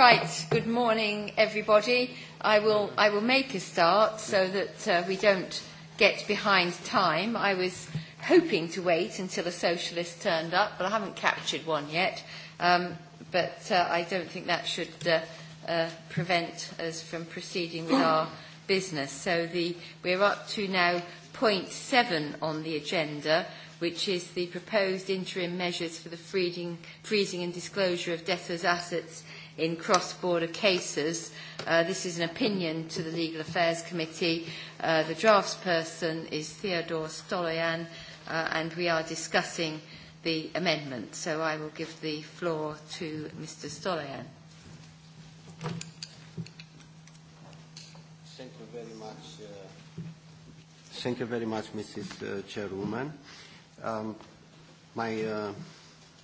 Right, good morning everybody. I will, I will make a start so that uh, we don't get behind time. I was hoping to wait until a socialist turned up, but I haven't captured one yet. Um, but uh, I don't think that should uh, uh, prevent us from proceeding with our business. So the, we're up to now point seven on the agenda, which is the proposed interim measures for the freezing, freezing and disclosure of debtors' assets in cross-border cases. Uh, this is an opinion to the Legal Affairs Committee. Uh, the person is Theodore Stoloyan, uh, and we are discussing the amendment. So I will give the floor to Mr. Stoloyan. Thank you very much. Uh, thank you very much, Mrs. Uh, Chairwoman. Um, my uh,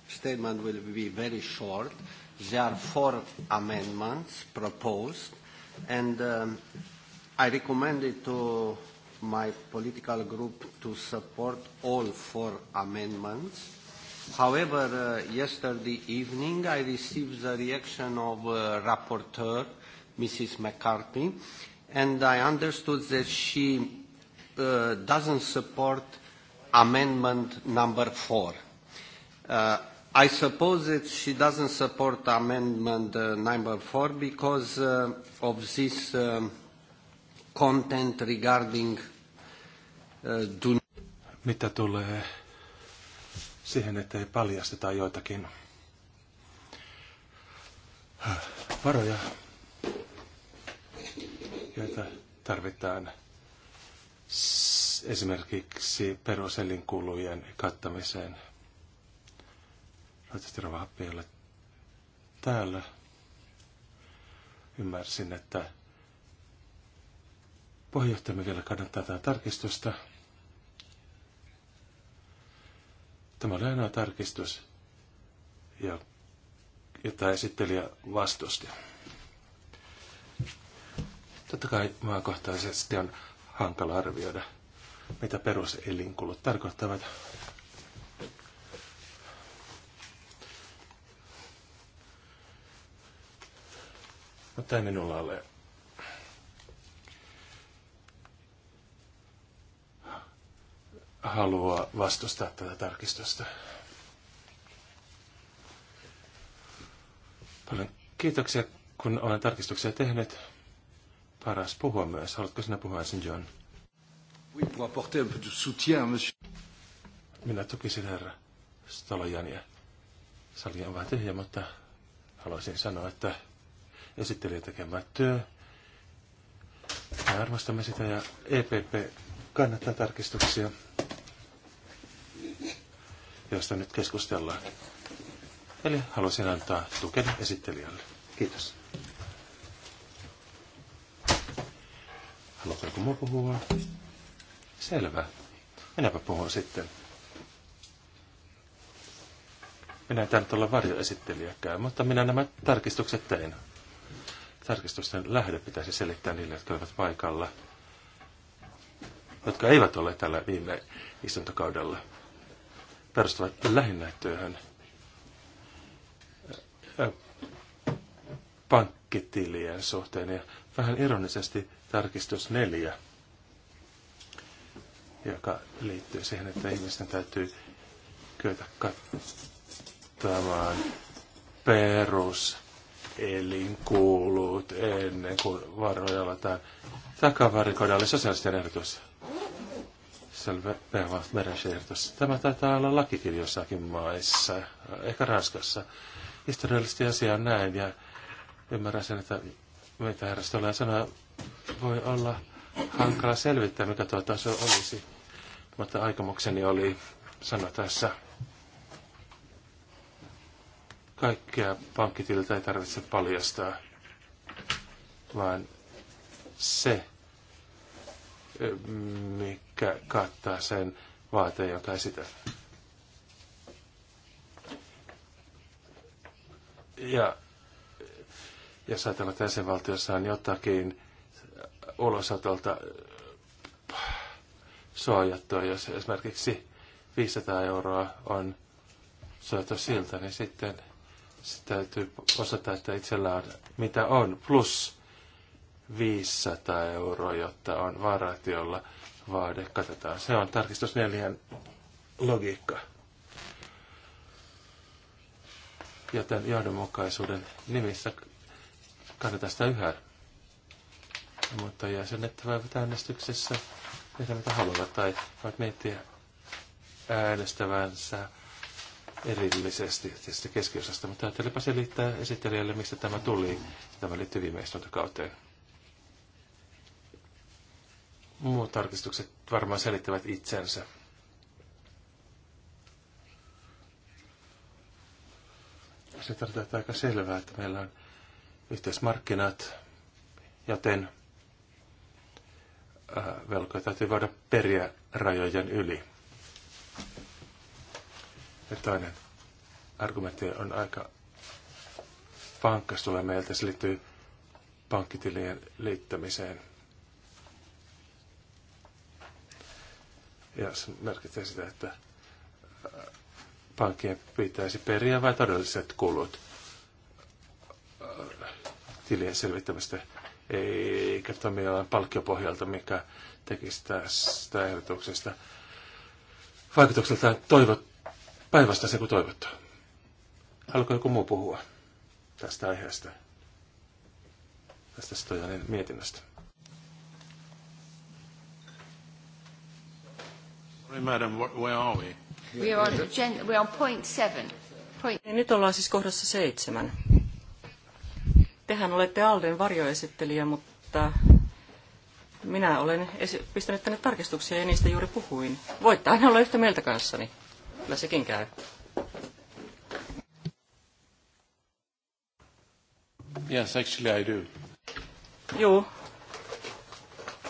statement will be very short. Uh, There are four amendments proposed, and um, I recommend it to my political group to support all four amendments. However, uh, yesterday evening I received the reaction of uh, Rapporteur, Mrs. McCarthy, and I understood that she uh, doesn't support amendment number four. Uh, I suppose that she doesn't support amendment uh, number four because uh, of this um, content regarding uh, Mitä tulee siihen, ettei paljasteta joitakin äh, varoja, joita tarvitaan esimerkiksi peruselinkulujen kattamiseen – Toivottavasti Rova täällä. Ymmärsin, että puheenjohtajamme vielä kannattaa tätä tarkistusta. Tämä oli ainoa tarkistus, ja, jota esittelijä vastusti. Totta kai maakohtaisesti on hankala arvioida, mitä peruselinkulut tarkoittavat. Mutta no, tämä minulla ole. halua vastustaa tätä tarkistusta. Paljon kiitoksia, kun olen tarkistuksia tehnyt. Paras puhua myös. Haluatko sinä puhua ensin, John? Oui, pour apporter un peu de soutien, monsieur. Minä tukisin herra Stolojania. Sali on vähän tyhjä, mutta haluaisin sanoa, että esittelijä tekemä työ. Me arvostamme sitä ja EPP kannattaa tarkistuksia, joista nyt keskustellaan. Eli haluaisin antaa tukeni esittelijälle. Kiitos. Haluatko joku muu puhua? Selvä. Minäpä puhun sitten. Minä en tainnut olla varjoesittelijäkään, mutta minä nämä tarkistukset tein tarkistusten lähde pitäisi selittää niille, jotka olivat paikalla, jotka eivät ole tällä viime istuntokaudella. Perustuvat lähinnä työhön pankkitilien suhteen ja vähän ironisesti tarkistus neljä, joka liittyy siihen, että ihmisten täytyy kyetä katsomaan perus elinkuulut ennen kuin varoja avataan. Takavarikoida oli sosiaalisten ehdotus. Selvä ehdotus. Tämä taitaa olla lakikirjossakin maissa, ehkä Ranskassa. Historiallisesti asia on näin ja ymmärrän sen, että mitä herrastolla sanoa voi olla hankala selvittää, mikä tuo taso olisi. Mutta aikomukseni oli sanoa tässä kaikkea pankkitililtä ei tarvitse paljastaa, vaan se, eh, mikä kattaa sen vaateen, jonka sitä. Ja jos ajatellaan, että jäsenvaltiossa on jotakin ulosotolta eh, suojattua, jos esimerkiksi 500 euroa on suojattu siltä, niin sitten täytyy osata, että itsellä on mitä on, plus 500 euroa, jotta on varat, jolla vaade katetaan. Se on tarkistus neljän logiikka. Joten johdonmukaisuuden nimissä kannatan sitä yhä. Mutta jäsenet voivat äänestyksessä tehdä mitä haluavat tai voivat miettiä äänestävänsä erillisesti tästä keskiosasta, mutta ajattelepa selittää esittelijälle, mistä tämä tuli. Tämä liittyy viime istuntokauteen. Muut tarkistukset varmaan selittävät itsensä. Se tarkoittaa aika selvää, että meillä on yhteismarkkinat, joten velkoja täytyy voida periä rajojen yli. Ja toinen argumentti on aika pankkas tulee meiltä. Se liittyy pankkitilien liittämiseen. Ja se merkitsee sitä, että äh, pankkien pitäisi periä vain todelliset kulut äh, tilien selvittämistä eikä toimialan palkkiopohjalta, mikä tekisi tästä ehdotuksesta vaikutukseltaan toivot, Päivästä se kuin toivottu. Haluatko joku muu puhua tästä aiheesta? Tästä Stojanin mietinnöstä. Sorry, madam, where are we? We are on, gen- we are on point seven. Point... Niin, nyt ollaan siis kohdassa seitsemän. Tehän olette Alden varjoesittelijä, mutta minä olen pistänyt tänne tarkistuksia ja niistä juuri puhuin. Voitte aina olla yhtä mieltä kanssani. Kyllä sekin käy. Yes, actually I do. Joo.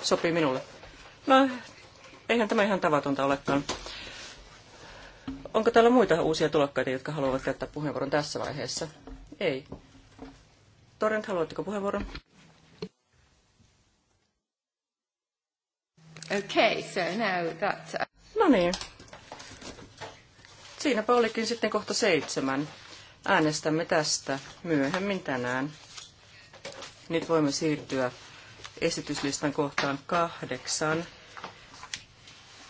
Sopii minulle. No, eihän tämä ihan tavatonta olekaan. Onko täällä muita uusia tulokkaita, jotka haluavat käyttää puheenvuoron tässä vaiheessa? Ei. Torrent, haluatteko puheenvuoron? Okay, so now that... Uh, no niin, Siinäpä olikin sitten kohta seitsemän. Äänestämme tästä myöhemmin tänään. Nyt voimme siirtyä esityslistan kohtaan kahdeksan.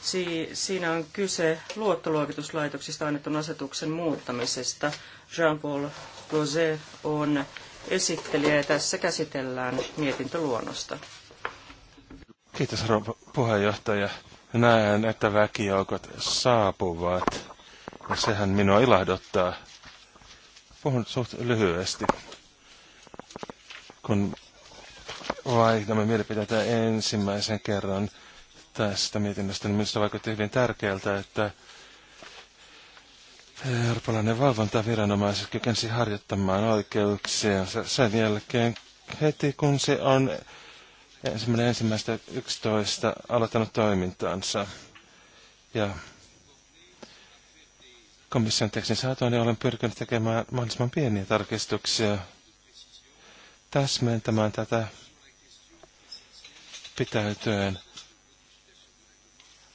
Si- siinä on kyse luottoluokituslaitoksista annetun asetuksen muuttamisesta. Jean-Paul Rosé on esittelijä ja tässä käsitellään mietintöluonnosta. Kiitos rouva puheenjohtaja. Näen, että väkijoukot saapuvat. Ja sehän minua ilahduttaa. Puhun suht lyhyesti. Kun vaihdamme mielipiteitä ensimmäisen kerran tästä mietinnöstä, niin minusta vaikutti hyvin tärkeältä, että Eurooppalainen valvontaviranomaiset kykensi harjoittamaan oikeuksia sen jälkeen heti, kun se on ensimmäinen ensimmäistä 11 aloittanut toimintaansa. Ja komission tekstin saatoin niin olen pyrkinyt tekemään mahdollisimman pieniä tarkistuksia täsmentämään tätä pitäytyen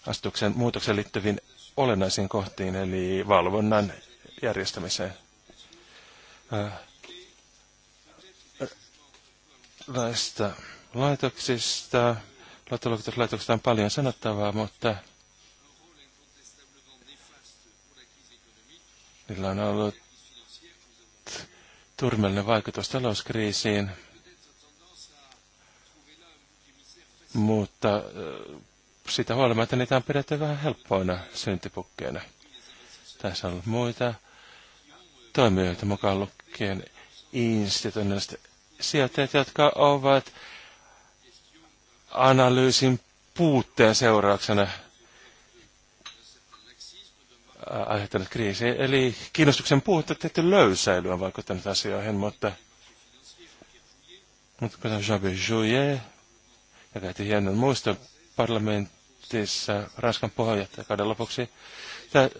astuksen muutoksen liittyviin olennaisiin kohtiin, eli valvonnan järjestämiseen. Näistä äh, laitoksista, laitoksista on paljon sanottavaa, mutta Niillä on ollut turmellinen vaikutus talouskriisiin, mutta sitä huolimatta niitä on pidetty vähän helppoina syntipukkeina. Tässä on ollut muita toimijoita mukaan lukien institutionaaliset sijoittajat, jotka ovat analyysin puutteen seurauksena aiheuttanut kriisi. Eli kiinnostuksen puutetta tehty löysäily on vaikuttanut asioihin, mutta, mutta kuten Jean-Pierre Jouyet, ja käytiin hienon muiston parlamentissa Ranskan puheenjohtajakauden lopuksi, tä,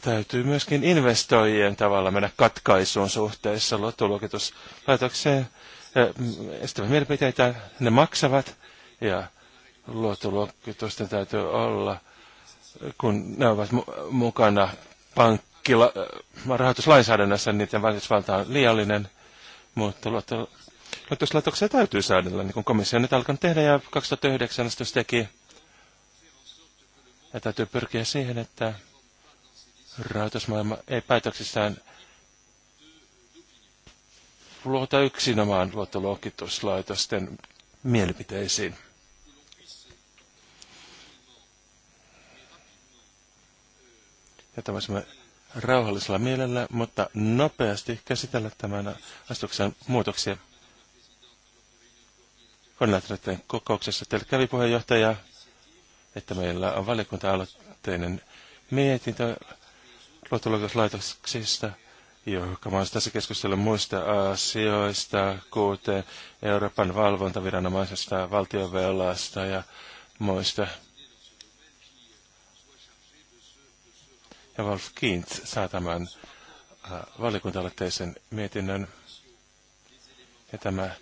täytyy myöskin investoijien tavalla mennä katkaisuun suhteessa luottoluokituslaitokseen. Estävä mielipiteitä ne maksavat ja luottoluokitusten täytyy olla – kun ne ovat mukana pankkila, äh, rahoituslainsäädännössä, niin niiden vaikutusvalta on liiallinen, mutta luottolaitoksia täytyy säädellä, niin kuin komissio nyt alkaa tehdä ja 2009 teki. Ja täytyy pyrkiä siihen, että rahoitusmaailma ei päätöksissään luota yksinomaan luottoluokituslaitosten mielipiteisiin. että voisimme rauhallisella mielellä, mutta nopeasti käsitellä tämän astuksen muutoksia. Koordinaattoreiden kokouksessa teille kävi puheenjohtaja, että meillä on valiokunta-aloitteinen mietintö luottoluokituslaitoksista, joka on tässä keskustelun muista asioista, kuten Euroopan valvontaviranomaisesta, valtionvelasta ja muista ja Wolf Kintz saa tämän äh, valiokunta mietinnön. Ja tämä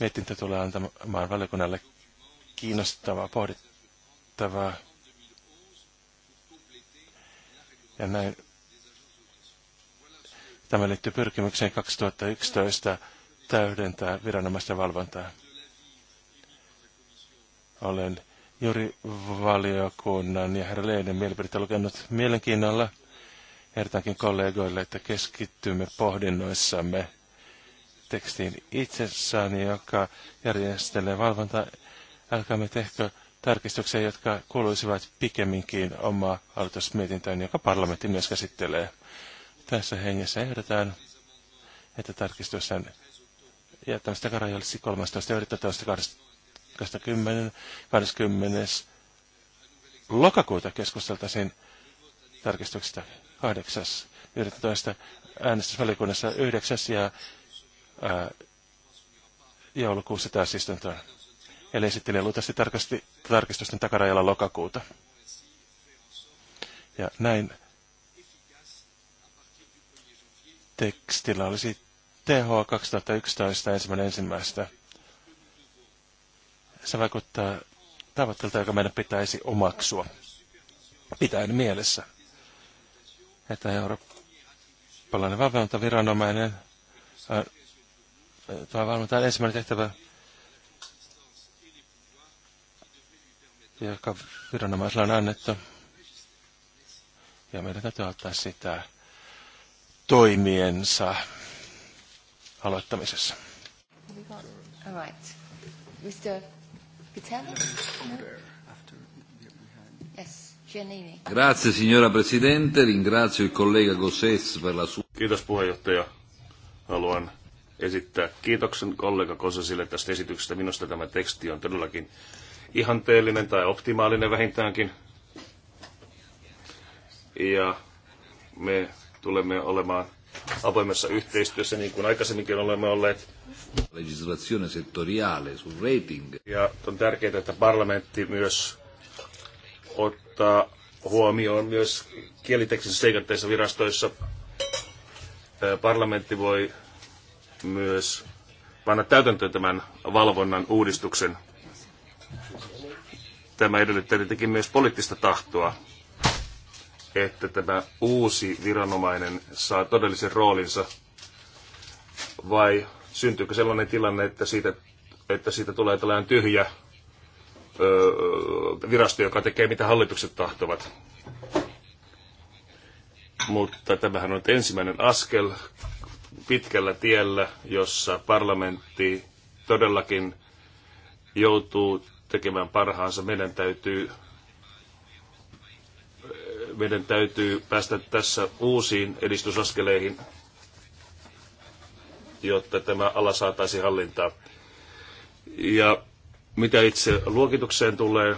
mietintö tulee antamaan valiokunnalle kiinnostavaa, pohdittavaa. Ja näin. Tämä liittyy pyrkimykseen 2011 täydentää viranomaisten valvontaa. Olen juuri valiokunnan ja herra Leinen mielipidettä lukenut mielenkiinnolla. Ehdotankin kollegoille, että keskittymme pohdinnoissamme tekstiin itsessään, joka järjestelee valvontaa. Älkäämme tehkö tarkistuksia, jotka kuuluisivat pikemminkin omaa hallitusmietintöön, joka parlamentti myös käsittelee. Tässä hengessä ehdotetaan, että tarkistusten jättämistä karaja olisi 13.11.2012 10, 20. lokakuuta keskusteltaisiin tarkistuksesta 8. 11. äänestysvalikunnassa 9. ja ää, joulukuussa taas istuntoon. Eli esittelijä luultavasti tarkasti tarkistusten takarajalla lokakuuta. Ja näin tekstillä olisi TH 2011 ensimmäinen ensimmäistä se vaikuttaa tavoitteelta, joka meidän pitäisi omaksua. Pitäen mielessä, että eurooppalainen valvontaviranomainen tämä valvontaan ensimmäinen tehtävä, joka viranomaisella on annettu. Ja meidän täytyy auttaa sitä toimiensa aloittamisessa. All right. Mr. No? Grazie signora Presidente, ringrazio il collega Gosses per la sua... Kiitos puheenjohtaja. Haluan esittää kiitoksen kollega Kosesille tästä esityksestä. Minusta tämä teksti on todellakin ihanteellinen tai optimaalinen vähintäänkin. Ja me tulemme olemaan avoimessa yhteistyössä, niin kuin aikaisemminkin olemme olleet. Legislazione settoriale su rating. Ja on tärkeää, että parlamentti myös ottaa huomioon myös kieliteknisissä seikanteissa virastoissa. Parlamentti voi myös panna täytäntöön tämän valvonnan uudistuksen. Tämä edellyttää tietenkin myös poliittista tahtoa että tämä uusi viranomainen saa todellisen roolinsa, vai syntyykö sellainen tilanne, että siitä, että siitä tulee tällainen tyhjä öö, virasto, joka tekee mitä hallitukset tahtovat? Mutta tämähän on ensimmäinen askel pitkällä tiellä, jossa parlamentti todellakin joutuu tekemään parhaansa. Meidän täytyy meidän täytyy päästä tässä uusiin edistysaskeleihin, jotta tämä ala saataisiin hallintaan. Ja mitä itse luokitukseen tulee,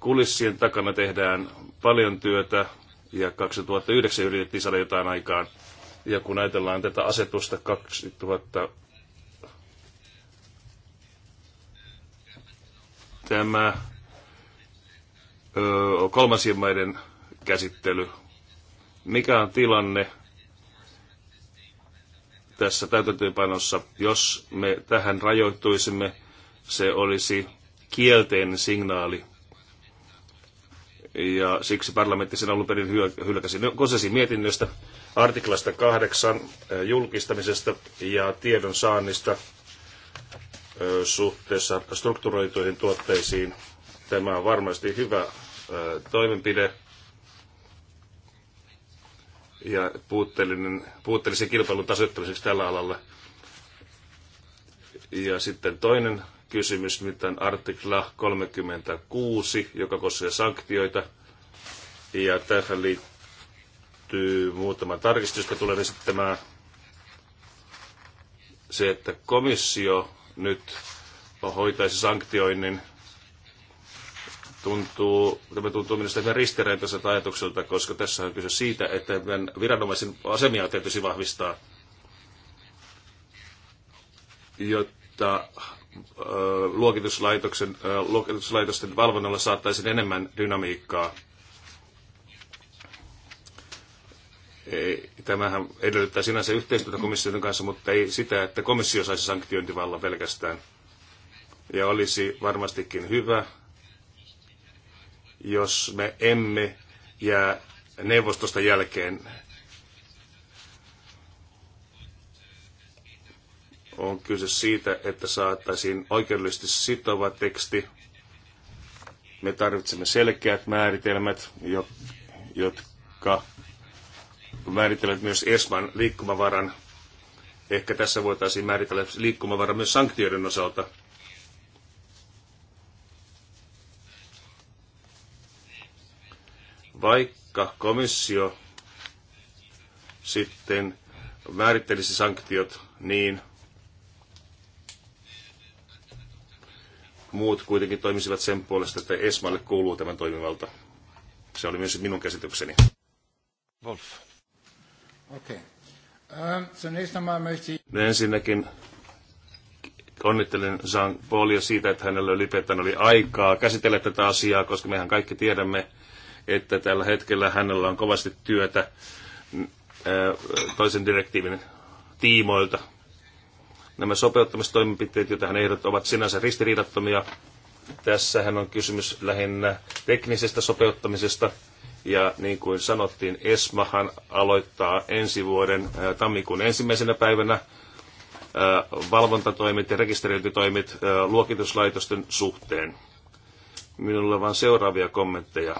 kulissien takana tehdään paljon työtä ja 2009 yritettiin saada jotain aikaan. Ja kun ajatellaan tätä asetusta 2000, tämä kolmansien maiden käsittely. Mikä on tilanne tässä täytäntöönpanossa, jos me tähän rajoittuisimme, se olisi kielteinen signaali. Ja siksi parlamentti sen alun perin hylkäsi. No, Kosesin mietinnöstä artiklasta kahdeksan julkistamisesta ja tiedon saannista suhteessa strukturoituihin tuotteisiin Tämä on varmasti hyvä toimenpide ja puutteellinen, puutteellisen kilpailun tasoittamiseksi tällä alalla. Ja sitten toinen kysymys, mitä on artikla 36, joka koskee sanktioita. Ja tähän liittyy muutama tarkistus, joka tulee esittämään se, että komissio nyt hoitaisi sanktioinnin tuntuu, tämä tuntuu minusta hyvin ristiriitaiselta ajatukselta, koska tässä on kyse siitä, että viranomaisen asemia täytyisi vahvistaa, jotta luokituslaitoksen, luokituslaitosten valvonnalla saattaisi enemmän dynamiikkaa. Ei, tämähän edellyttää sinänsä yhteistyötä komission kanssa, mutta ei sitä, että komissio saisi sanktiointivallan pelkästään. Ja olisi varmastikin hyvä, jos me emme jää neuvostosta jälkeen. On kyse siitä, että saattaisiin oikeudellisesti sitova teksti. Me tarvitsemme selkeät määritelmät, jotka määrittelevät myös ESMAn liikkumavaran. Ehkä tässä voitaisiin määritellä liikkumavara myös sanktioiden osalta – Vaikka komissio sitten määrittelisi sanktiot, niin muut kuitenkin toimisivat sen puolesta, että Esmalle kuuluu tämän toimivalta. Se oli myös minun käsitykseni. Wolf. Okei. Okay. Um, ähm, no Ensinnäkin onnittelen Jean Paulia siitä, että hänellä ylipäätään oli aikaa käsitellä tätä asiaa, koska mehän kaikki tiedämme, että tällä hetkellä hänellä on kovasti työtä mm, toisen direktiivin tiimoilta. Nämä sopeuttamistoimenpiteet, joita hän ehdot, ovat sinänsä ristiriidattomia. Tässähän on kysymys lähinnä teknisestä sopeuttamisesta. Ja niin kuin sanottiin, Esmahan aloittaa ensi vuoden tammikuun ensimmäisenä päivänä valvontatoimit ja rekisteröintitoimit luokituslaitosten suhteen. Minulla on vain seuraavia kommentteja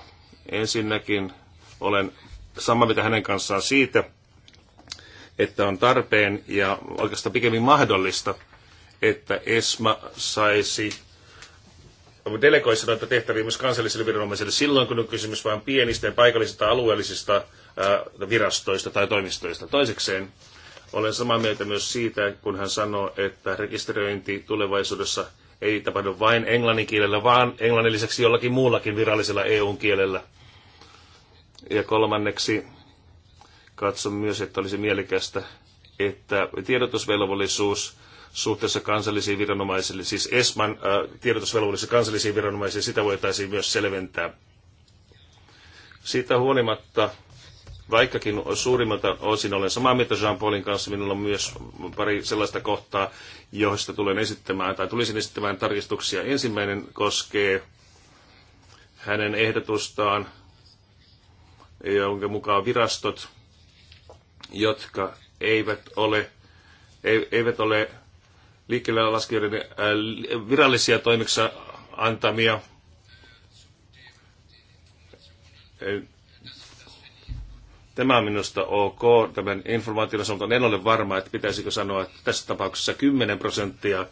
Ensinnäkin olen samaa mitä hänen kanssaan siitä, että on tarpeen ja oikeastaan pikemmin mahdollista, että ESMA saisi delegoissa noita tehtäviä myös kansallisille viranomaisille silloin, kun on kysymys vain pienistä ja paikallisista alueellisista virastoista tai toimistoista. Toisekseen olen samaa mieltä myös siitä, kun hän sanoo, että rekisteröinti tulevaisuudessa ei tapahdu vain englannin kielellä, vaan englannin lisäksi jollakin muullakin virallisella EU-kielellä ja kolmanneksi katson myös, että olisi mielekästä, että tiedotusvelvollisuus suhteessa kansallisiin viranomaisille, siis ESMAN äh, tiedotusvelvollisuus kansallisiin viranomaisiin, sitä voitaisiin myös selventää. Siitä huolimatta, vaikkakin suurimmalta osin olen samaa mieltä Jean-Paulin kanssa, minulla on myös pari sellaista kohtaa, joista tulen esittämään tai tulisin esittämään tarkistuksia. Ensimmäinen koskee hänen ehdotustaan jonka mukaan virastot, jotka eivät ole, eivät ole liikkeelle laskijoiden äh, virallisia toimiksa antamia Tämä on minusta ok, tämän informaation osalta. En ole varma, että pitäisikö sanoa, että tässä tapauksessa 10 prosenttia äh,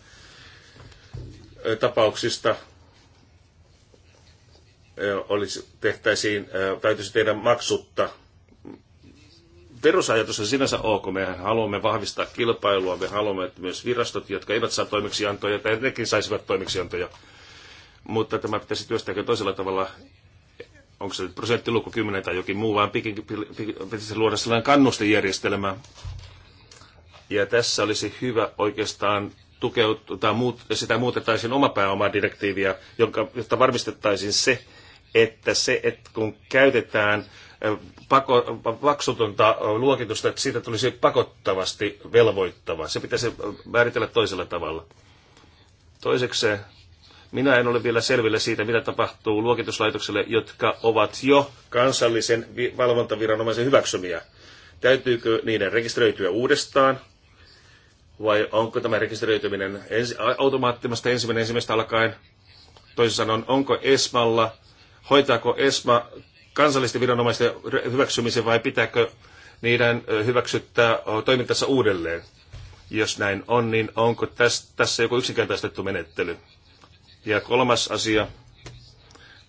tapauksista olisi, tehtäisiin, täytyisi tehdä maksutta. Perusajatus on sinänsä ok. Me haluamme vahvistaa kilpailua. Me haluamme, että myös virastot, jotka eivät saa toimeksiantoja, tai nekin saisivat toimeksiantoja. Mutta tämä pitäisi työstää toisella tavalla. Onko se prosenttiluku 10 tai jokin muu, vaan pitäisi luoda sellainen kannustejärjestelmä. Ja tässä olisi hyvä oikeastaan tukeutua, muut, sitä muutettaisiin direktiiviä jonka, jotta varmistettaisiin se, että se, että kun käytetään pako, maksutonta luokitusta, että siitä tulisi pakottavasti velvoittava. Se pitäisi määritellä toisella tavalla. Toiseksi minä en ole vielä selvillä siitä, mitä tapahtuu luokituslaitokselle, jotka ovat jo kansallisen valvontaviranomaisen hyväksymiä. Täytyykö niiden rekisteröityä uudestaan? Vai onko tämä rekisteröityminen ensi, automaattista ensimmäinen ensimmäistä alkaen? Toisin sanoen, onko Esmalla hoitaako ESMA kansallisten viranomaisten hyväksymisen vai pitääkö niiden hyväksyttää toimintansa uudelleen? Jos näin on, niin onko tässä, tässä joku yksinkertaistettu menettely? Ja kolmas asia,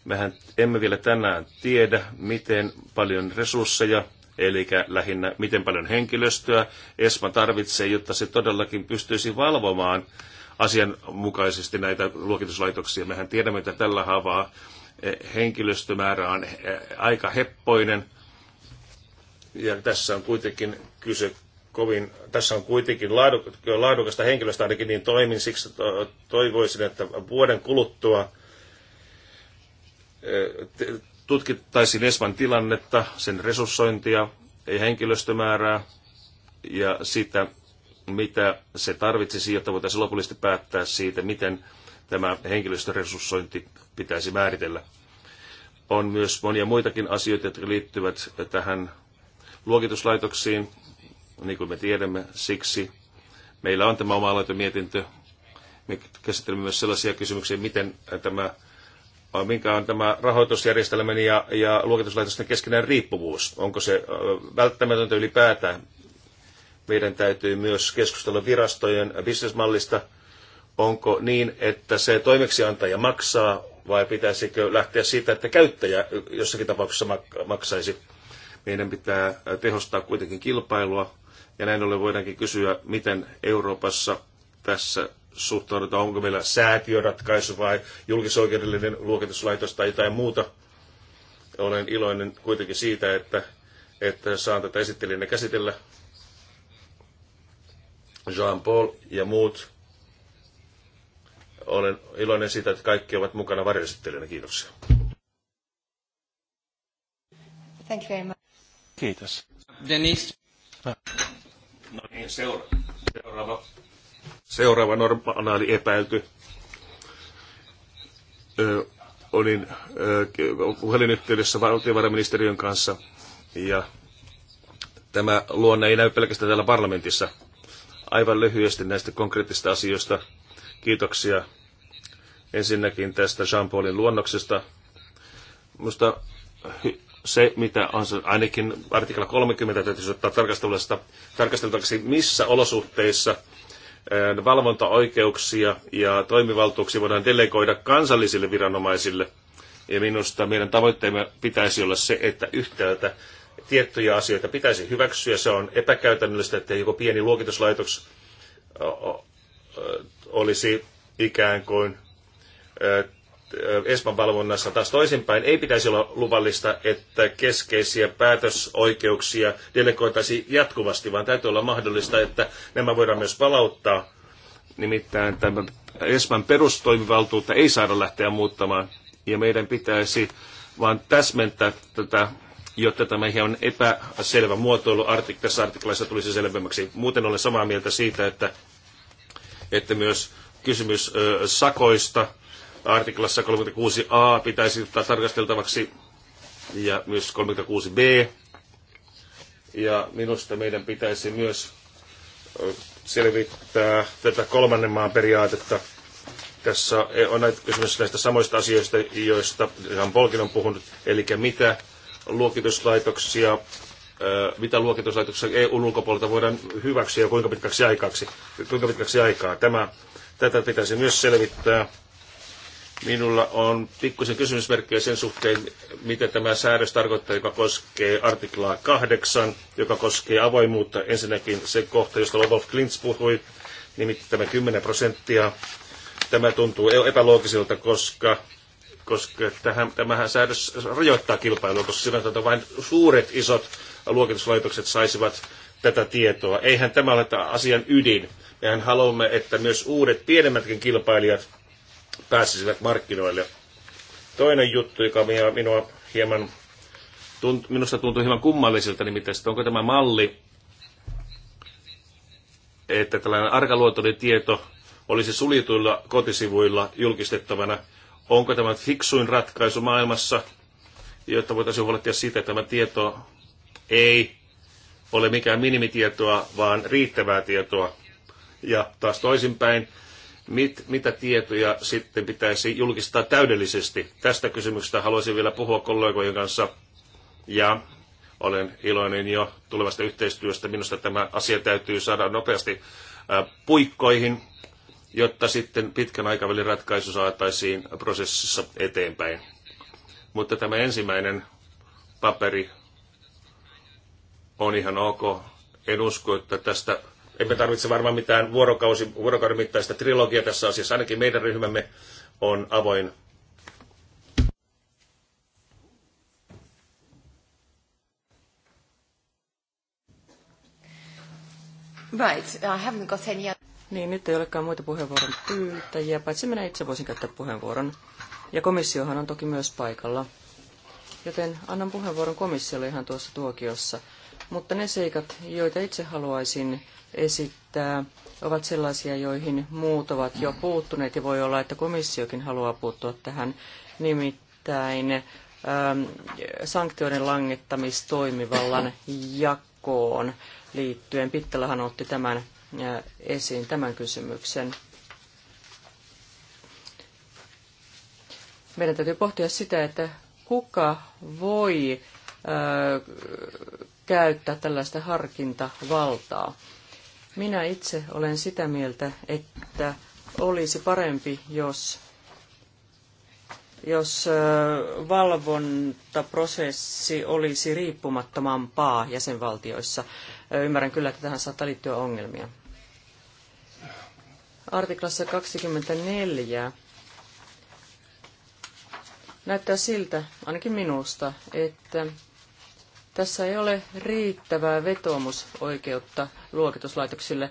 mehän emme vielä tänään tiedä, miten paljon resursseja, eli lähinnä miten paljon henkilöstöä ESMA tarvitsee, jotta se todellakin pystyisi valvomaan asianmukaisesti näitä luokituslaitoksia. Mehän tiedämme, että tällä havaa henkilöstömäärä on eh, aika heppoinen. Ja tässä on kuitenkin kyse kovin, tässä on kuitenkin laadukasta henkilöstä ainakin niin toimin, siksi toivoisin, että vuoden kuluttua eh, tutkittaisiin Esman tilannetta, sen resurssointia ja henkilöstömäärää ja sitä, mitä se tarvitsisi, jotta voitaisiin lopullisesti päättää siitä, miten tämä henkilöstöresurssointi pitäisi määritellä. On myös monia muitakin asioita, jotka liittyvät tähän luokituslaitoksiin, niin kuin me tiedämme. Siksi meillä on tämä oma aloitemietintö. Me käsittelemme myös sellaisia kysymyksiä, miten tämä, minkä on tämä rahoitusjärjestelmän ja, ja luokituslaitosten keskinäinen riippuvuus. Onko se välttämätöntä ylipäätään? Meidän täytyy myös keskustella virastojen bisnesmallista – Onko niin, että se toimeksiantaja maksaa vai pitäisikö lähteä siitä, että käyttäjä jossakin tapauksessa maksaisi? Meidän pitää tehostaa kuitenkin kilpailua ja näin ollen voidaankin kysyä, miten Euroopassa tässä suhtaudutaan, onko meillä säätiöratkaisu vai julkisoikeudellinen luokituslaitos tai jotain muuta. Olen iloinen kuitenkin siitä, että, että saan tätä esittelijänä käsitellä. Jean-Paul ja muut olen iloinen siitä, että kaikki ovat mukana varjoesittelijänä. Kiitoksia. Thank you very much. Kiitos. Denise. No. no niin, seura- seuraava. Seuraava normaali epäilty. Ö, olin ö, puhelinyhteydessä valtiovarainministeriön kanssa ja tämä luonne ei näy pelkästään täällä parlamentissa. Aivan lyhyesti näistä konkreettisista asioista Kiitoksia ensinnäkin tästä Jean-Paulin luonnoksesta. Minusta se, mitä on se, ainakin artikla 30 täytyy ottaa tarkastelusta, tarkasteltavaksi, missä olosuhteissa valvontaoikeuksia ja toimivaltuuksia voidaan delegoida kansallisille viranomaisille. Ja minusta meidän tavoitteemme pitäisi olla se, että yhtäältä tiettyjä asioita pitäisi hyväksyä. Se on epäkäytännöllistä, että joku pieni luokituslaitos olisi ikään kuin eh, Espan valvonnassa taas toisinpäin. Ei pitäisi olla luvallista, että keskeisiä päätösoikeuksia delegoitaisiin jatkuvasti, vaan täytyy olla mahdollista, että nämä voidaan myös palauttaa. Nimittäin tämä Espan perustoimivaltuutta ei saada lähteä muuttamaan, ja meidän pitäisi vaan täsmentää tätä, jotta tämä hieman epäselvä muotoilu artik- tässä artiklassa tulisi selvemmäksi. Muuten olen samaa mieltä siitä, että että myös kysymys sakoista artiklassa 36a pitäisi ottaa tarkasteltavaksi ja myös 36b. Ja minusta meidän pitäisi myös selvittää tätä kolmannen maan periaatetta. Tässä on näitä kysymys näistä samoista asioista, joista ihan Polkin on puhunut, eli mitä luokituslaitoksia mitä luokituslaitoksen EUn ulkopuolelta voidaan hyväksyä ja kuinka pitkäksi, aikaksi, kuinka pitkäksi aikaa. Tämä, tätä pitäisi myös selvittää. Minulla on pikkusen kysymysmerkkejä sen suhteen, mitä tämä säädös tarkoittaa, joka koskee artiklaa 8, joka koskee avoimuutta. Ensinnäkin se kohta, josta Lobov Klintz puhui, nimittäin tämä 10 prosenttia. Tämä tuntuu e- epäloogiselta, koska koska tähän, tämähän säädös rajoittaa kilpailua, koska silloin on vain suuret isot luokituslaitokset saisivat tätä tietoa. Eihän tämä ole asian ydin. Mehän haluamme, että myös uudet pienemmätkin kilpailijat pääsisivät markkinoille. Toinen juttu, joka minua hieman tunt, minusta tuntuu hieman kummalliselta, nimittäin onko tämä malli, että tällainen arkaluontoinen tieto olisi suljetuilla kotisivuilla julkistettavana. Onko tämä fiksuin ratkaisu maailmassa, jotta voitaisiin huolehtia siitä, että tämä tieto ei ole mikään minimitietoa, vaan riittävää tietoa. Ja taas toisinpäin, mit, mitä tietoja sitten pitäisi julkistaa täydellisesti. Tästä kysymyksestä haluaisin vielä puhua kollegojen kanssa. Ja olen iloinen jo tulevasta yhteistyöstä. Minusta tämä asia täytyy saada nopeasti puikkoihin, jotta sitten pitkän aikavälin ratkaisu saataisiin prosessissa eteenpäin. Mutta tämä ensimmäinen paperi on ihan ok. En usko, että tästä emme tarvitse varmaan mitään vuorokausi, vuorokauden mittaista trilogia tässä asiassa. Ainakin meidän ryhmämme on avoin Right, I haven't got any other... Niin, nyt ei olekaan muita puheenvuoron pyytäjiä, paitsi minä itse voisin käyttää puheenvuoron. Ja komissiohan on toki myös paikalla. Joten annan puheenvuoron komissiolle ihan tuossa tuokiossa. Mutta ne seikat, joita itse haluaisin esittää, ovat sellaisia, joihin muut ovat jo puuttuneet ja voi olla, että komissiokin haluaa puuttua tähän nimittäin ähm, sanktioiden langettamistoimivallan jakoon liittyen. Pittelähän otti tämän äh, esiin, tämän kysymyksen. Meidän täytyy pohtia sitä, että kuka voi äh, käyttää tällaista harkintavaltaa. Minä itse olen sitä mieltä, että olisi parempi, jos, jos valvontaprosessi olisi riippumattomampaa jäsenvaltioissa. Ymmärrän kyllä, että tähän saattaa liittyä ongelmia. Artiklassa 24 näyttää siltä, ainakin minusta, että tässä ei ole riittävää vetoomusoikeutta luokituslaitoksille.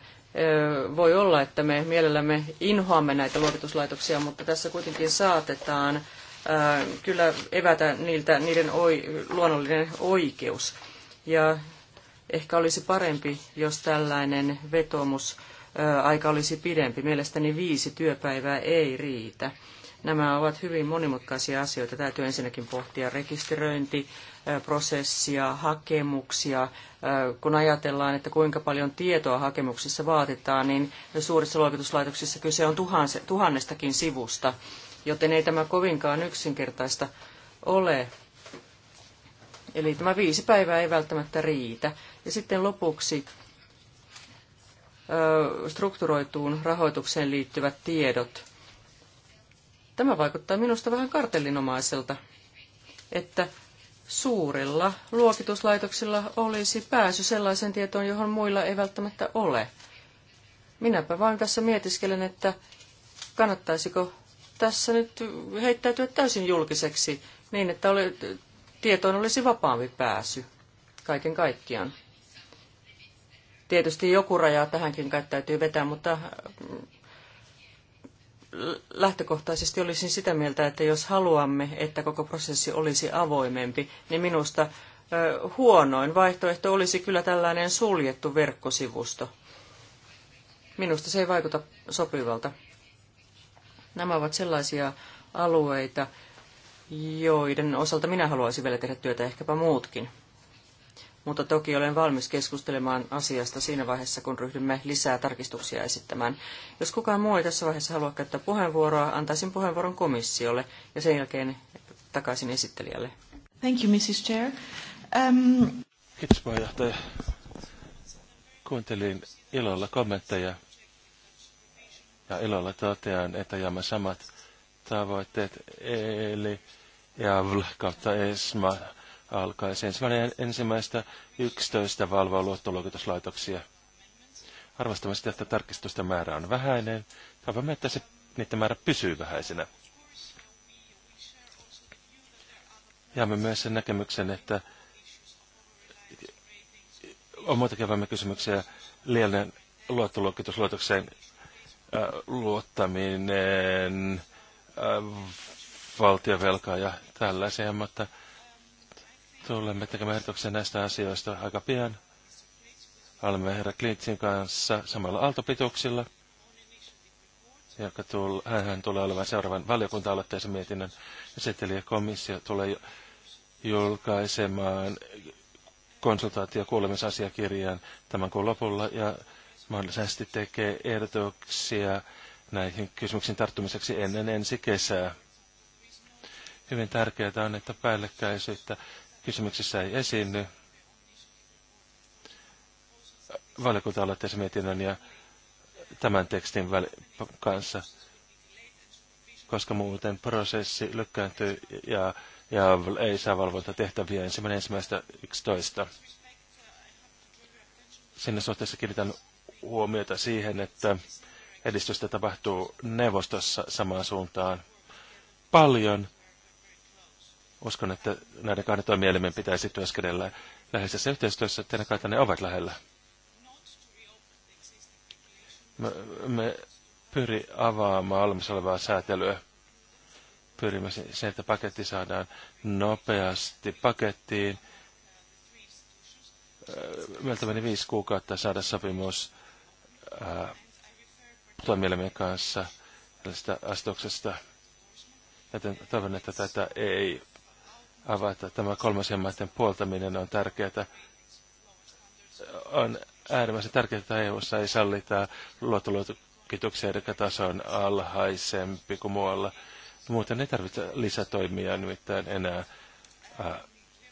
Voi olla, että me mielellämme inhoamme näitä luokituslaitoksia, mutta tässä kuitenkin saatetaan kyllä evätä niiltä niiden oi, luonnollinen oikeus. Ja ehkä olisi parempi, jos tällainen vetoomus aika olisi pidempi. Mielestäni viisi työpäivää ei riitä. Nämä ovat hyvin monimutkaisia asioita. Täytyy ensinnäkin pohtia rekisteröinti, prosessia, hakemuksia. Kun ajatellaan, että kuinka paljon tietoa hakemuksissa vaatitaan, niin suurissa luokituslaitoksissa kyse on tuhannestakin sivusta, joten ei tämä kovinkaan yksinkertaista ole. Eli tämä viisi päivää ei välttämättä riitä. Ja sitten lopuksi strukturoituun rahoitukseen liittyvät tiedot. Tämä vaikuttaa minusta vähän kartellinomaiselta, että suurilla luokituslaitoksilla olisi pääsy sellaiseen tietoon, johon muilla ei välttämättä ole. Minäpä vain tässä mietiskelen, että kannattaisiko tässä nyt heittäytyä täysin julkiseksi niin, että oli, tietoon olisi vapaampi pääsy kaiken kaikkiaan. Tietysti joku raja tähänkin kai täytyy vetää, mutta lähtökohtaisesti olisin sitä mieltä, että jos haluamme, että koko prosessi olisi avoimempi, niin minusta huonoin vaihtoehto olisi kyllä tällainen suljettu verkkosivusto. Minusta se ei vaikuta sopivalta. Nämä ovat sellaisia alueita, joiden osalta minä haluaisin vielä tehdä työtä, ehkäpä muutkin mutta toki olen valmis keskustelemaan asiasta siinä vaiheessa, kun ryhdymme lisää tarkistuksia esittämään. Jos kukaan muu ei tässä vaiheessa halua käyttää puheenvuoroa, antaisin puheenvuoron komissiolle ja sen jälkeen takaisin esittelijälle. Thank you, Mrs. Chair. Um... Kiitos puheenjohtaja. Kuuntelin ilolla kommentteja ja ilolla totean, että jaamme samat tavoitteet, eli ja e kautta ESMA alkaisi ensimmäinen ensimmäistä 11 valvoa luottoluokituslaitoksia. Arvostamme sitä, että tarkistusten määrä on vähäinen. Toivomme, että se, niiden määrä pysyy vähäisenä. Jaamme myös sen näkemyksen, että on muuta kevämme kysymyksiä liian luottoluokituslaitokseen luottaminen, valtiovelkaa ja tällaisia, mutta Tulemme tekemään ehdotuksen näistä asioista aika pian. Olemme herra Klintsin kanssa samalla aaltopituksilla, joka tull, hän tulee olemaan seuraavan valiokunta-aloitteisen mietinnön esittelijä komissio tulee julkaisemaan konsultaatio- kuulemisasiakirjan tämän kuun lopulla ja mahdollisesti tekee ehdotuksia näihin kysymyksiin tarttumiseksi ennen ensi kesää. Hyvin tärkeää on, että päällekkäisyyttä kysymyksissä ei esiinny. Valiokunta aloittaisi mietinnön ja tämän tekstin kanssa, koska muuten prosessi lykkääntyy ja, ja ei saa valvontatehtäviä ensimmäinen ensimmäistä 11. Sinne suhteessa kiinnitän huomiota siihen, että edistystä tapahtuu neuvostossa samaan suuntaan paljon, Uskon, että näiden kahden toimielimen pitäisi työskennellä läheisessä yhteistyössä, että kai ne ovat lähellä. Me, me pyri avaamaan olemassa olevaa säätelyä. Pyrimme sen, että paketti saadaan nopeasti pakettiin. Meiltä meni viisi kuukautta saada sopimus ää, toimielimien kanssa tästä astuksesta. Joten toivon, että tätä ei avata. Tämä kolmasien maiden puoltaminen on tärkeää. On äärimmäisen tärkeää, että EUssa ei sallita luottoluokituksia, joka taso on alhaisempi kuin muualla. Muuten ei tarvitse lisätoimia nimittäin enää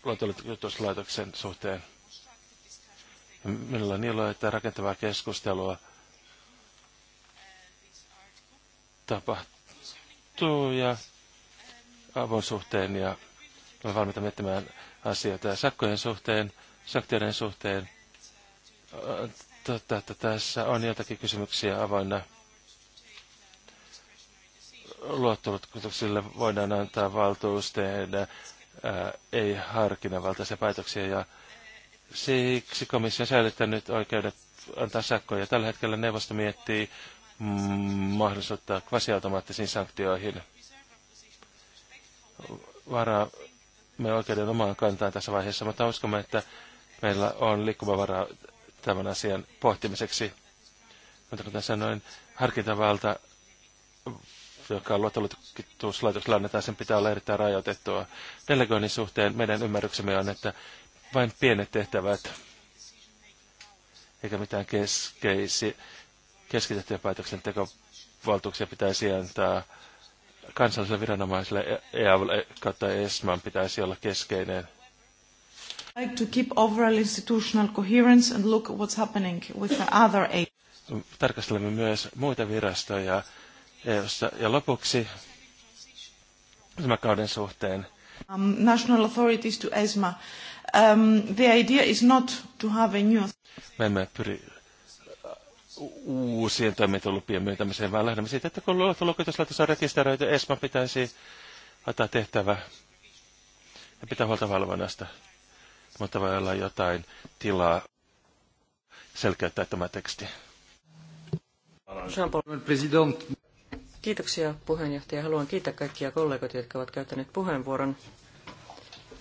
luottoluokituslaitoksen suhteen. Minulla on ilo, että rakentavaa keskustelua tapahtuu ja avun suhteen ja Olemme valmiita miettimään asioita sakkojen suhteen, sanktioiden suhteen. Totta, että tässä on joitakin kysymyksiä avoinna. Luottolutkutuksille voidaan antaa valtuus tehdä ei harkinnanvaltaisia päätöksiä ja siksi komissio on säilyttänyt oikeudet antaa sakkoja. Tällä hetkellä neuvosto miettii mm, mahdollisuutta kvasiautomaattisiin sanktioihin. Vara me oikeuden omaan kantaan tässä vaiheessa, mutta uskomme, että meillä on liikkumavaraa tämän asian pohtimiseksi. Mutta kuten sanoin, harkintavalta, joka on luottoluokituslaitoksella annetaan, sen pitää olla erittäin rajoitettua. Delegoinnin suhteen meidän ymmärryksemme on, että vain pienet tehtävät, eikä mitään keskeisiä, keskitettyjä päätöksentekovaltuuksia pitäisi antaa kansalliselle viranomaiselle EAVlle e kautta ESMAN pitäisi olla keskeinen. Like to keep overall institutional coherence and look what's happening with the other aid. Tarkastelemme myös muita virastoja EUssa. Ja lopuksi kauden suhteen. Um, national authorities to ESMA. Um, the idea is not to have a new... Me emme pyri uusien toimintalupien myöntämiseen, vaan lähdemme siitä, että kun luottoluokituslaitos saa rekisteröity, ESMA pitäisi ottaa tehtävä ja pitää huolta valvonnasta. Mutta voi olla jotain tilaa selkeyttää tämä teksti. Kiitoksia puheenjohtaja. Haluan kiittää kaikkia kollegoita, jotka ovat käyttäneet puheenvuoron.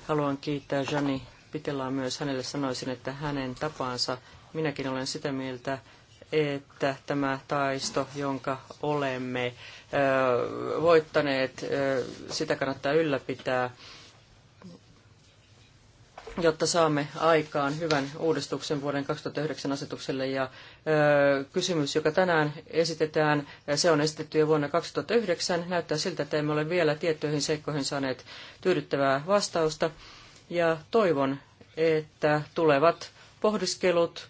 Haluan kiittää Jani Pitellaan myös. Hänelle sanoisin, että hänen tapaansa minäkin olen sitä mieltä, että tämä taisto, jonka olemme voittaneet, sitä kannattaa ylläpitää, jotta saamme aikaan hyvän uudistuksen vuoden 2009 asetukselle. Ja kysymys, joka tänään esitetään, se on esitetty jo vuonna 2009. Näyttää siltä, että emme ole vielä tiettyihin seikkoihin saaneet tyydyttävää vastausta. Ja toivon, että tulevat pohdiskelut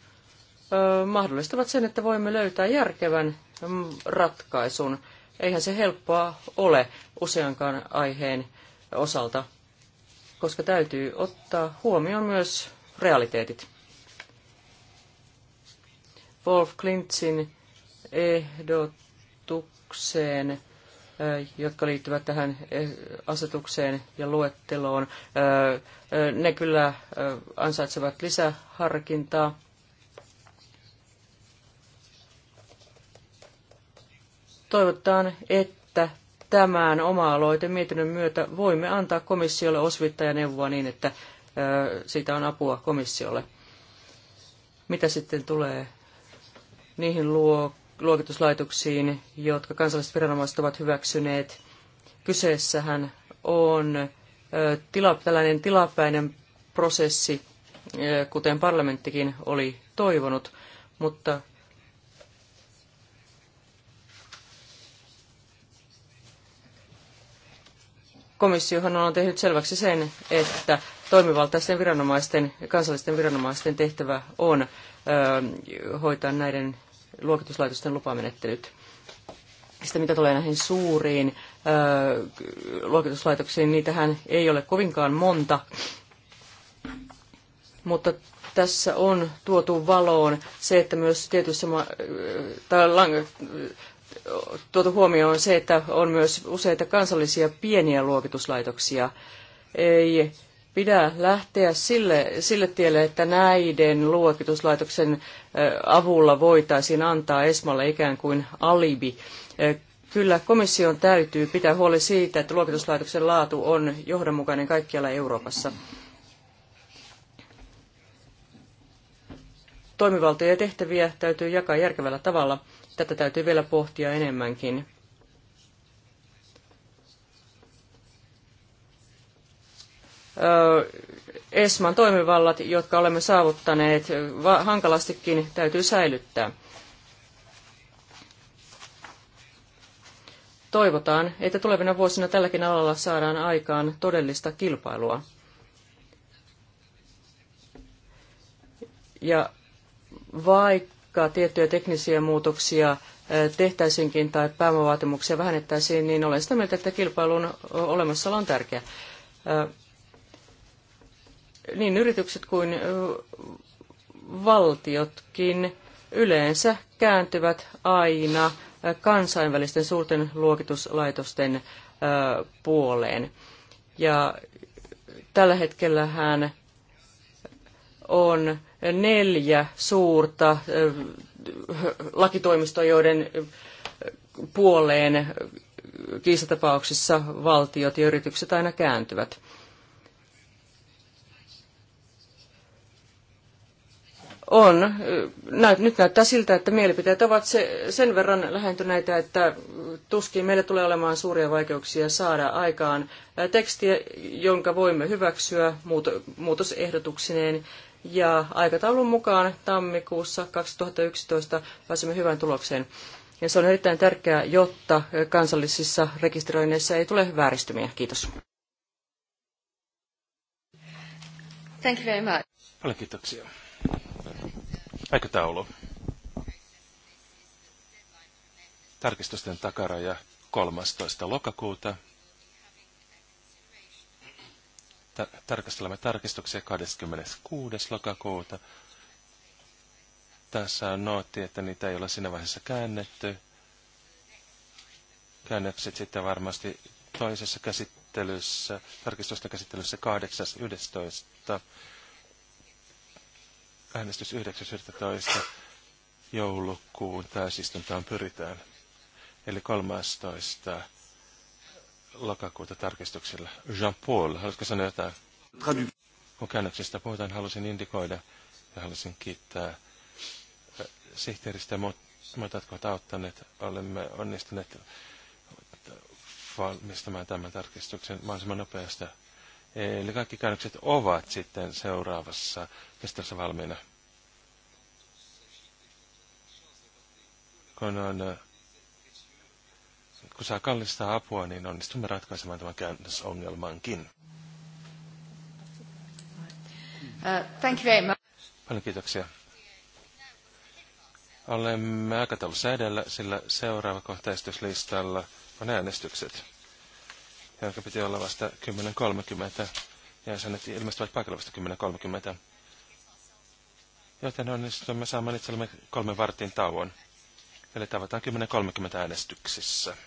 mahdollistavat sen, että voimme löytää järkevän mm, ratkaisun. Eihän se helppoa ole useankaan aiheen osalta, koska täytyy ottaa huomioon myös realiteetit. Wolf Klintzin ehdotukseen, jotka liittyvät tähän asetukseen ja luetteloon, ne kyllä ansaitsevat lisäharkintaa. Toivotaan, että tämän oma-aloite mietinnön myötä voimme antaa komissiolle osvittajaneuvoa niin, että siitä on apua komissiolle. Mitä sitten tulee niihin luokituslaitoksiin, jotka kansalliset viranomaiset ovat hyväksyneet? Kyseessähän on tila, tällainen tilapäinen prosessi, kuten parlamenttikin oli toivonut, mutta komissiohan on tehnyt selväksi sen, että toimivaltaisten viranomaisten, kansallisten viranomaisten tehtävä on hoitaa näiden luokituslaitosten lupamenettelyt. mitä tulee näihin suuriin luokituslaitoksiin, niitähän ei ole kovinkaan monta, mutta tässä on tuotu valoon se, että myös tietyissä ma- tai lang- tuotu huomioon se, että on myös useita kansallisia pieniä luokituslaitoksia. Ei pidä lähteä sille, sille tielle, että näiden luokituslaitoksen avulla voitaisiin antaa Esmalle ikään kuin alibi. Kyllä komission täytyy pitää huoli siitä, että luokituslaitoksen laatu on johdonmukainen kaikkialla Euroopassa. Toimivaltoja ja tehtäviä täytyy jakaa järkevällä tavalla – Tätä täytyy vielä pohtia enemmänkin. ESMAn toimivallat, jotka olemme saavuttaneet, hankalastikin täytyy säilyttää. Toivotaan, että tulevina vuosina tälläkin alalla saadaan aikaan todellista kilpailua. Ja vaikka vaikka tiettyjä teknisiä muutoksia tehtäisinkin tai pääomavaatimuksia vähennettäisiin, niin olen sitä mieltä, että kilpailun olemassaolo on tärkeä. Niin yritykset kuin valtiotkin yleensä kääntyvät aina kansainvälisten suurten luokituslaitosten puoleen. Ja tällä hetkellähän on neljä suurta lakitoimistoa, joiden puoleen kiistatapauksissa valtiot ja yritykset aina kääntyvät. On. Nyt näyttää siltä, että mielipiteet ovat sen verran lähentyneitä, että tuskin meillä tulee olemaan suuria vaikeuksia saada aikaan tekstiä, jonka voimme hyväksyä muutosehdotuksineen ja aikataulun mukaan tammikuussa 2011 pääsemme hyvään tulokseen. Ja se on erittäin tärkeää, jotta kansallisissa rekisteröinneissä ei tule vääristymiä. Kiitos. Thank you very much. Paljon kiitoksia. Aikataulu. Tarkistusten takaraja 13. lokakuuta tarkastelemme tarkistuksia 26. lokakuuta. Tässä on nootti, että niitä ei ole siinä vaiheessa käännetty. Käännökset sitten varmasti toisessa käsittelyssä, tarkistusten käsittelyssä 8.11. Äänestys 9.11. joulukuun täysistuntaan pyritään. Eli 13 lokakuuta tarkistuksella. Jean-Paul, haluatko sanoa jotain? Kun käännöksestä puhutaan, halusin indikoida ja halusin kiittää sihteeristä mutta muita, jotka ovat auttaneet. Olemme onnistuneet valmistamaan tämän tarkistuksen mahdollisimman nopeasti. Eli kaikki käännökset ovat sitten seuraavassa kestossa valmiina. Kun on kun saa kallista apua, niin onnistumme ratkaisemaan tämän käännösongelmankin. Uh, thank you very much. Paljon kiitoksia. Olemme aikataulussa edellä, sillä seuraava kohtaistuslistalla on äänestykset, jonka piti olla vasta 10.30. että ilmestyvät paikalla vasta 10.30. Joten onnistumme saamaan itsellemme kolmen vartin tauon. Eli tavataan 10.30 äänestyksissä.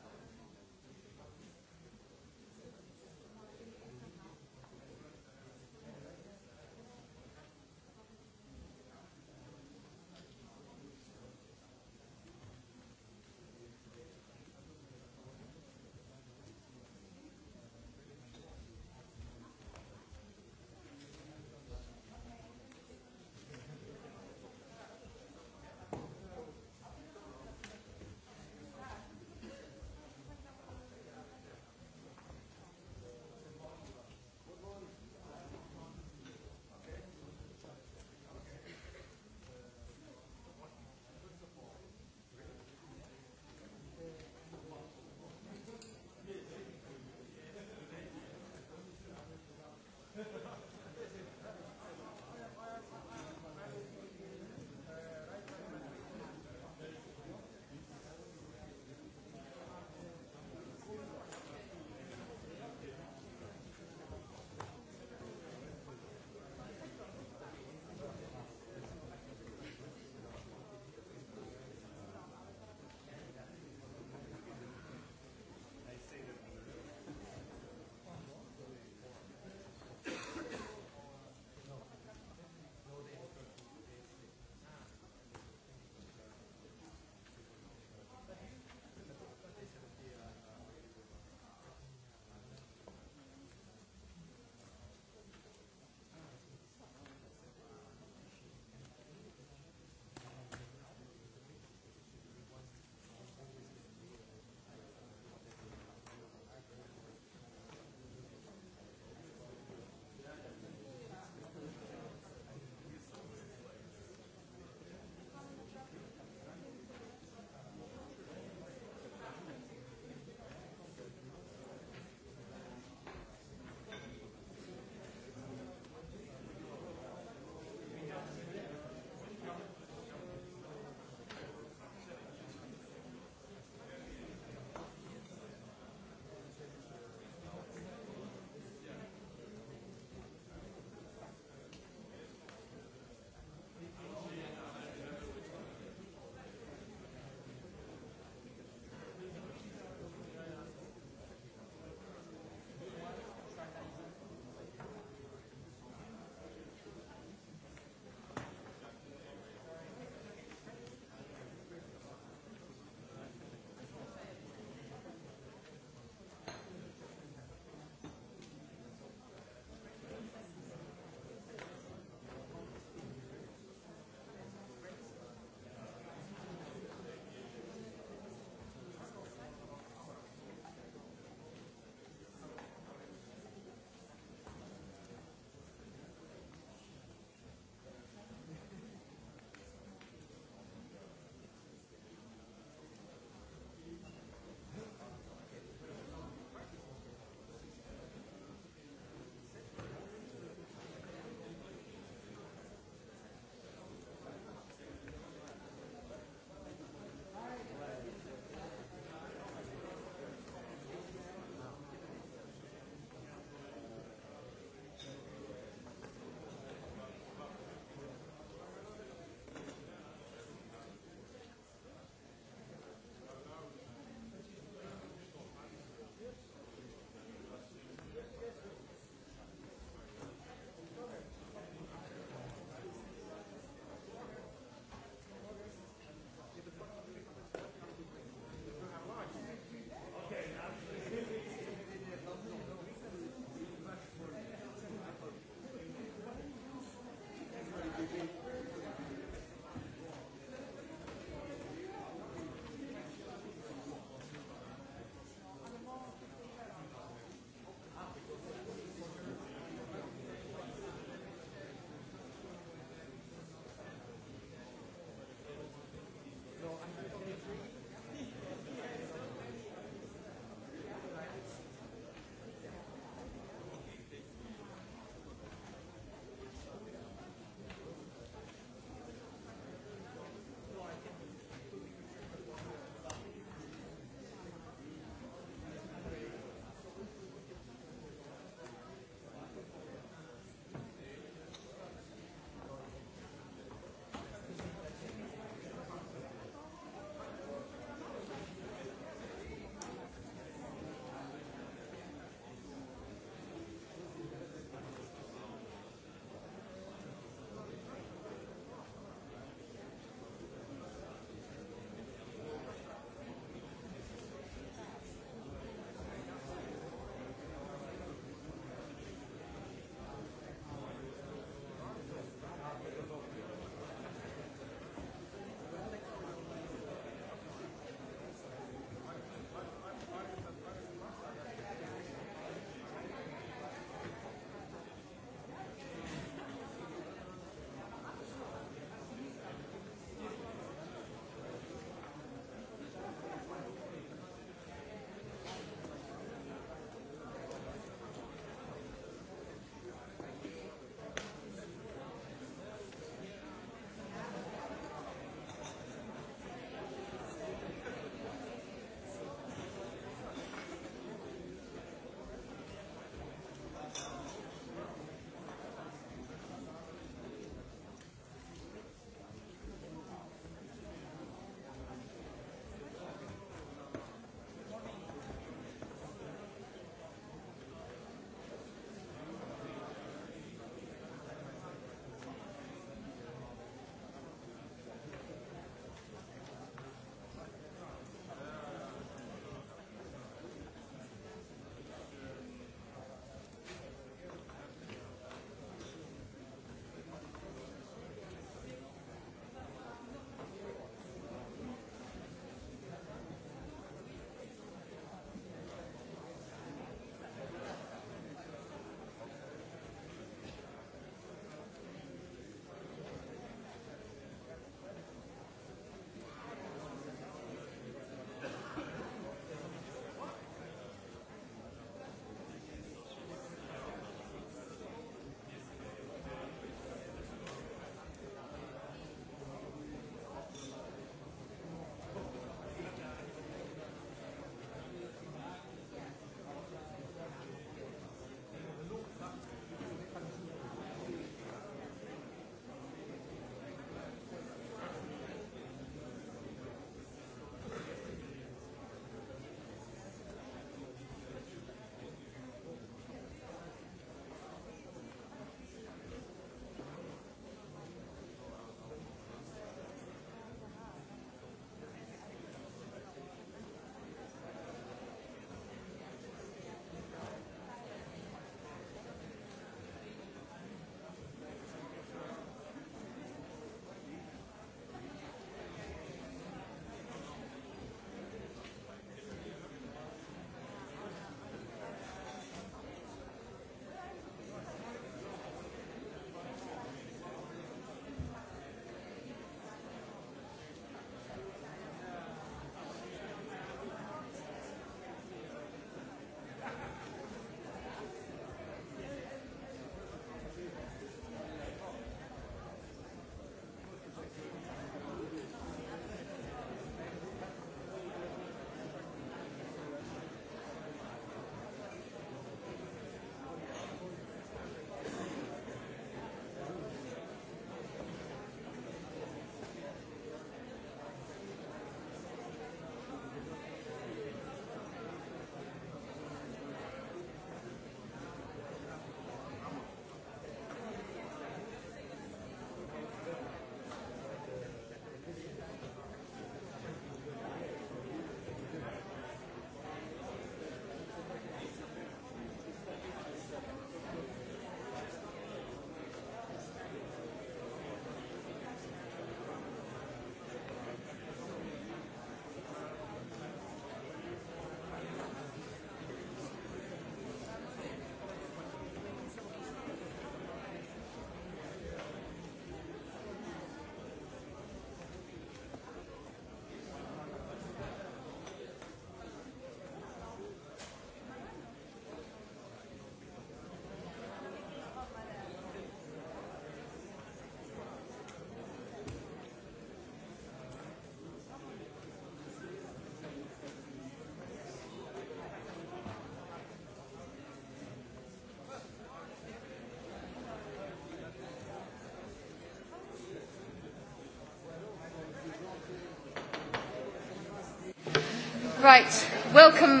Right, welcome.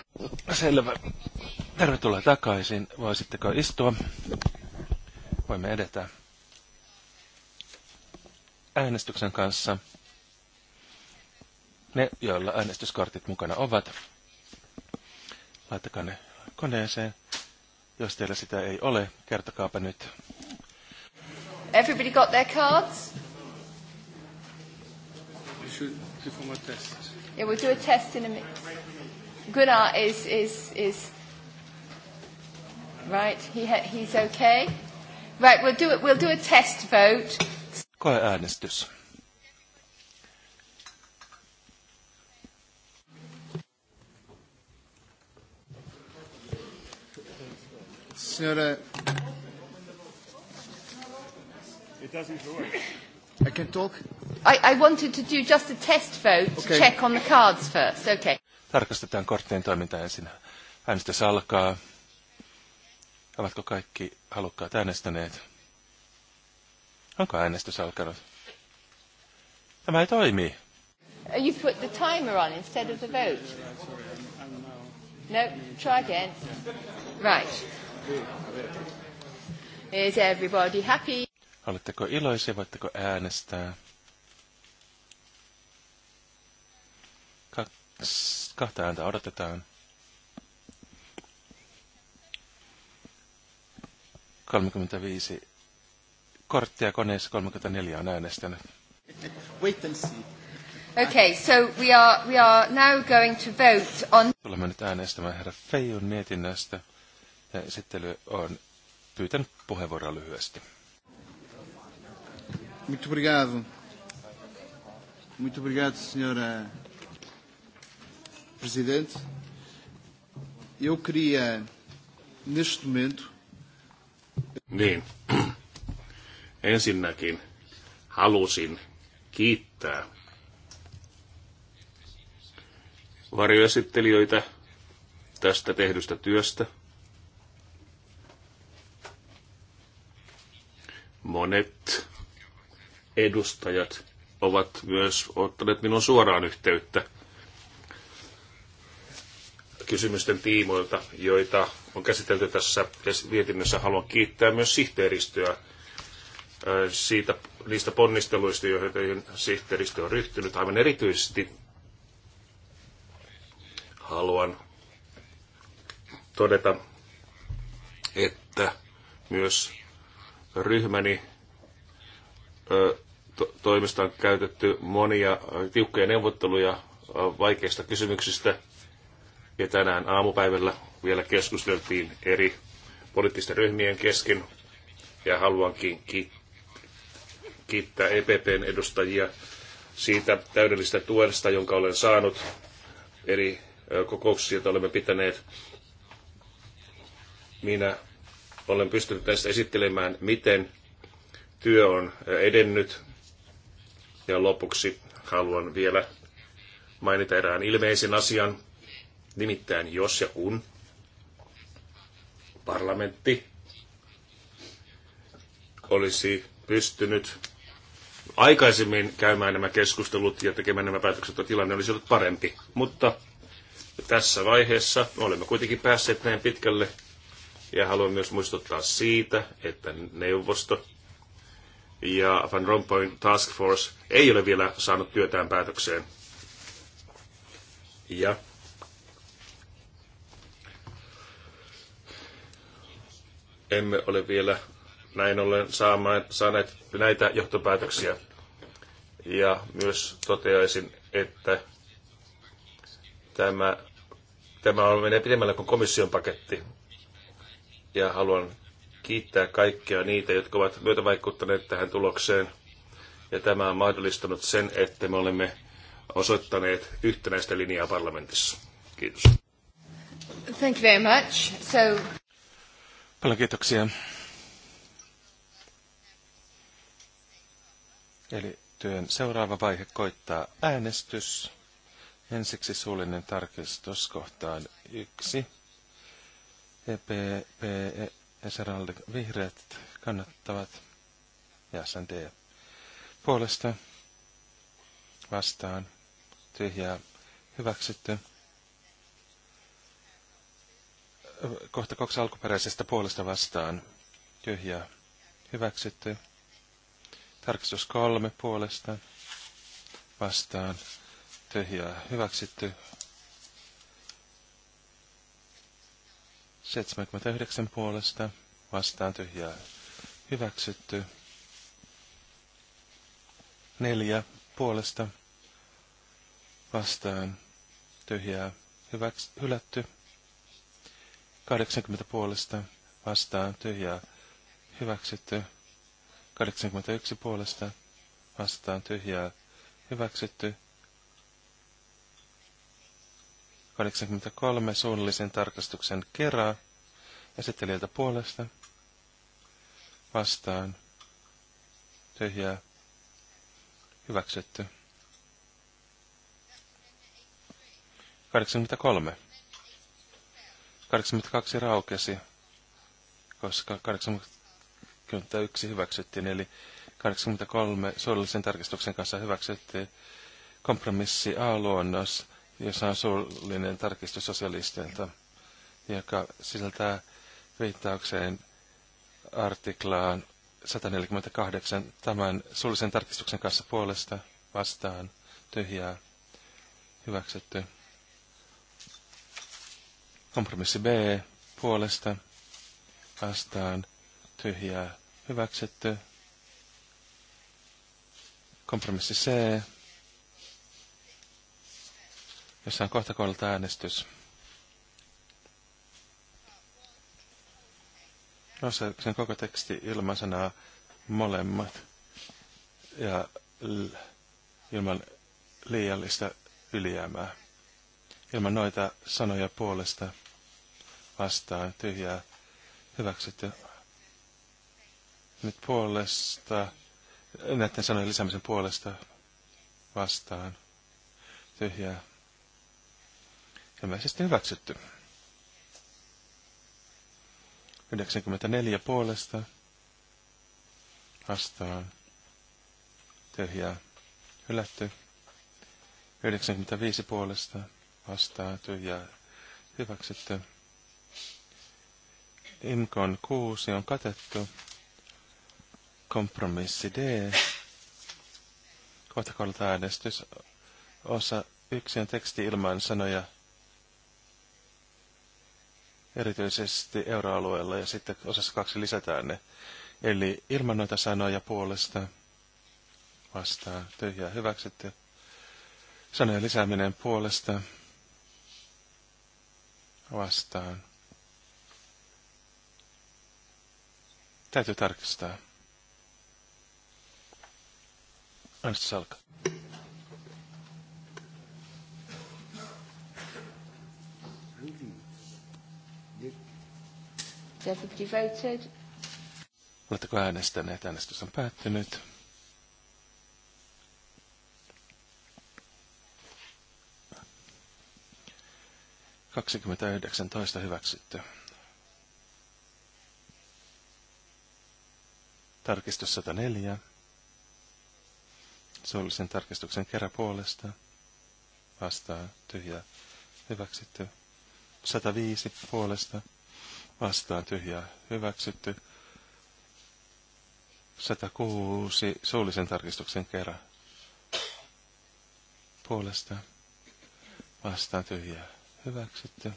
Selvä. Tervetuloa takaisin. Voisitteko istua? Voimme edetä äänestyksen kanssa. Ne, joilla äänestyskortit mukana ovat, laittakaa ne koneeseen. Jos teillä sitä ei ole, kertokaapa nyt. Everybody got their cards? We should do a test. Yeah, we'll do a test in a minute. Gunnar is, is, is right, he ha, he's okay. Right, we'll do, it, we'll do a test vote. Koeäänestys. Signora... It doesn't work. I can talk? I, I wanted to do just a test vote okay. to check on the cards first. Okay. Tarkastetaan korttien toiminta ensin. Äänestys alkaa. Ovatko kaikki halukkaat äänestäneet? Onko äänestys alkanut? Tämä ei toimi. Uh, you put the timer on instead of the vote. No, try again. Right. Is everybody happy? Oletteko iloisia? Voitteko äänestää? kahta ääntä odotetaan. Kolmekymmentäviisi korttia koneessa, 34 on äänestänyt. Wait and see. Okay, so we are, we are now going to vote on... Tulemme nyt äänestämään herra Feijun Mietinnästä Ja esittely on Pyytän puheenvuoroa lyhyesti. Muito obrigado. Muito obrigado, senhora Presidente. Eu queria, neste momento... Niin. Ensinnäkin halusin kiittää varjoesittelijöitä tästä tehdystä työstä. Monet edustajat ovat myös ottaneet minun suoraan yhteyttä kysymysten tiimoilta, joita on käsitelty tässä mietinnössä. Haluan kiittää myös sihteeristöä siitä, niistä ponnisteluista, joihin sihteeristö on ryhtynyt. Aivan erityisesti haluan todeta, että myös ryhmäni toimesta on käytetty monia tiukkoja neuvotteluja vaikeista kysymyksistä – ja tänään aamupäivällä vielä keskusteltiin eri poliittisten ryhmien kesken. Ja haluankin kiittää EPPn edustajia siitä täydellisestä tuesta, jonka olen saanut eri kokouksissa, joita olemme pitäneet. Minä olen pystynyt tästä esittelemään, miten työ on edennyt. Ja lopuksi haluan vielä mainita erään ilmeisen asian, Nimittäin jos ja kun parlamentti olisi pystynyt aikaisemmin käymään nämä keskustelut ja tekemään nämä päätökset, tilanne olisi ollut parempi. Mutta tässä vaiheessa me olemme kuitenkin päässeet näin pitkälle ja haluan myös muistuttaa siitä, että neuvosto ja Van Rompuyn Task Force ei ole vielä saanut työtään päätökseen. Ja emme ole vielä näin ollen saamaan, saaneet näitä johtopäätöksiä. Ja myös toteaisin, että tämä, tämä on menee pidemmälle kuin komission paketti. Ja haluan kiittää kaikkia niitä, jotka ovat myötävaikuttaneet tähän tulokseen. Ja tämä on mahdollistanut sen, että me olemme osoittaneet yhtenäistä linjaa parlamentissa. Kiitos. Thank you very much. So... Paljon kiitoksia. Eli työn seuraava vaihe koittaa äänestys. Ensiksi suullinen tarkistus kohtaan yksi. EPP, Esaralde vihreät kannattavat ja SND puolesta vastaan tyhjää hyväksytty kohta kaksi alkuperäisestä puolesta vastaan. Tyhjää. Hyväksytty. Tarkistus kolme puolesta vastaan. Tyhjää. Hyväksytty. 79 puolesta vastaan tyhjää. Hyväksytty. Neljä puolesta vastaan tyhjää. Hyväks, hylätty. 80 puolesta vastaan tyhjää hyväksytty. 81 puolesta vastaan tyhjää hyväksytty. 83 suunnallisen tarkastuksen kerran esittelijältä puolesta vastaan tyhjää hyväksytty. 83. 82 raukesi, koska 81 hyväksyttiin, eli 83 suullisen tarkistuksen kanssa hyväksyttiin kompromissi A-luonnos, jossa on suullinen tarkistus sosialisteilta, joka sisältää viittaukseen artiklaan 148 tämän suullisen tarkistuksen kanssa puolesta vastaan tyhjää hyväksytty. Kompromissi B puolesta vastaan tyhjää hyväksytty. Kompromissi C, jossa on kohta kohdalta äänestys. No, se, sen koko teksti ilman sanaa molemmat ja ilman liiallista ylijäämää. Ilman noita sanoja puolesta vastaan tyhjää hyväksytty. Nyt puolesta, näiden sanojen lisäämisen puolesta vastaan tyhjää ilmeisesti hyväksytty. 94 puolesta vastaan tyhjää hylätty. 95 puolesta vastaan tyhjää hyväksytty. Imkon 6 on katettu. Kompromissi D. Kohtakohdalta äänestys. Osa 1 on teksti ilman sanoja. Erityisesti euroalueella ja sitten osassa kaksi lisätään ne. Eli ilman noita sanoja puolesta vastaan tyhjää hyväksytty. Sanojen lisääminen puolesta vastaan Täytyy tarkistaa. Äänestys alkaa. Oletteko äänestäneet? Äänestys on päättynyt. yhdeksän toista hyväksytty. Tarkistus 104. Suullisen tarkistuksen kerran puolesta. vastaa Tyhjää. Hyväksytty. 105 puolesta. vastaa Tyhjää. Hyväksytty. 106 suullisen tarkistuksen kerran. Puolesta. vastaa Tyhjää. Hyväksytty.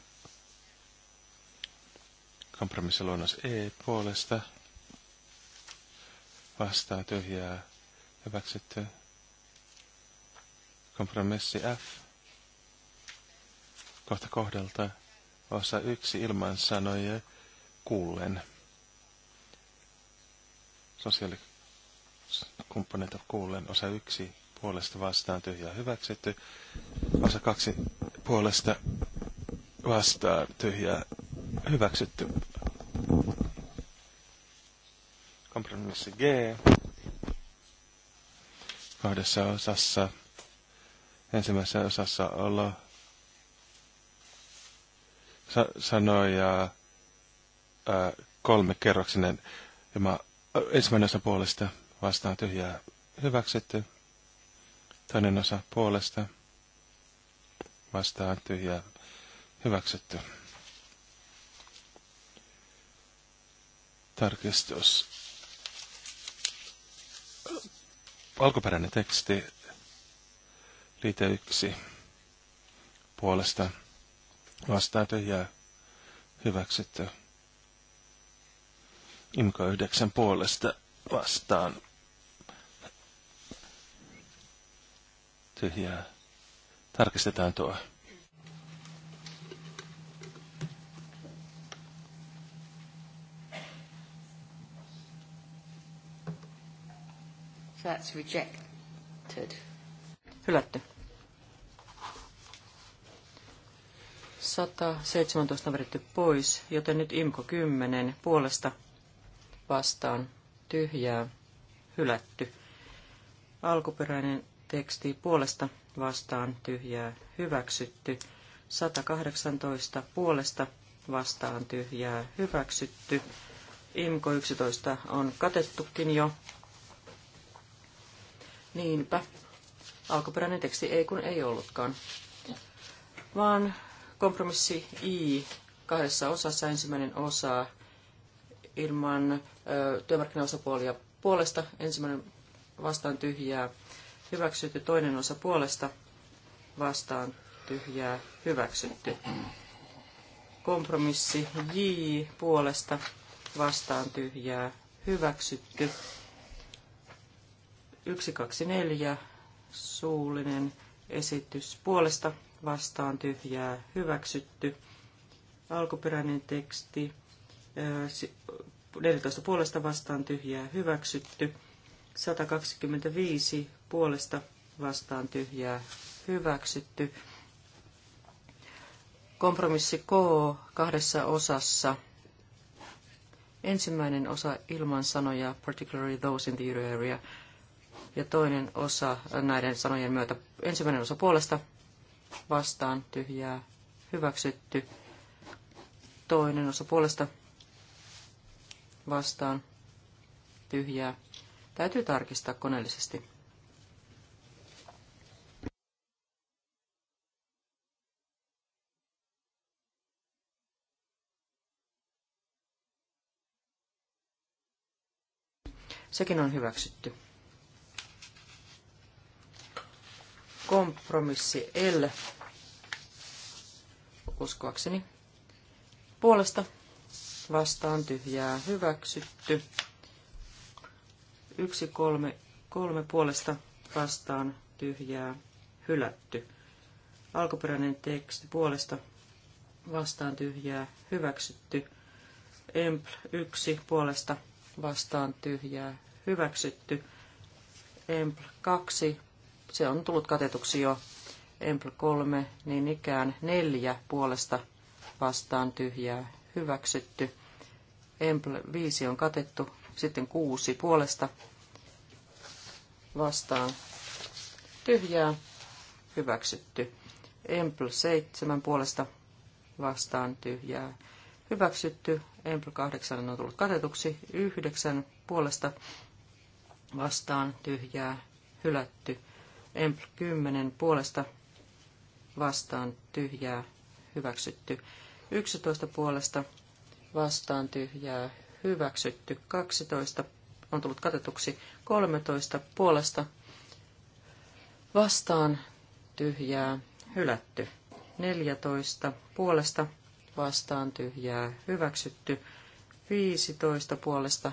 Kompromissiluonnos E puolesta vastaa tyhjää hyväksytty. Kompromissi F. Kohta kohdalta osa yksi ilman sanoja kuullen. Sosiaalikumppaneita kuullen osa yksi puolesta vastaan tyhjää hyväksytty. Osa kaksi puolesta vastaan tyhjää hyväksytty. Kompromissi G. Kahdessa osassa. Ensimmäisessä osassa olla sa- sanoja ää, kolme kerroksinen. Ja mä, ensimmäinen osa puolesta vastaan tyhjää hyväksytty. Toinen osa puolesta vastaan tyhjää hyväksytty. Tarkistus alkuperäinen teksti, liite yksi puolesta vastaan tyhjää hyväksytty. Imko yhdeksän puolesta vastaan tyhjää. Tarkistetaan tuo. So that's rejected. Hylätty. 117 on vedetty pois, joten nyt IMKO 10 puolesta vastaan tyhjää hylätty. Alkuperäinen teksti puolesta vastaan tyhjää hyväksytty. 118 puolesta vastaan tyhjää hyväksytty. IMKO 11 on katettukin jo, Niinpä. Alkuperäinen teksti ei kun ei ollutkaan. Vaan kompromissi I kahdessa osassa. Ensimmäinen osa ilman ö, työmarkkinaosapuolia puolesta. Ensimmäinen vastaan tyhjää hyväksytty. Toinen osa puolesta vastaan tyhjää hyväksytty. Kompromissi J puolesta vastaan tyhjää hyväksytty. 124 suullinen esitys puolesta vastaan tyhjää hyväksytty. Alkuperäinen teksti 14 puolesta vastaan tyhjää hyväksytty. 125 puolesta vastaan tyhjää hyväksytty. Kompromissi K kahdessa osassa. Ensimmäinen osa ilman sanoja, particularly those in the euro area, ja toinen osa näiden sanojen myötä. Ensimmäinen osa puolesta vastaan tyhjää hyväksytty. Toinen osa puolesta vastaan tyhjää. Täytyy tarkistaa koneellisesti. Sekin on hyväksytty. Kompromissi L, uskoakseni, puolesta vastaan tyhjää hyväksytty. Yksi kolme, kolme puolesta vastaan tyhjää hylätty. Alkuperäinen teksti puolesta vastaan tyhjää hyväksytty. Empl 1 puolesta vastaan tyhjää hyväksytty. Empl 2 se on tullut katetuksi jo. Empl 3, niin ikään neljä puolesta vastaan tyhjää hyväksytty. Empl 5 on katettu, sitten kuusi puolesta vastaan tyhjää hyväksytty. Empl 7 puolesta vastaan tyhjää hyväksytty. Empl 8 on tullut katetuksi, yhdeksän puolesta vastaan tyhjää hylätty. Empl 10 puolesta vastaan tyhjää hyväksytty. 11 puolesta vastaan tyhjää hyväksytty. 12 on tullut katetuksi. 13 puolesta vastaan tyhjää hylätty. 14 puolesta vastaan tyhjää hyväksytty. 15 puolesta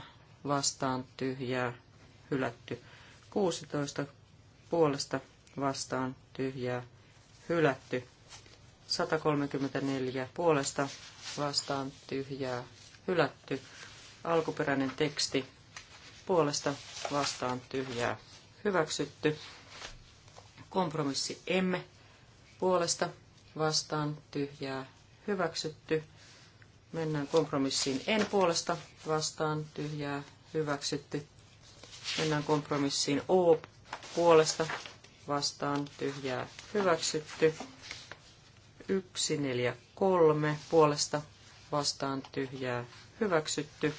vastaan tyhjää hylätty. 16 puolesta vastaan tyhjää hylätty. 134 puolesta vastaan tyhjää hylätty. Alkuperäinen teksti puolesta vastaan tyhjää hyväksytty. Kompromissi emme puolesta vastaan tyhjää hyväksytty. Mennään kompromissiin en puolesta vastaan tyhjää hyväksytty. Mennään kompromissiin O puolesta vastaan tyhjää hyväksytty. kolme puolesta vastaan tyhjää hyväksytty.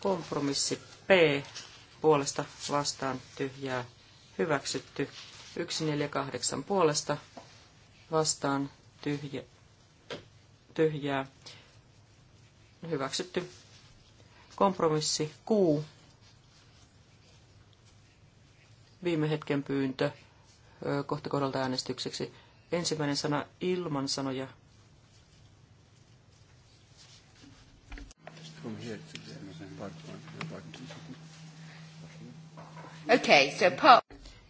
Kompromissi P puolesta vastaan tyhjää hyväksytty. kahdeksan puolesta vastaan tyhjä, tyhjää hyväksytty. Kompromissi Q viime hetken pyyntö kohta kohdalta äänestykseksi. Ensimmäinen sana ilman sanoja. Okay, so part...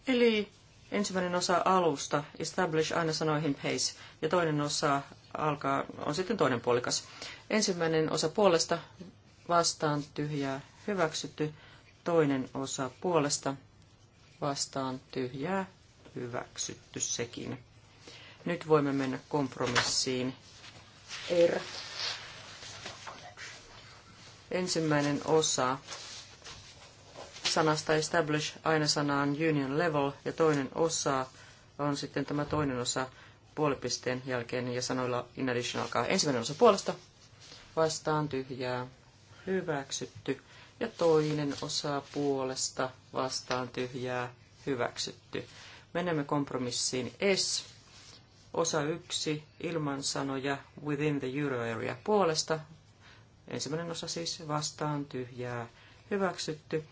Eli ensimmäinen osa alusta, establish aina sanoihin pace, ja toinen osa alkaa, on sitten toinen puolikas. Ensimmäinen osa puolesta, vastaan tyhjää, hyväksytty. Toinen osa puolesta, vastaan tyhjää hyväksytty sekin. Nyt voimme mennä kompromissiin R. Ensimmäinen osa sanasta establish aina sanaan union level ja toinen osa on sitten tämä toinen osa puolipisteen jälkeen ja sanoilla in addition alkaa ensimmäinen osa puolesta vastaan tyhjää hyväksytty ja toinen osa puolesta vastaan tyhjää hyväksytty. Menemme kompromissiin S. Osa 1 ilman sanoja within the euro area puolesta. Ensimmäinen osa siis vastaan tyhjää hyväksytty.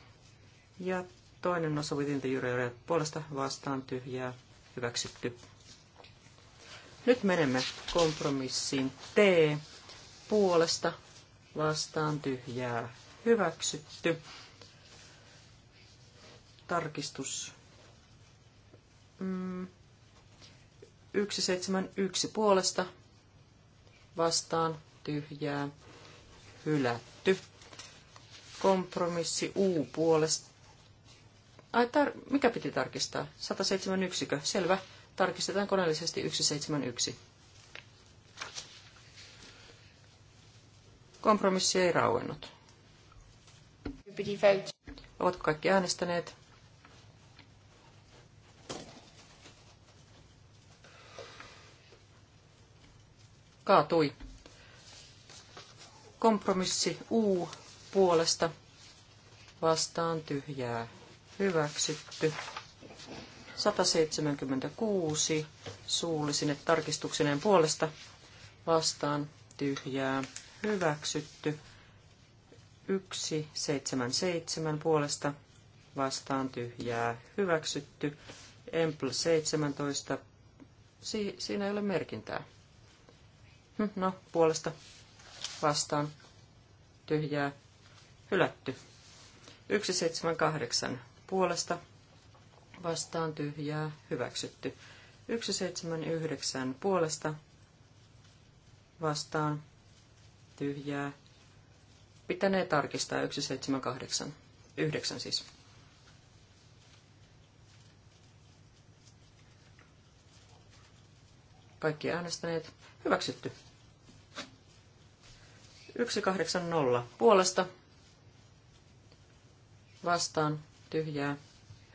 Ja toinen osa within the euro area puolesta vastaan tyhjää hyväksytty. Nyt menemme kompromissiin T puolesta vastaan tyhjää Hyväksytty. Tarkistus. Mm. 171 puolesta vastaan tyhjää hylätty. Kompromissi U puolesta. Ai, tar- mikä piti tarkistaa? 171, selvä. Tarkistetaan koneellisesti 171. Kompromissi ei rauennut. Everybody vote. Ovatko kaikki äänestäneet? Kaatui. Kompromissi U puolesta vastaan tyhjää. Hyväksytty. 176 suullisine tarkistuksineen puolesta vastaan tyhjää. Hyväksytty. 1, 7, 7 puolesta vastaan tyhjää hyväksytty. Empl 17, si- siinä ei ole merkintää. Hm, no, puolesta vastaan tyhjää hylätty. 1, 7, 8 puolesta vastaan tyhjää hyväksytty. 1, 7, 9 puolesta vastaan tyhjää Pitänee tarkistaa 178. 9 siis. Kaikki äänestäneet. Hyväksytty. 180 puolesta. Vastaan. Tyhjää.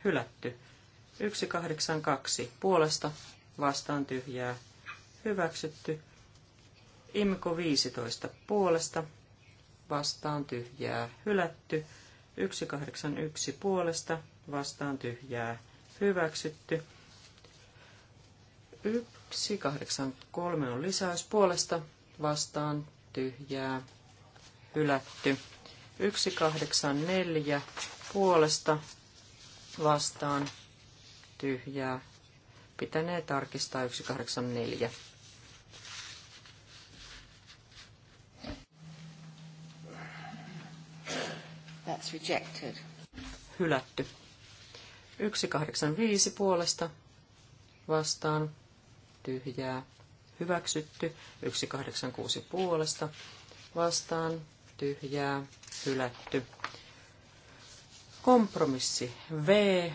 Hylätty. 182 puolesta. Vastaan. Tyhjää. Hyväksytty. Imko 15 puolesta vastaan tyhjää hylätty. 181 puolesta vastaan tyhjää hyväksytty. 183 on lisäys puolesta vastaan tyhjää hylätty. 184 puolesta vastaan tyhjää. Pitänee tarkistaa 184. That's rejected. Hylätty. 185 puolesta vastaan tyhjää. Hyväksytty. 186 puolesta vastaan tyhjää. Hylätty. Kompromissi V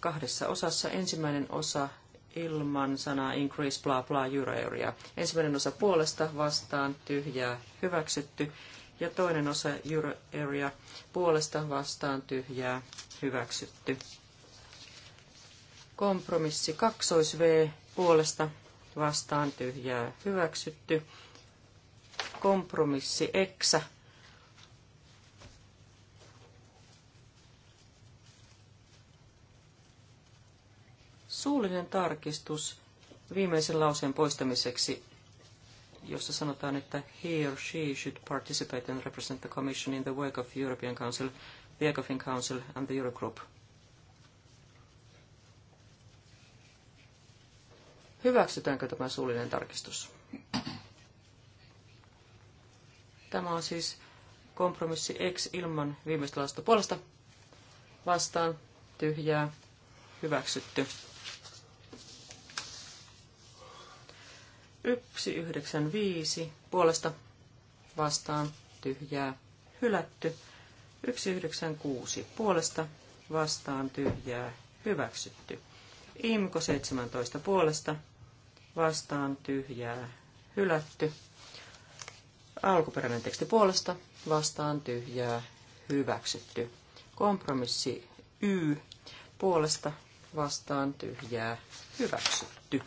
kahdessa osassa. Ensimmäinen osa ilman sanaa increase bla bla jyröyriä. Ensimmäinen osa puolesta vastaan tyhjää hyväksytty ja toinen osa Euro Area puolesta vastaan tyhjää hyväksytty. Kompromissi 2 V puolesta vastaan tyhjää hyväksytty. Kompromissi X Suullinen tarkistus viimeisen lauseen poistamiseksi jossa sanotaan, että he or she should participate and represent the Commission in the work of European Council, the ECOFIN Council and the Eurogroup. Hyväksytäänkö tämä suullinen tarkistus? Tämä on siis kompromissi X ilman viimeistä lausta puolesta. Vastaan tyhjää hyväksytty. 195 puolesta vastaan tyhjää hylätty. 196 puolesta vastaan tyhjää hyväksytty. Imko 17 puolesta vastaan tyhjää hylätty. Alkuperäinen teksti puolesta vastaan tyhjää hyväksytty. Kompromissi Y puolesta vastaan tyhjää hyväksytty.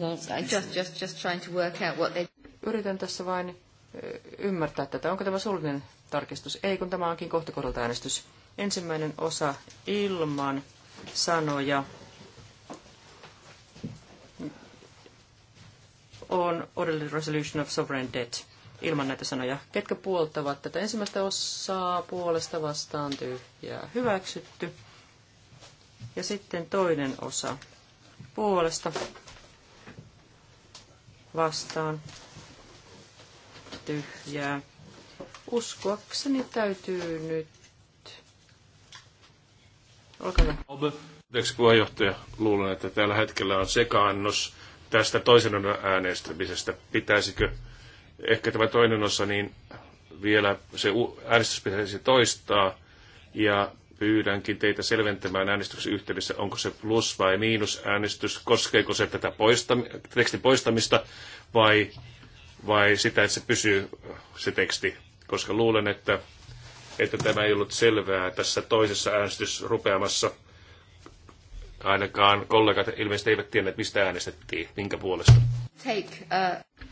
Just, just, just trying to work out what they... Yritän tässä vain ymmärtää tätä. Onko tämä suullinen tarkistus? Ei, kun tämä onkin kohtakohdalta äänestys. Ensimmäinen osa ilman sanoja on Orderly Resolution of Sovereign Debt ilman näitä sanoja. Ketkä puoltavat tätä ensimmäistä osaa puolesta vastaan tyhjää hyväksytty. Ja sitten toinen osa puolesta vastaan tyhjää. Uskoakseni täytyy nyt... Olkaa hyvä. Anteeksi puheenjohtaja, luulen, että tällä hetkellä on sekaannos tästä toisen osan äänestämisestä. Pitäisikö ehkä tämä toinen osa, niin vielä se äänestys pitäisi toistaa ja pyydänkin teitä selventämään äänestyksen yhteydessä, onko se plus- vai miinusäänestys, koskeeko se tätä poistam- tekstin poistamista vai, vai sitä, että se pysyy se teksti, koska luulen, että, että tämä ei ollut selvää tässä toisessa äänestysrupeamassa. Ainakaan kollegat ilmeisesti eivät tienneet, mistä äänestettiin, minkä puolesta. Take, uh...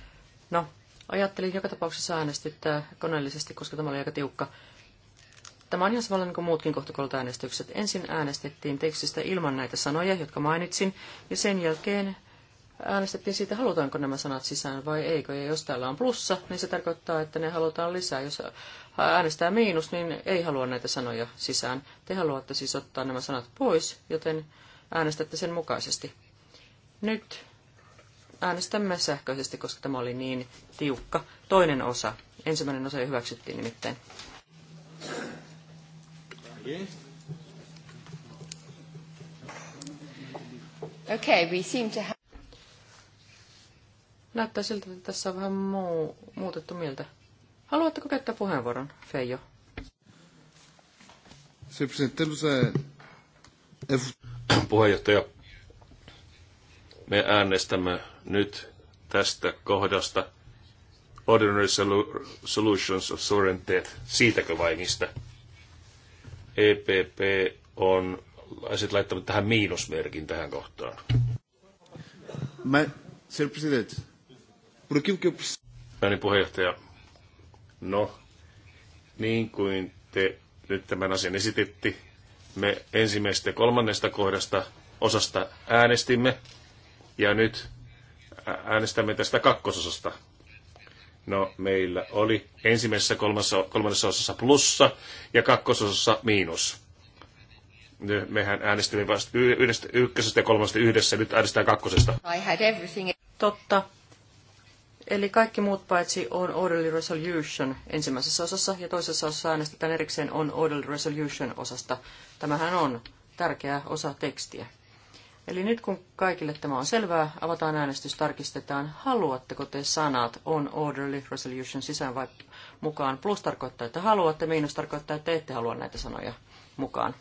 No, ajattelin joka tapauksessa äänestyttää koneellisesti, koska tämä oli aika tiukka. Tämä on ihan samanlainen kuin muutkin kohtakolta äänestykset. Ensin äänestettiin tekstistä ilman näitä sanoja, jotka mainitsin, ja sen jälkeen äänestettiin siitä, halutaanko nämä sanat sisään vai eikö. Ja jos täällä on plussa, niin se tarkoittaa, että ne halutaan lisää. Jos äänestää miinus, niin ei halua näitä sanoja sisään. Te haluatte siis ottaa nämä sanat pois, joten äänestätte sen mukaisesti. Nyt äänestämme sähköisesti, koska tämä oli niin tiukka. Toinen osa. Ensimmäinen osa jo hyväksyttiin nimittäin. Okay, we seem to have... Näyttää siltä, että tässä on vähän muu, muutettu mieltä. Haluatteko käyttää puheenvuoron, Feijo? Se no Puheenjohtaja, me äänestämme nyt tästä kohdasta Ordinary Solutions of Sovereign Debt. Siitäkö vai mistä? EPP on sitten laittanut tähän miinusmerkin tähän kohtaan. Mä, sir president, por puheenjohtaja, no, niin kuin te nyt tämän asian esititti, me ensimmäisestä ja kolmannesta kohdasta osasta äänestimme, ja nyt äänestämme tästä kakkososasta. No, meillä oli ensimmäisessä kolmassa, kolmannessa osassa plussa ja kakkososassa miinus. Mehän äänestimme vasta yhdestä, ykkösestä ja kolmesta yhdessä, nyt äänestetään kakkosesta. I had everything. Totta. Eli kaikki muut paitsi on orderly resolution ensimmäisessä osassa ja toisessa osassa äänestetään erikseen on orderly resolution osasta. Tämähän on tärkeä osa tekstiä. Eli nyt kun kaikille tämä on selvää, avataan äänestys, tarkistetaan, haluatteko te sanat on orderly resolution sisään vai mukaan. Plus tarkoittaa, että haluatte, miinus tarkoittaa, että ette halua näitä sanoja mukaan.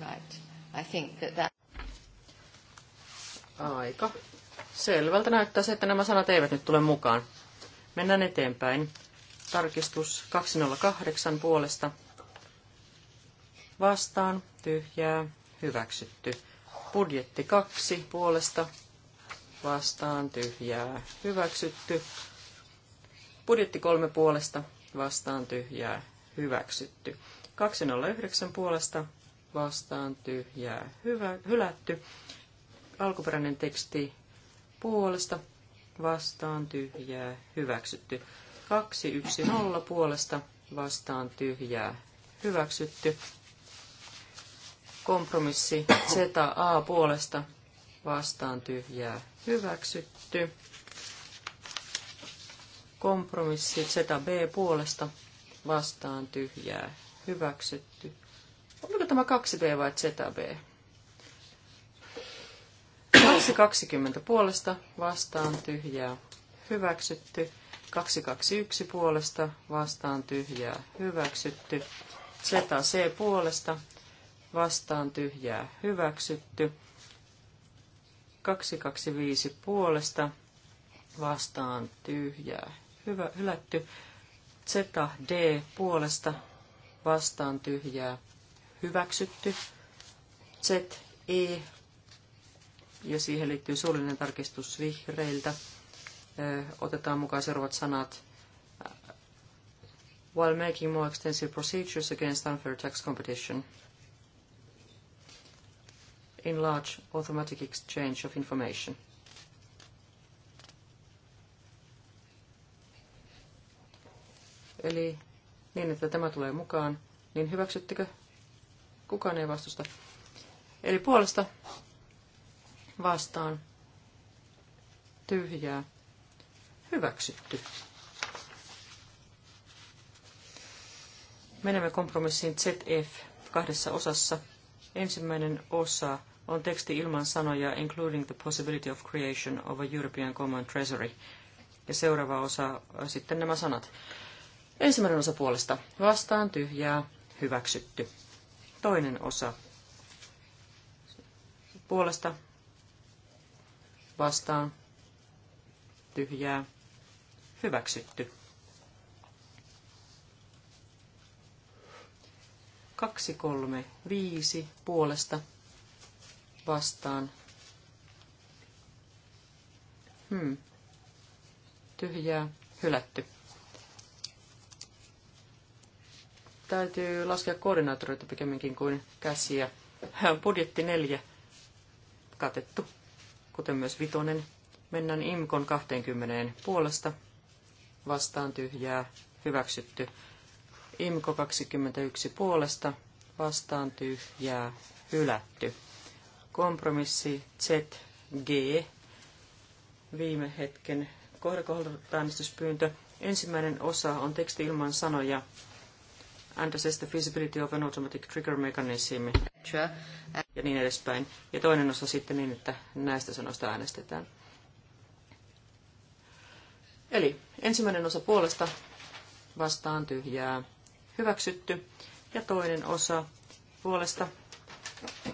Right. I think that that... Aika. Selvältä näyttää se, että nämä sanat eivät nyt tule mukaan. Mennään eteenpäin. Tarkistus 208 puolesta. Vastaan. Tyhjää. Hyväksytty. Budjetti 2 puolesta. Vastaan. Tyhjää. Hyväksytty. Budjetti 3 puolesta. Vastaan. Tyhjää. Hyväksytty. 209 puolesta. Vastaan. Tyhjää. Hyvä, hylätty. Alkuperäinen teksti puolesta vastaan tyhjää, hyväksytty. 210 puolesta vastaan tyhjää, hyväksytty. Kompromissi ZA puolesta vastaan tyhjää, hyväksytty. Kompromissi ZB puolesta vastaan tyhjää, hyväksytty. Oliko tämä 2B vai ZB? 220 puolesta vastaan tyhjää hyväksytty. 221 puolesta vastaan tyhjää hyväksytty. ZC puolesta vastaan tyhjää hyväksytty. 225 puolesta vastaan tyhjää hyvä, hylätty. ZD puolesta vastaan tyhjää hyväksytty. ZE ja siihen liittyy suullinen tarkistus vihreiltä. Otetaan mukaan seuraavat sanat. While making more extensive procedures against unfair tax competition. Enlarge automatic exchange of information. Eli niin, että tämä tulee mukaan, niin hyväksyttekö? Kukaan ei vastusta. Eli puolesta vastaan tyhjää hyväksytty. Menemme kompromissiin ZF kahdessa osassa. Ensimmäinen osa on teksti ilman sanoja including the possibility of creation of a European Common Treasury. Ja seuraava osa äh, sitten nämä sanat. Ensimmäinen osa puolesta vastaan tyhjää hyväksytty. Toinen osa puolesta vastaan tyhjää hyväksytty. Kaksi, kolme, viisi puolesta vastaan. Hmm. Tyhjää hylätty. Täytyy laskea koordinaattoreita pikemminkin kuin käsiä. Budjetti neljä katettu kuten myös vitonen. Mennään IMKON 20 puolesta. Vastaan tyhjää, hyväksytty. IMKO 21 puolesta. Vastaan tyhjää, hylätty. Kompromissi ZG. Viime hetken kohdakohdaltäänestyspyyntö. Ensimmäinen osa on teksti ilman sanoja and assess the feasibility of an automatic trigger mechanism. Uh, ja niin edespäin. Ja toinen osa sitten niin, että näistä sanoista äänestetään. Eli ensimmäinen osa puolesta vastaan tyhjää hyväksytty ja toinen osa puolesta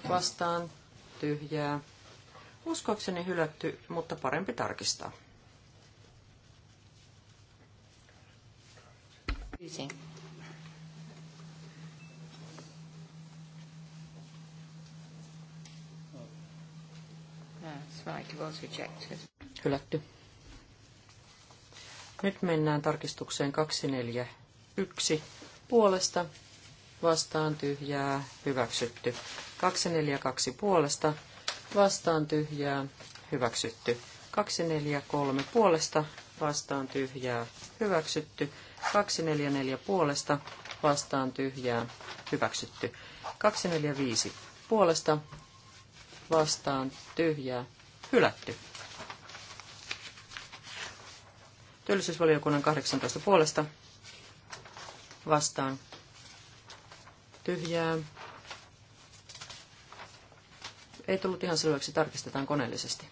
vastaan tyhjää uskoakseni hylätty, mutta parempi tarkistaa. Kiitos. That's right, it was rejected. Hylätty. Nyt mennään tarkistukseen 241 puolesta. Vastaan tyhjää, hyväksytty. 242 puolesta. Vastaan tyhjää, hyväksytty. 243 puolesta. Vastaan tyhjää, hyväksytty. 244 puolesta. Vastaan tyhjää, hyväksytty. 245 puolesta vastaan tyhjää hylätty. Työllisyysvaliokunnan 18 puolesta vastaan tyhjää. Ei tullut ihan selväksi, tarkistetaan koneellisesti.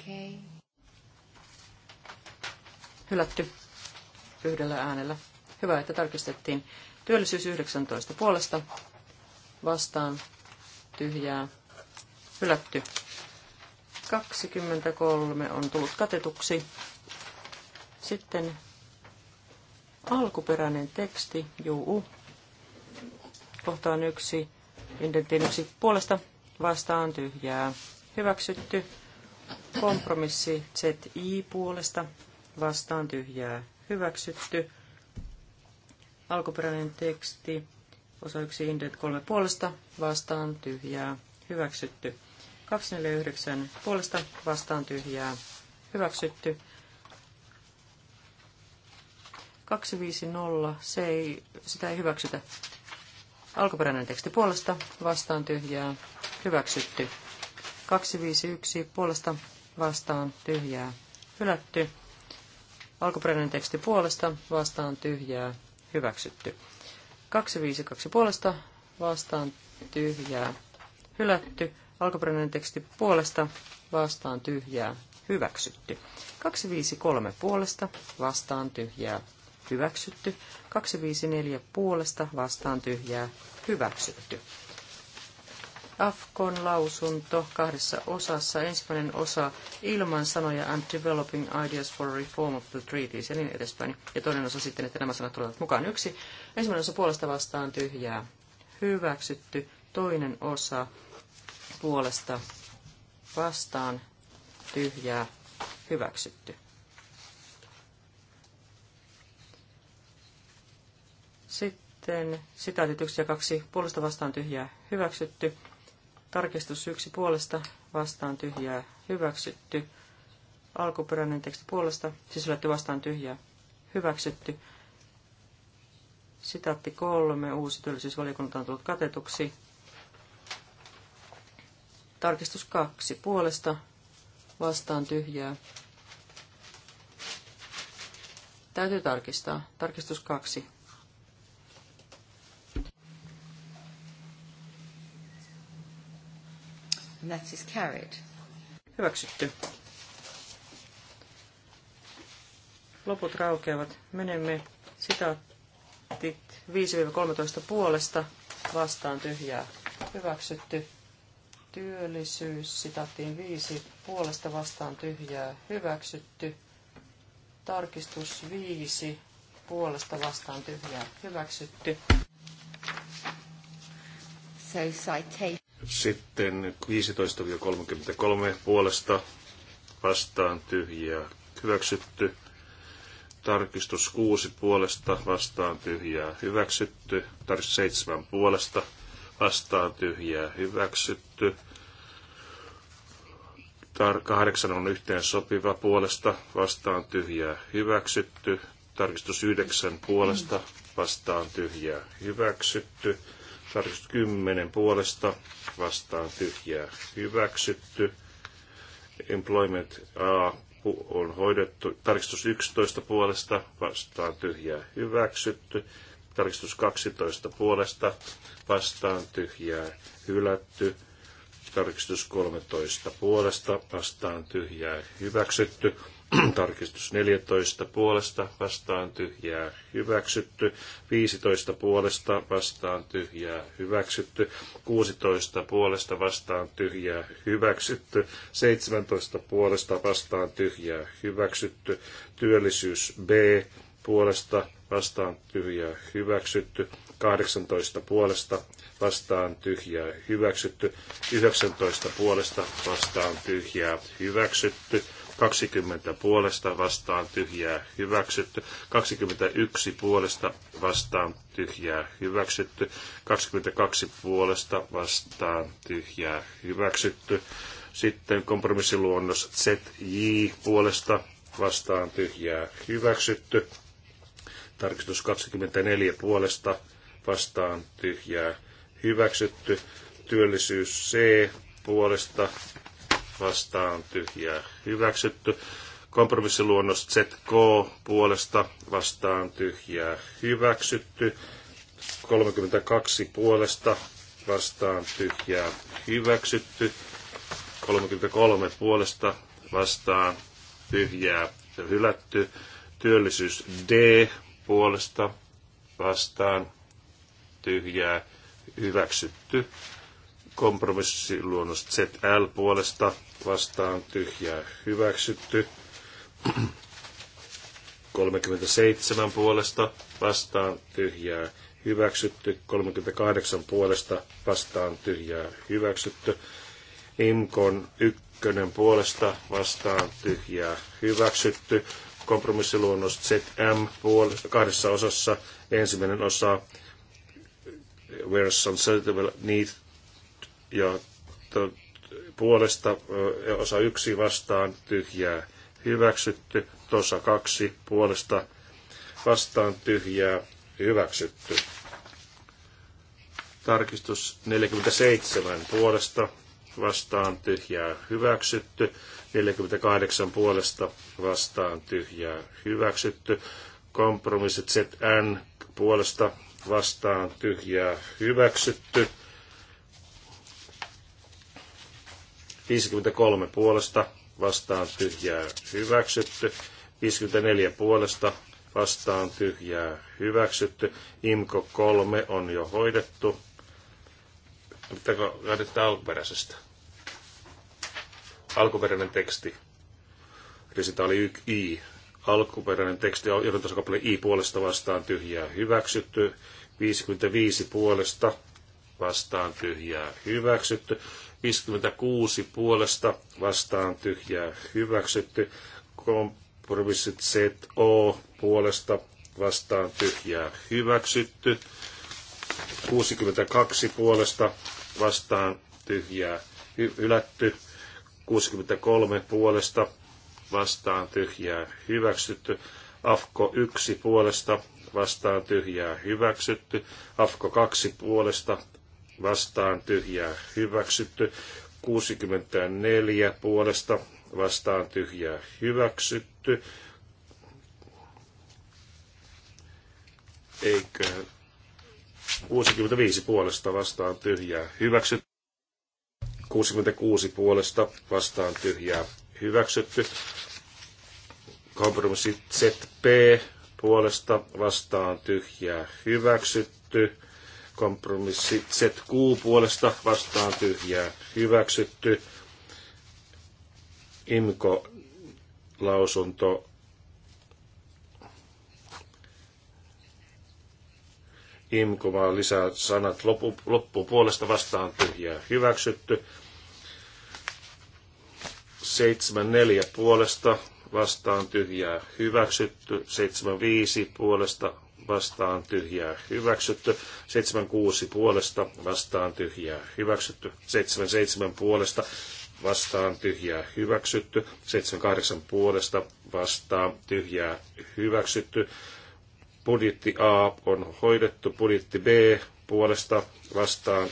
Okay. Hylätty yhdellä äänellä. Hyvä, että tarkistettiin. Työllisyys 19 puolesta vastaan tyhjää hylätty. 23 on tullut katetuksi. Sitten alkuperäinen teksti, juu, kohtaan yksi, indentin yksi puolesta, vastaan tyhjää, hyväksytty, kompromissi ZI puolesta, vastaan tyhjää, hyväksytty, Alkuperäinen teksti, osa 1, indet 3 puolesta, vastaan tyhjää, hyväksytty. 249 puolesta, vastaan tyhjää, hyväksytty. 250, se ei, sitä ei hyväksytä. Alkuperäinen teksti puolesta, vastaan tyhjää, hyväksytty. 251 puolesta, vastaan tyhjää, hylätty. Alkuperäinen teksti puolesta, vastaan tyhjää, hyväksytty. 252 puolesta vastaan tyhjää hylätty. Alkuperäinen teksti puolesta vastaan tyhjää hyväksytty. 253 puolesta vastaan tyhjää hyväksytty. 254 puolesta vastaan tyhjää hyväksytty. Afkon lausunto kahdessa osassa. Ensimmäinen osa ilman sanoja and developing ideas for reform of the treaties ja niin edespäin. Ja toinen osa sitten, että nämä sanat tulevat mukaan yksi. Ensimmäinen osa puolesta vastaan tyhjää. Hyväksytty. Toinen osa puolesta vastaan tyhjää. Hyväksytty. Sitten sitaatit yksi ja kaksi puolesta vastaan tyhjää hyväksytty. Tarkistus yksi puolesta vastaan tyhjää hyväksytty. Alkuperäinen teksti puolesta sisällytty vastaan tyhjää hyväksytty. Sitaatti kolme, uusi työllisyysvaliokunta on tullut katetuksi. Tarkistus kaksi puolesta vastaan tyhjää. Täytyy tarkistaa. Tarkistus kaksi. And that is carried. Hyväksytty. Loput raukeavat. Menemme sitaattit 5-13 puolesta vastaan tyhjää. Hyväksytty. Työllisyys, sitaattiin 5, puolesta vastaan tyhjää. Hyväksytty. Tarkistus 5, puolesta vastaan tyhjää. Hyväksytty. So citation. Sitten 15-33 puolesta vastaan tyhjää hyväksytty. Tarkistus 6 puolesta vastaan tyhjää hyväksytty. Tarkistus 7 puolesta vastaan tyhjää hyväksytty. Tar- 8 on yhteen sopiva puolesta vastaan tyhjää hyväksytty. Tarkistus 9 puolesta vastaan tyhjää hyväksytty. Tarkistus 10 puolesta vastaan tyhjää hyväksytty. Employment A on hoidettu. Tarkistus 11 puolesta vastaan tyhjää hyväksytty. Tarkistus 12 puolesta vastaan tyhjää hylätty. Tarkistus 13 puolesta vastaan tyhjää hyväksytty. Tarkistus 14 puolesta vastaan tyhjää hyväksytty. 15 puolesta vastaan tyhjää hyväksytty. 16 puolesta vastaan tyhjää hyväksytty. 17 puolesta vastaan tyhjää hyväksytty. Työllisyys B puolesta vastaan tyhjää hyväksytty. 18 puolesta vastaan tyhjää hyväksytty. 19 puolesta vastaan tyhjää hyväksytty. 20 puolesta vastaan tyhjää hyväksytty, 21 puolesta vastaan tyhjää hyväksytty, 22 puolesta vastaan tyhjää hyväksytty. Sitten kompromissiluonnos ZJ puolesta vastaan tyhjää hyväksytty. Tarkistus 24 puolesta vastaan tyhjää hyväksytty. Työllisyys C puolesta vastaan tyhjää hyväksytty. Kompromissiluonnos ZK puolesta vastaan tyhjää hyväksytty. 32 puolesta vastaan tyhjää hyväksytty. 33 puolesta vastaan tyhjää hylätty. Työllisyys D puolesta vastaan tyhjää hyväksytty. Kompromissiluonnos ZL puolesta vastaan tyhjää hyväksytty. 37 puolesta vastaan tyhjää hyväksytty. 38 puolesta vastaan tyhjää hyväksytty. Imkon ykkönen puolesta vastaan tyhjää hyväksytty. Kompromissiluonnos ZM puolesta, kahdessa osassa. Ensimmäinen osa, where on suitable need ja to, puolesta osa yksi vastaan tyhjää hyväksytty, osa kaksi puolesta vastaan tyhjää hyväksytty. Tarkistus 47 puolesta vastaan tyhjää hyväksytty, 48 puolesta vastaan tyhjää hyväksytty, kompromissit ZN puolesta vastaan tyhjää hyväksytty, 53 puolesta vastaan tyhjää hyväksytty. 54 puolesta vastaan tyhjää hyväksytty. Imko 3 on jo hoidettu. Pitääkö lähdetään alkuperäisestä? Alkuperäinen teksti. Eli sitä oli I. Alkuperäinen teksti on johdantosakappale I puolesta vastaan tyhjää hyväksytty. 55 puolesta vastaan tyhjää hyväksytty. 56 puolesta vastaan tyhjää hyväksytty. Kompromissit ZO puolesta vastaan tyhjää hyväksytty. 62 puolesta vastaan tyhjää hy- hylätty. 63 puolesta vastaan tyhjää hyväksytty. Afko 1 puolesta vastaan tyhjää hyväksytty. Afko 2 puolesta vastaan tyhjää hyväksytty. 64 puolesta vastaan tyhjää hyväksytty. Eiköhän 65 puolesta vastaan tyhjää hyväksytty. 66 puolesta vastaan tyhjää hyväksytty. Kompromissi ZP puolesta vastaan tyhjää hyväksytty. Kompromissi ZQ puolesta vastaan tyhjää hyväksytty. IMKO-lausunto IMKO vaan lisää sanat loppu, loppupuolesta vastaan tyhjää hyväksytty. 74 puolesta vastaan tyhjää hyväksytty, 75 puolesta vastaan tyhjää hyväksytty, 76 puolesta vastaan tyhjää hyväksytty, 77 puolesta vastaan tyhjää hyväksytty, 78 puolesta vastaan tyhjää hyväksytty, budjetti A on hoidettu, budjetti B puolesta vastaan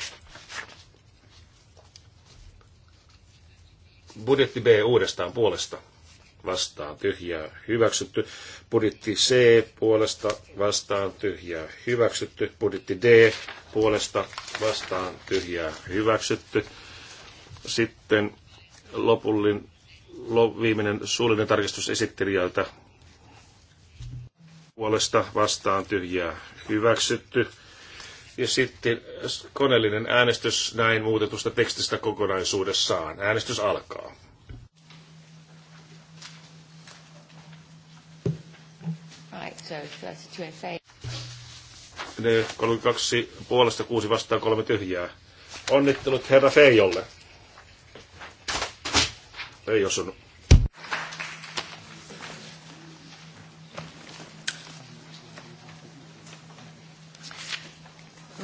budjetti B uudestaan puolesta vastaan tyhjää hyväksytty. Budjetti C puolesta vastaan tyhjää hyväksytty. Budjetti D puolesta vastaan tyhjää hyväksytty. Sitten lopullin, lo, viimeinen suullinen tarkistus esittelijältä puolesta vastaan tyhjää hyväksytty. Ja sitten koneellinen äänestys näin muutetusta tekstistä kokonaisuudessaan. Äänestys alkaa. so 32 uh, in favor. 32 puolesta, 6 vastaan, 3 tyhjää. Onnittelut herra Feijolle. Ei osunut.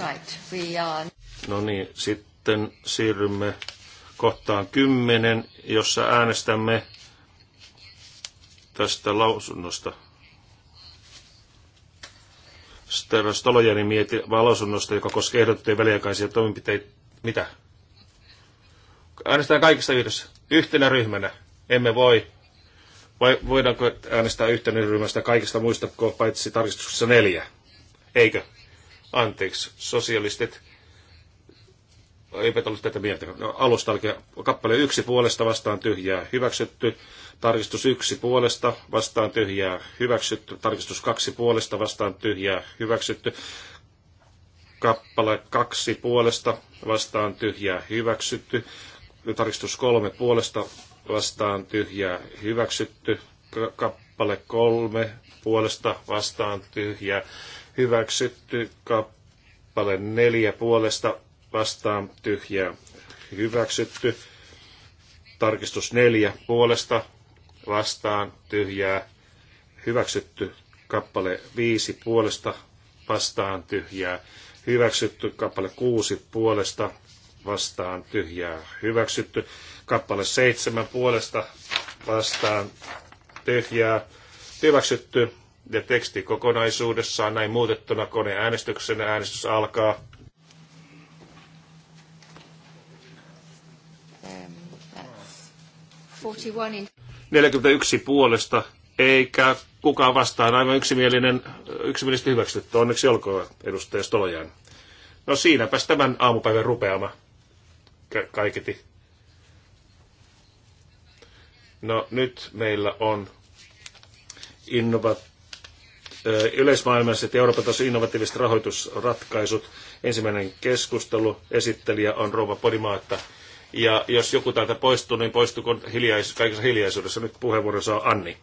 Right, we are... No niin, sitten siirrymme kohtaan 10, jossa äänestämme tästä lausunnosta. Stolojanin mieti valosunnosta, joka koski ehdotettuja väliaikaisia toimenpiteitä. Mitä? Äänestetään kaikista yhdessä. Yhtenä ryhmänä. Emme voi. Vai voidaanko äänestää yhtenä ryhmästä kaikista muista paitsi tarkistuksessa neljä? Eikö? Anteeksi, sosialistit eivät ollut tätä mieltä. No, alusta alkaa. kappale yksi puolesta vastaan tyhjää hyväksytty, tarkistus yksi puolesta vastaan tyhjää hyväksytty, tarkistus kaksi puolesta vastaan tyhjää hyväksytty, kappale kaksi puolesta vastaan tyhjää hyväksytty, tarkistus kolme puolesta vastaan tyhjää hyväksytty, kappale kolme puolesta vastaan tyhjää hyväksytty, kappale neljä puolesta vastaan tyhjää hyväksytty. Tarkistus neljä puolesta vastaan tyhjää hyväksytty. Kappale viisi puolesta vastaan tyhjää hyväksytty. Kappale kuusi puolesta vastaan tyhjää hyväksytty. Kappale seitsemän puolesta vastaan tyhjää hyväksytty. Ja teksti kokonaisuudessaan näin muutettuna koneäänestyksenä äänestys alkaa. 41 puolesta, eikä kukaan vastaan, aivan yksimielinen, yksimielisesti hyväksytty. Onneksi olkoon edustaja Stolojan. No siinäpäs tämän aamupäivän rupeama kaiketi. No nyt meillä on innova, yleismaailmalliset ja Euroopan tason innovatiiviset rahoitusratkaisut. Ensimmäinen keskustelu esittelijä on Rouva Podimaatta. Ja jos joku täältä poistuu, niin poistukoon hiljais, kaikessa hiljaisuudessa. Nyt puheenvuoron saa Anni.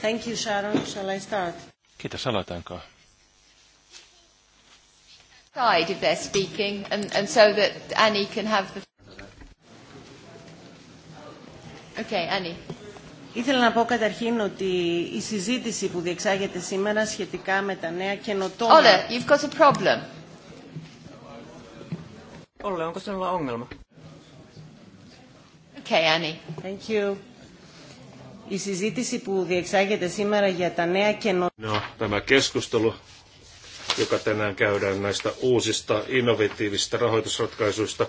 Thank you, Sharon. Shall I start? Kiitos, aloitanko? Side if they're speaking, and, and so that Annie can have the... Okay, Annie. Ήθελα να πω καταρχήν ότι η συζήτηση που διεξάγεται σήμερα σχετικά με τα νέα καινοτόμα... Ole, you've got a problem. Olle, onko sinulla ongelma? Okay, Annie. Thank you. Η συζήτηση που διεξάγεται σήμερα για τα νέα καινοτόμα... No, tämä keskustelu, joka tänään käydään näistä uusista innovatiivisista rahoitusratkaisuista,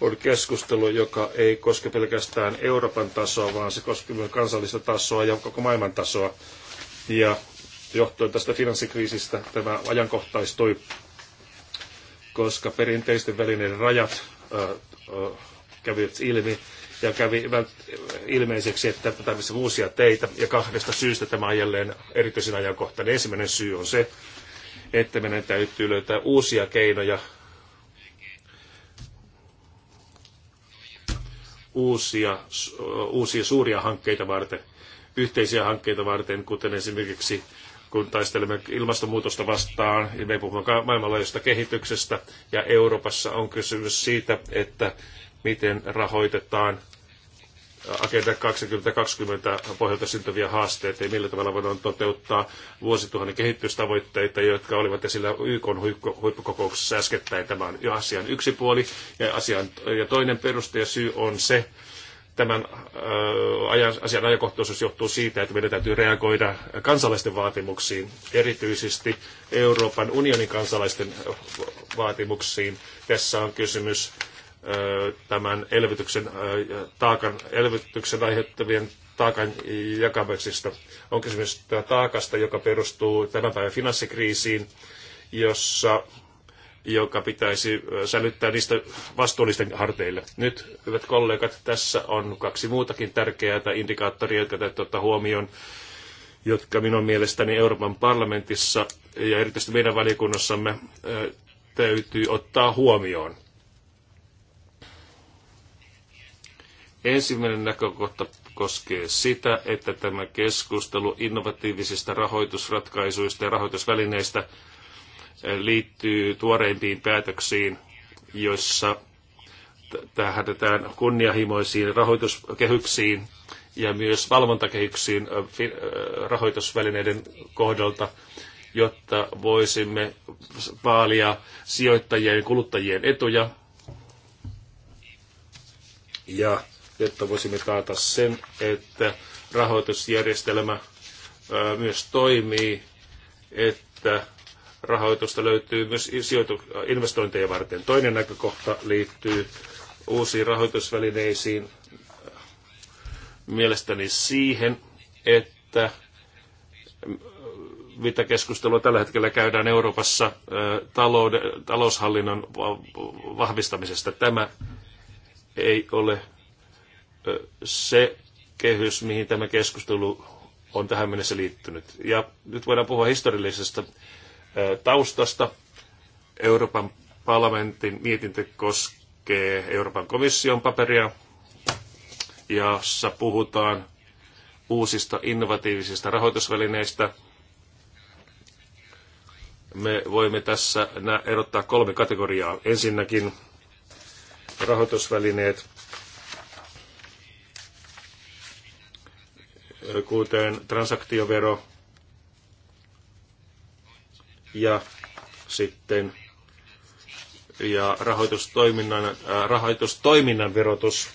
on keskustelu, joka ei koske pelkästään Euroopan tasoa, vaan se koskee myös kansallista tasoa ja koko maailman tasoa. Ja johtuen tästä finanssikriisistä tämä ajankohtaistui, koska perinteisten välineiden rajat äh, kävivät ilmi ja kävi ilmeiseksi, että tarvitsee uusia teitä ja kahdesta syystä tämä on jälleen erityisen ajankohtainen. Ensimmäinen syy on se, että meidän täytyy löytää uusia keinoja uusia, uusia suuria hankkeita varten, yhteisiä hankkeita varten, kuten esimerkiksi kun taistelemme ilmastonmuutosta vastaan, ja niin me puhumme maailmanlaajuisesta kehityksestä, ja Euroopassa on kysymys siitä, että miten rahoitetaan Agenda 2020 pohjalta syntyviä haasteita ja millä tavalla voidaan toteuttaa vuosituhannen kehitystavoitteita, jotka olivat esillä YK huippukokouksessa äskettäin. Tämä on asian yksi puoli ja, asian, ja toinen peruste ja syy on se, tämän ajan, asian ajankohtaisuus johtuu siitä, että meidän täytyy reagoida kansalaisten vaatimuksiin, erityisesti Euroopan unionin kansalaisten vaatimuksiin. Tässä on kysymys tämän elvytyksen, taakan, elvytyksen aiheuttavien taakan jakamisesta. On kysymys taakasta, joka perustuu tämän päivän finanssikriisiin, jossa joka pitäisi sälyttää niistä vastuullisten harteille. Nyt, hyvät kollegat, tässä on kaksi muutakin tärkeää indikaattoria, jotka täytyy ottaa huomioon, jotka minun mielestäni Euroopan parlamentissa ja erityisesti meidän valiokunnassamme täytyy ottaa huomioon. Ensimmäinen näkökohta koskee sitä, että tämä keskustelu innovatiivisista rahoitusratkaisuista ja rahoitusvälineistä eh, liittyy tuoreimpiin päätöksiin, joissa tähdätään kunnianhimoisiin rahoituskehyksiin ja myös valvontakehyksiin eh, eh, rahoitusvälineiden kohdalta, jotta voisimme vaalia sijoittajien ja kuluttajien etuja ja jotta voisimme taata sen, että rahoitusjärjestelmä myös toimii, että rahoitusta löytyy myös investointeja varten. Toinen näkökohta liittyy uusiin rahoitusvälineisiin mielestäni siihen, että mitä keskustelua tällä hetkellä käydään Euroopassa talouden, taloushallinnon vahvistamisesta. Tämä ei ole se kehys, mihin tämä keskustelu on tähän mennessä liittynyt. Ja nyt voidaan puhua historiallisesta taustasta. Euroopan parlamentin mietintö koskee Euroopan komission paperia, jossa puhutaan uusista innovatiivisista rahoitusvälineistä. Me voimme tässä erottaa kolme kategoriaa. Ensinnäkin rahoitusvälineet, kuten transaktiovero ja sitten ja rahoitustoiminnan, äh, rahoitustoiminnan verotus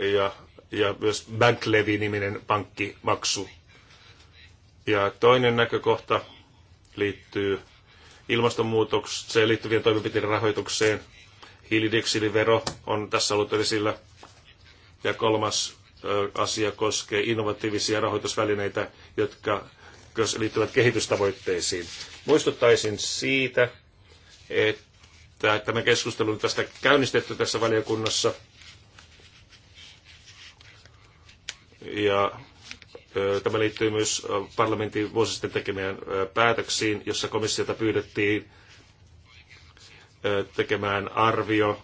ja, ja myös bank levy-niminen pankkimaksu. Ja toinen näkökohta liittyy ilmastonmuutokseen liittyvien toimenpiteiden rahoitukseen. Hiilidioksidivero on tässä ollut esillä. Ja kolmas asia koskee innovatiivisia rahoitusvälineitä, jotka liittyvät kehitystavoitteisiin. Muistuttaisin siitä, että tämä keskustelu on tästä käynnistetty tässä valiokunnassa. Ja Tämä liittyy myös parlamentin vuosi sitten tekemään päätöksiin, jossa komissiota pyydettiin tekemään arvio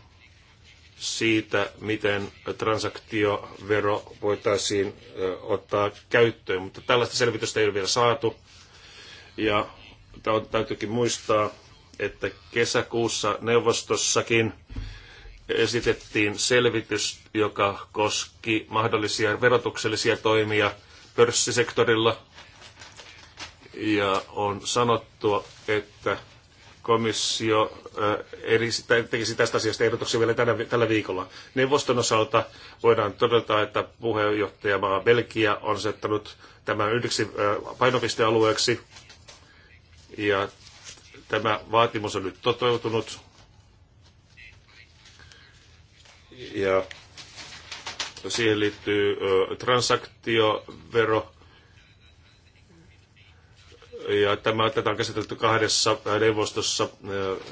siitä, miten transaktiovero voitaisiin ottaa käyttöön, mutta tällaista selvitystä ei ole vielä saatu. Ja täytyykin muistaa, että kesäkuussa neuvostossakin esitettiin selvitys, joka koski mahdollisia verotuksellisia toimia pörssisektorilla. Ja on sanottu, että komissio eri, tekisi tästä asiasta ehdotuksia vielä tänä, tällä viikolla. Neuvoston osalta voidaan todeta, että puheenjohtajamaa Belgia on asettanut tämän yhdeksi painopistealueeksi. Ja tämä vaatimus on nyt toteutunut. Ja siihen liittyy transaktiovero ja tämä, tätä on käsitelty kahdessa neuvostossa, äh,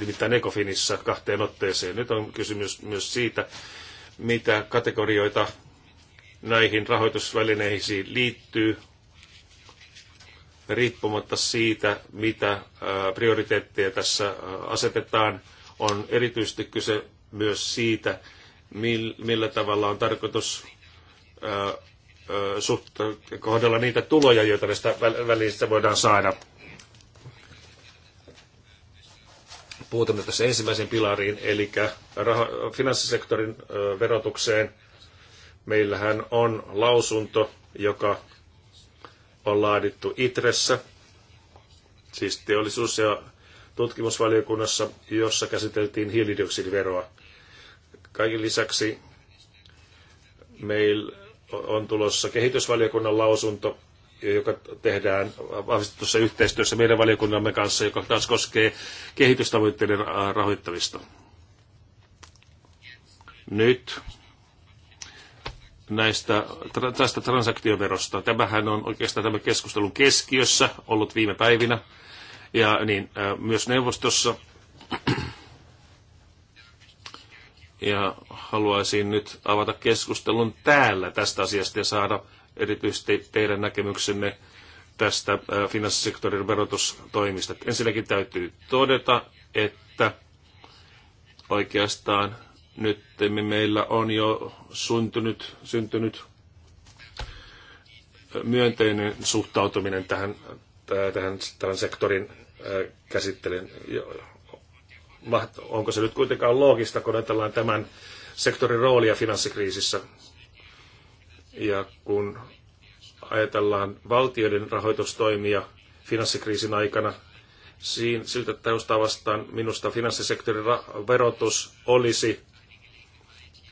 nimittäin Ecofinissa kahteen otteeseen. Nyt on kysymys myös siitä, mitä kategorioita näihin rahoitusvälineisiin liittyy, riippumatta siitä, mitä äh, prioriteetteja tässä äh, asetetaan. On erityisesti kyse myös siitä, millä tavalla on tarkoitus suht, kohdella niitä tuloja, joita näistä välistä voidaan saada. Puutamme tässä ensimmäisen pilariin, eli raho- finanssisektorin verotukseen. Meillähän on lausunto, joka on laadittu ITRessä, siis teollisuus- ja tutkimusvaliokunnassa, jossa käsiteltiin hiilidioksidiveroa. Kaiken lisäksi meillä on tulossa kehitysvaliokunnan lausunto, joka tehdään vahvistetussa yhteistyössä meidän valiokunnamme kanssa, joka taas koskee kehitystavoitteiden rahoittamista. Nyt näistä, tästä transaktioverosta. Tämähän on oikeastaan tämän keskustelun keskiössä ollut viime päivinä ja niin, äh, myös neuvostossa ja haluaisin nyt avata keskustelun täällä tästä asiasta ja saada erityisesti teidän näkemyksenne tästä äh, finanssisektorin verotustoimista. Ensinnäkin täytyy todeta, että oikeastaan nyt meillä on jo syntynyt, syntynyt äh, myönteinen suhtautuminen tähän, äh, tähän, tähän sektorin käsittelyyn onko se nyt kuitenkaan loogista, kun ajatellaan tämän sektorin roolia finanssikriisissä? Ja kun ajatellaan valtioiden rahoitustoimia finanssikriisin aikana, siinä, siltä taustaa vastaan minusta finanssisektorin verotus olisi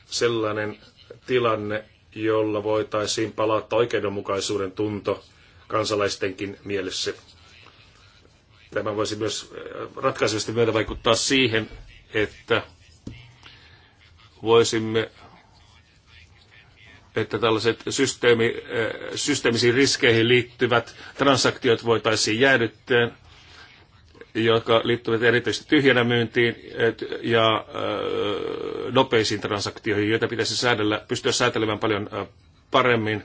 sellainen tilanne, jolla voitaisiin palata oikeudenmukaisuuden tunto kansalaistenkin mielessä. Tämä voisi myös äh, ratkaisevasti myötä vaikuttaa siihen, että voisimme että tällaiset systeemi, äh, systeemisiin riskeihin liittyvät transaktiot voitaisiin jäädyttää, jotka liittyvät erityisesti tyhjänä myyntiin ja äh, nopeisiin transaktioihin, joita pitäisi säädellä, pystyä säätelemään paljon paremmin.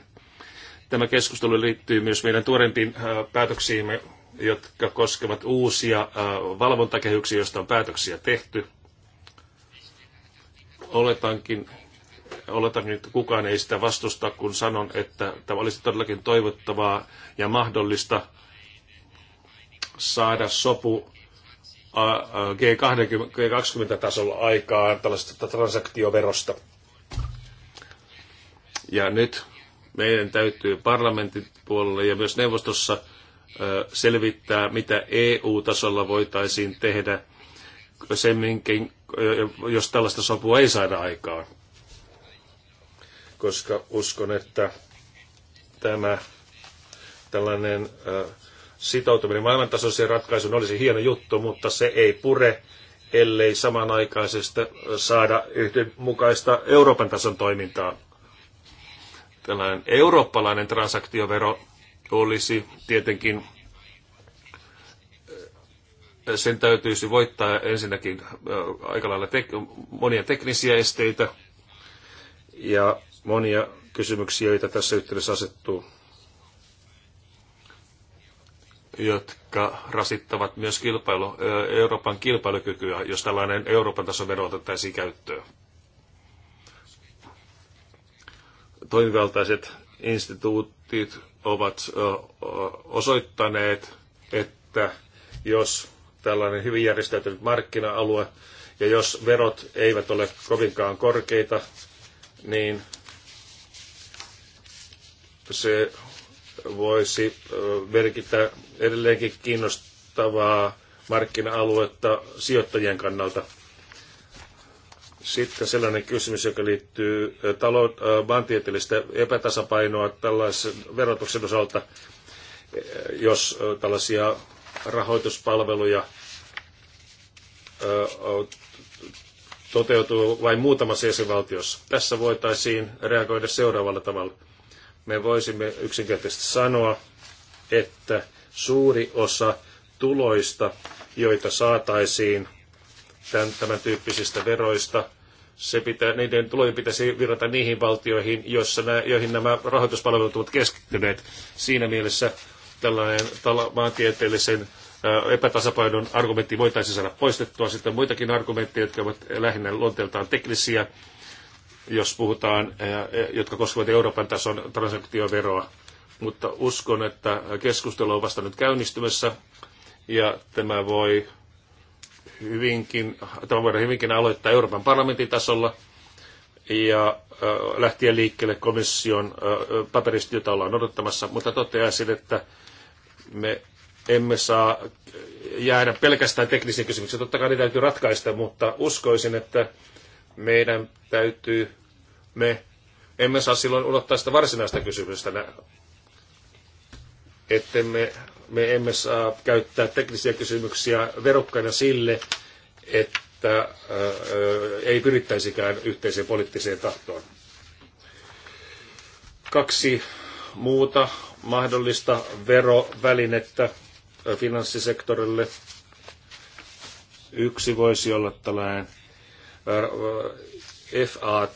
Tämä keskustelu liittyy myös meidän tuorempiin päätöksiimme jotka koskevat uusia äh, valvontakehyksiä, joista on päätöksiä tehty. Oletankin, oletankin, että kukaan ei sitä vastusta, kun sanon, että tämä olisi todellakin toivottavaa ja mahdollista saada sopu äh, äh, G20-tasolla aikaan tällaista transaktioverosta. Ja nyt meidän täytyy parlamentin puolella ja myös neuvostossa – selvittää, mitä EU-tasolla voitaisiin tehdä semminkin, jos tällaista sopua ei saada aikaan. Koska uskon, että tämä tällainen sitoutuminen maailmantasoiseen ratkaisuun olisi hieno juttu, mutta se ei pure, ellei samanaikaisesti saada yhdenmukaista Euroopan tason toimintaa. Tällainen eurooppalainen transaktiovero olisi tietenkin, sen täytyisi voittaa ensinnäkin aika lailla tek- monia teknisiä esteitä ja monia kysymyksiä, joita tässä yhteydessä asettuu, jotka rasittavat myös kilpailu, Euroopan kilpailukykyä, jos tällainen Euroopan taso vero otettaisiin käyttöön. Toimivaltaiset instituutit ovat osoittaneet, että jos tällainen hyvin järjestäytynyt markkina-alue ja jos verot eivät ole kovinkaan korkeita, niin se voisi merkitä edelleenkin kiinnostavaa markkina-aluetta sijoittajien kannalta – sitten sellainen kysymys, joka liittyy talou- maantieteellistä epätasapainoa tällaisen verotuksen osalta, jos tällaisia rahoituspalveluja toteutuu vain muutamassa jäsenvaltiossa. Tässä voitaisiin reagoida seuraavalla tavalla. Me voisimme yksinkertaisesti sanoa, että suuri osa tuloista, joita saataisiin tämän, tämän tyyppisistä veroista. Se pitää, niiden tulojen pitäisi virrata niihin valtioihin, joissa nämä, joihin nämä rahoituspalvelut ovat keskittyneet. Siinä mielessä tällainen tala, maantieteellisen epätasapainon argumentti voitaisiin saada poistettua. Sitten muitakin argumentteja, jotka ovat lähinnä luonteeltaan teknisiä, jos puhutaan, jotka koskevat Euroopan tason transaktioveroa. Mutta uskon, että keskustelu on vasta nyt käynnistymässä ja tämä voi hyvinkin, tämä voidaan hyvinkin aloittaa Euroopan parlamentin tasolla ja lähtien liikkeelle komission paperista, jota ollaan odottamassa, mutta toteaisin, että me emme saa jäädä pelkästään teknisiin kysymyksiin. Totta kai niitä täytyy ratkaista, mutta uskoisin, että meidän täytyy, me emme saa silloin unohtaa sitä varsinaista kysymystä, että me me emme saa käyttää teknisiä kysymyksiä verokkaina sille, että ei pyrittäisikään yhteiseen poliittiseen tahtoon. Kaksi muuta mahdollista verovälinettä finanssisektorille. Yksi voisi olla tällainen FAT,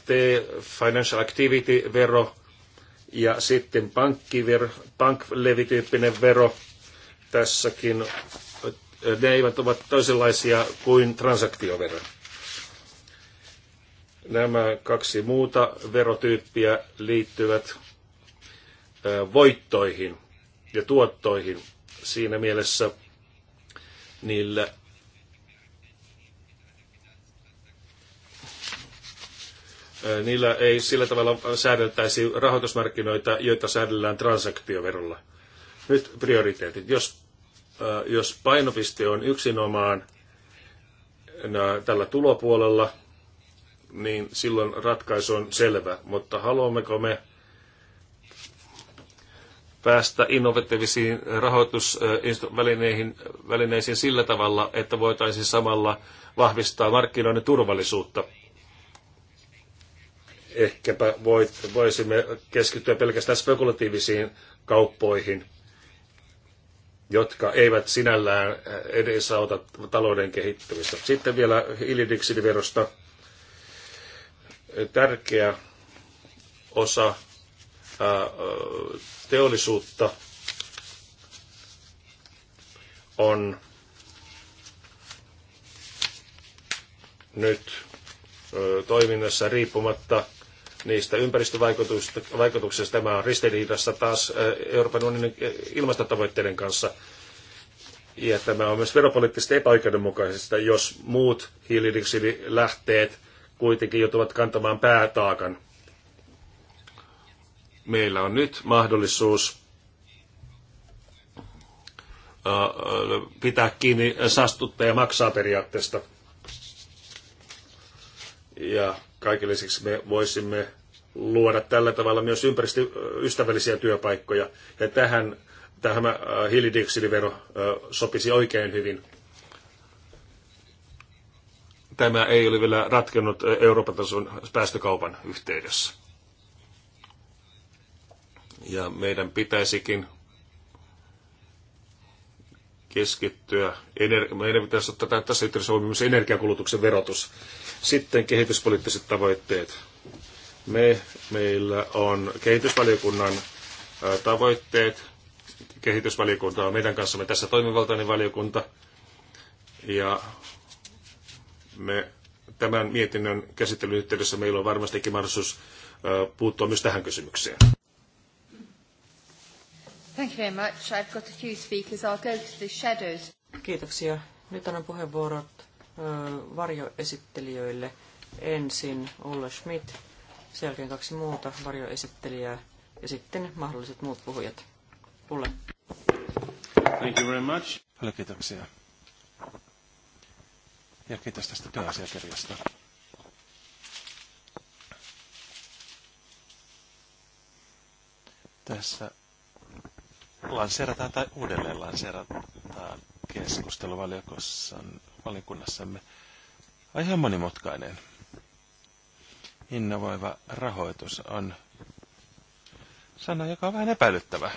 Financial Activity-vero, ja sitten pankkivero, pankkilevityyppinen vero, tässäkin, ne eivät ovat toisenlaisia kuin transaktiovero. Nämä kaksi muuta verotyyppiä liittyvät voittoihin ja tuottoihin. Siinä mielessä niillä niillä ei sillä tavalla säädeltäisi rahoitusmarkkinoita, joita säädellään transaktioverolla. Nyt prioriteetit. Jos jos painopiste on yksinomaan tällä tulopuolella, niin silloin ratkaisu on selvä. Mutta haluammeko me päästä innovatiivisiin rahoitusvälineisiin sillä tavalla, että voitaisiin samalla vahvistaa markkinoiden turvallisuutta. Ehkäpä voit, voisimme keskittyä pelkästään spekulatiivisiin kauppoihin – jotka eivät sinällään edesauta talouden kehittymistä. Sitten vielä hiilidioksidiverosta. Tärkeä osa äh, teollisuutta on nyt toiminnassa riippumatta niistä ympäristövaikutuksista. Tämä on ristiriidassa taas Euroopan unionin ilmastotavoitteiden kanssa. Ja tämä on myös veropoliittisesti epäoikeudenmukaisesta, jos muut hiilidioksidilähteet kuitenkin joutuvat kantamaan päätaakan. Meillä on nyt mahdollisuus pitää kiinni saastuttaja maksaa periaatteesta. Ja Kaiken lisäksi me voisimme luoda tällä tavalla myös ympäristöystävällisiä työpaikkoja. Ja tähän tämä äh, hiilidioksidivero äh, sopisi oikein hyvin. Tämä ei ole vielä ratkennut äh, Euroopan tason päästökaupan yhteydessä. Ja meidän pitäisikin keskittyä, meidän pitäisi ottaa tässä yhteydessä myös energiakulutuksen verotus. Sitten kehityspoliittiset tavoitteet. Me, meillä on kehitysvaliokunnan tavoitteet. Kehitysvaliokunta on meidän kanssamme tässä toimivaltainen valiokunta. Ja me tämän mietinnön käsittelyn yhteydessä meillä on varmastikin mahdollisuus puuttua myös tähän kysymykseen. Thank you very much. I've got a few speakers. I'll go to the shadows. Kiitoksia. Nyt annan puheenvuorot varjoesittelijöille. Ensin Ulla Schmidt, sen jälkeen kaksi muuta varjoesittelijää ja sitten mahdolliset muut puhujat. Ulle. Thank you very much. Paljon kiitoksia. Ja kiitos tästä työasiakirjasta. Tässä lanseerataan tai uudelleen lanseerataan keskusteluvaliokossa valikunnassamme Aihe on monimutkainen. Innovoiva rahoitus on sana, joka on vähän epäilyttävä.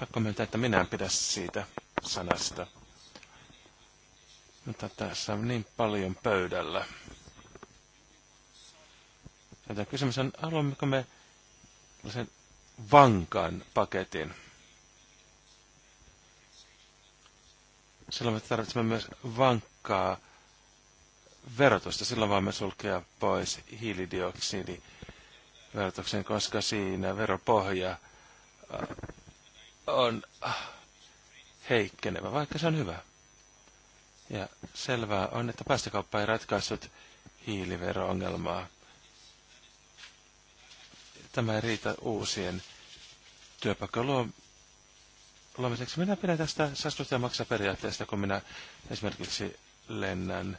Pakko myöntää, että minä en pidä siitä sanasta. Mutta tässä on niin paljon pöydällä. Joten kysymys on, haluammeko me sen vankan paketin? silloin me tarvitsemme myös vankkaa verotusta. Silloin voimme sulkea pois verotuksen koska siinä veropohja äh, on äh, heikkenevä, vaikka se on hyvä. Ja selvää on, että päästökauppa ei ratkaissut hiiliveroongelmaa. Tämä ei riitä uusien työpaikkojen olemiseksi. Minä pidän tästä säästöstä ja maksa periaatteesta, kun minä esimerkiksi lennän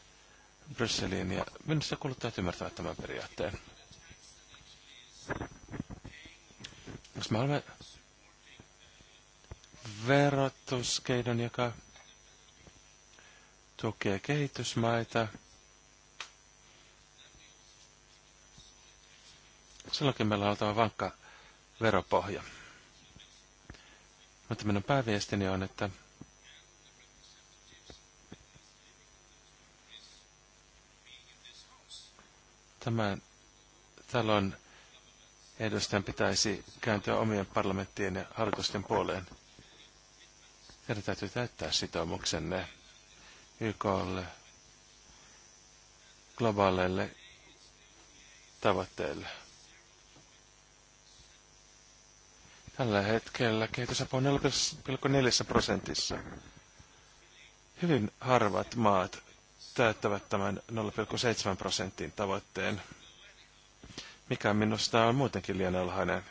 Brysseliin ja minusta kuluttajat ymmärtävät tämän periaatteen. Jos me olemme verotuskeidon, joka tukee kehitysmaita, silloinkin meillä on oltava vankka veropohja. Mutta minun pääviestini on, että tämän talon edustajan pitäisi kääntyä omien parlamenttien ja hallitusten puoleen. Teidän täytyy täyttää sitoumuksenne YKlle, globaaleille tavoitteille. Tällä hetkellä kehitysapu on 0,4 prosentissa. Hyvin harvat maat täyttävät tämän 0,7 prosentin tavoitteen, mikä minusta on muutenkin liian alhainen.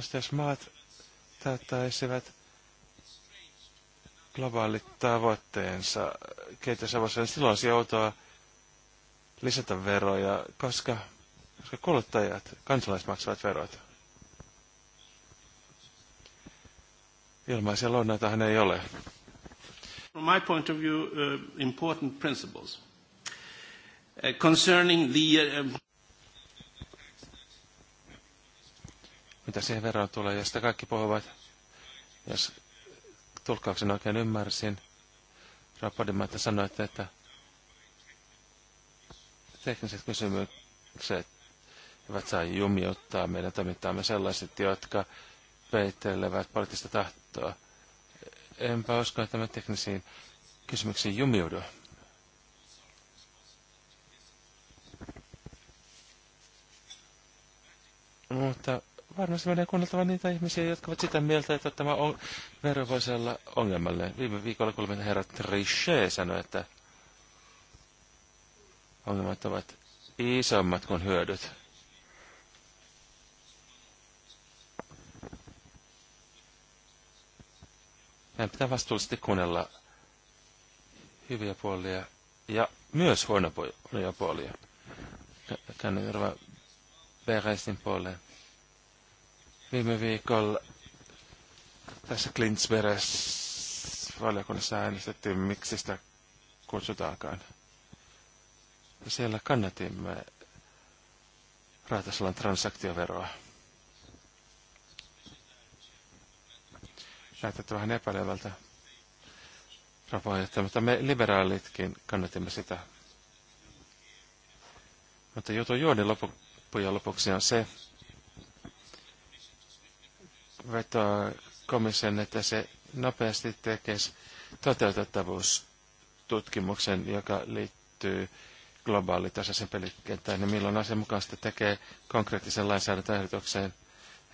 Sitten jos maat täyttäisivät globaalit tavoitteensa kehitysavussa, niin silloin olisi outoa lisätä veroja, koska koska kuluttajat, kansalaiset maksavat verot. Ilmaisia lounaitahan ei ole. From my point of view, uh, important principles. Uh, concerning the... Uh, Mitä siihen verran tulee, josta kaikki puhuvat, jos tulkauksen oikein ymmärsin, Rapodimatta sanoitte, että tekniset kysymykset eivät saa jumiuttaa meidän toimintaamme sellaiset, jotka peittelevät poliittista tahtoa. Enpä usko, että me teknisiin kysymyksiin jumiudu. Mutta varmasti meidän kuunneltava niitä ihmisiä, jotka ovat sitä mieltä, että tämä on, vero voisi olla ongelmallinen. Viime viikolla kuulimme herra Trichet sanoi, että ongelmat ovat isommat kuin hyödyt. Meidän pitää vastuullisesti kuunnella hyviä puolia ja myös huonoja puolia. Käännän Jorva Beresin puoleen. Viime viikolla tässä Klintsberes valiokunnassa äänestettiin, miksi sitä kutsutaankaan. Ja siellä kannatimme Rautasalan transaktioveroa. näytätte vähän epäilevältä raportoijalta, mutta me liberaalitkin kannatimme sitä. Mutta joto juoni loppujen lopuksi on se, vetoa komission, että se nopeasti tekisi toteutettavuustutkimuksen, joka liittyy globaalitasaisen pelikenttään, niin milloin asianmukaista tekee konkreettisen lainsäädäntöehdotukseen,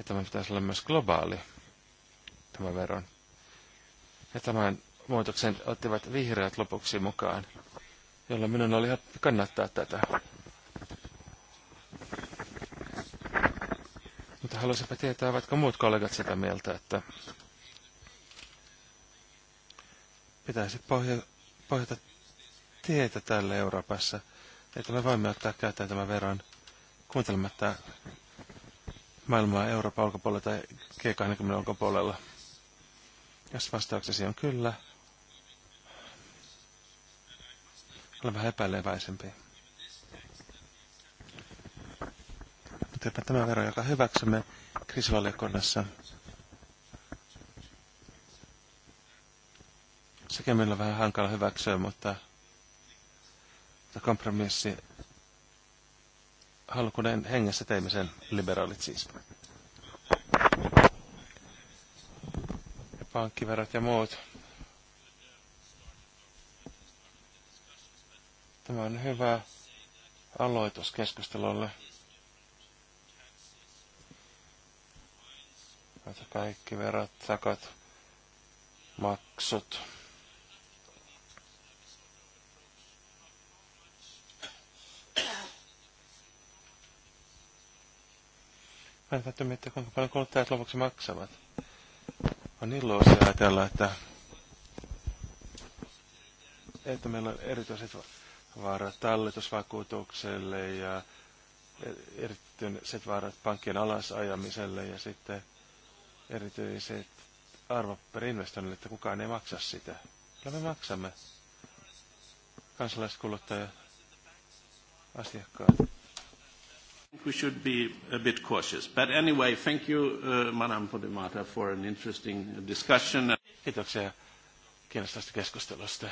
että me pitäisi olla myös globaali tämän veron. Ja tämän muutoksen ottivat vihreät lopuksi mukaan, jolla minun oli helppo kannattaa tätä. Mutta haluaisinpa tietää, ovatko muut kollegat sitä mieltä, että pitäisi pohja, pohjata tietä tälle Euroopassa, että me voimme ottaa käyttöön tämän veron kuuntelematta maailmaa Euroopan ulkopuolella tai G20 ulkopuolella. Jos vastauksesi on kyllä, ole vähän epäileväisempi. Mutta tämä vero, joka hyväksymme kriisivaliokunnassa, sekin meillä on vähän hankala hyväksyä, mutta, kompromissi halkunen hengessä teimme sen, liberaalit siis. pankkiverot ja muut. Tämä on hyvä aloitus keskustelulle. kaikki verot, takat, maksut. En täytyy miettiä, kuinka paljon kuluttajat lopuksi maksavat. On ilo se ajatella, että, että meillä on erityiset vaarat talletusvakuutukselle ja erityiset vaarat pankkien alasajamiselle ja sitten erityiset arvoperinvestoinnille, että kukaan ei maksa sitä. Kyllä me maksamme. kansalaiskuluttaja asiakkaat. We should be a bit cautious. But anyway, thank you, uh, Madame Podimata, for an interesting discussion. Kiitoksia kiinnostavasta keskustelusta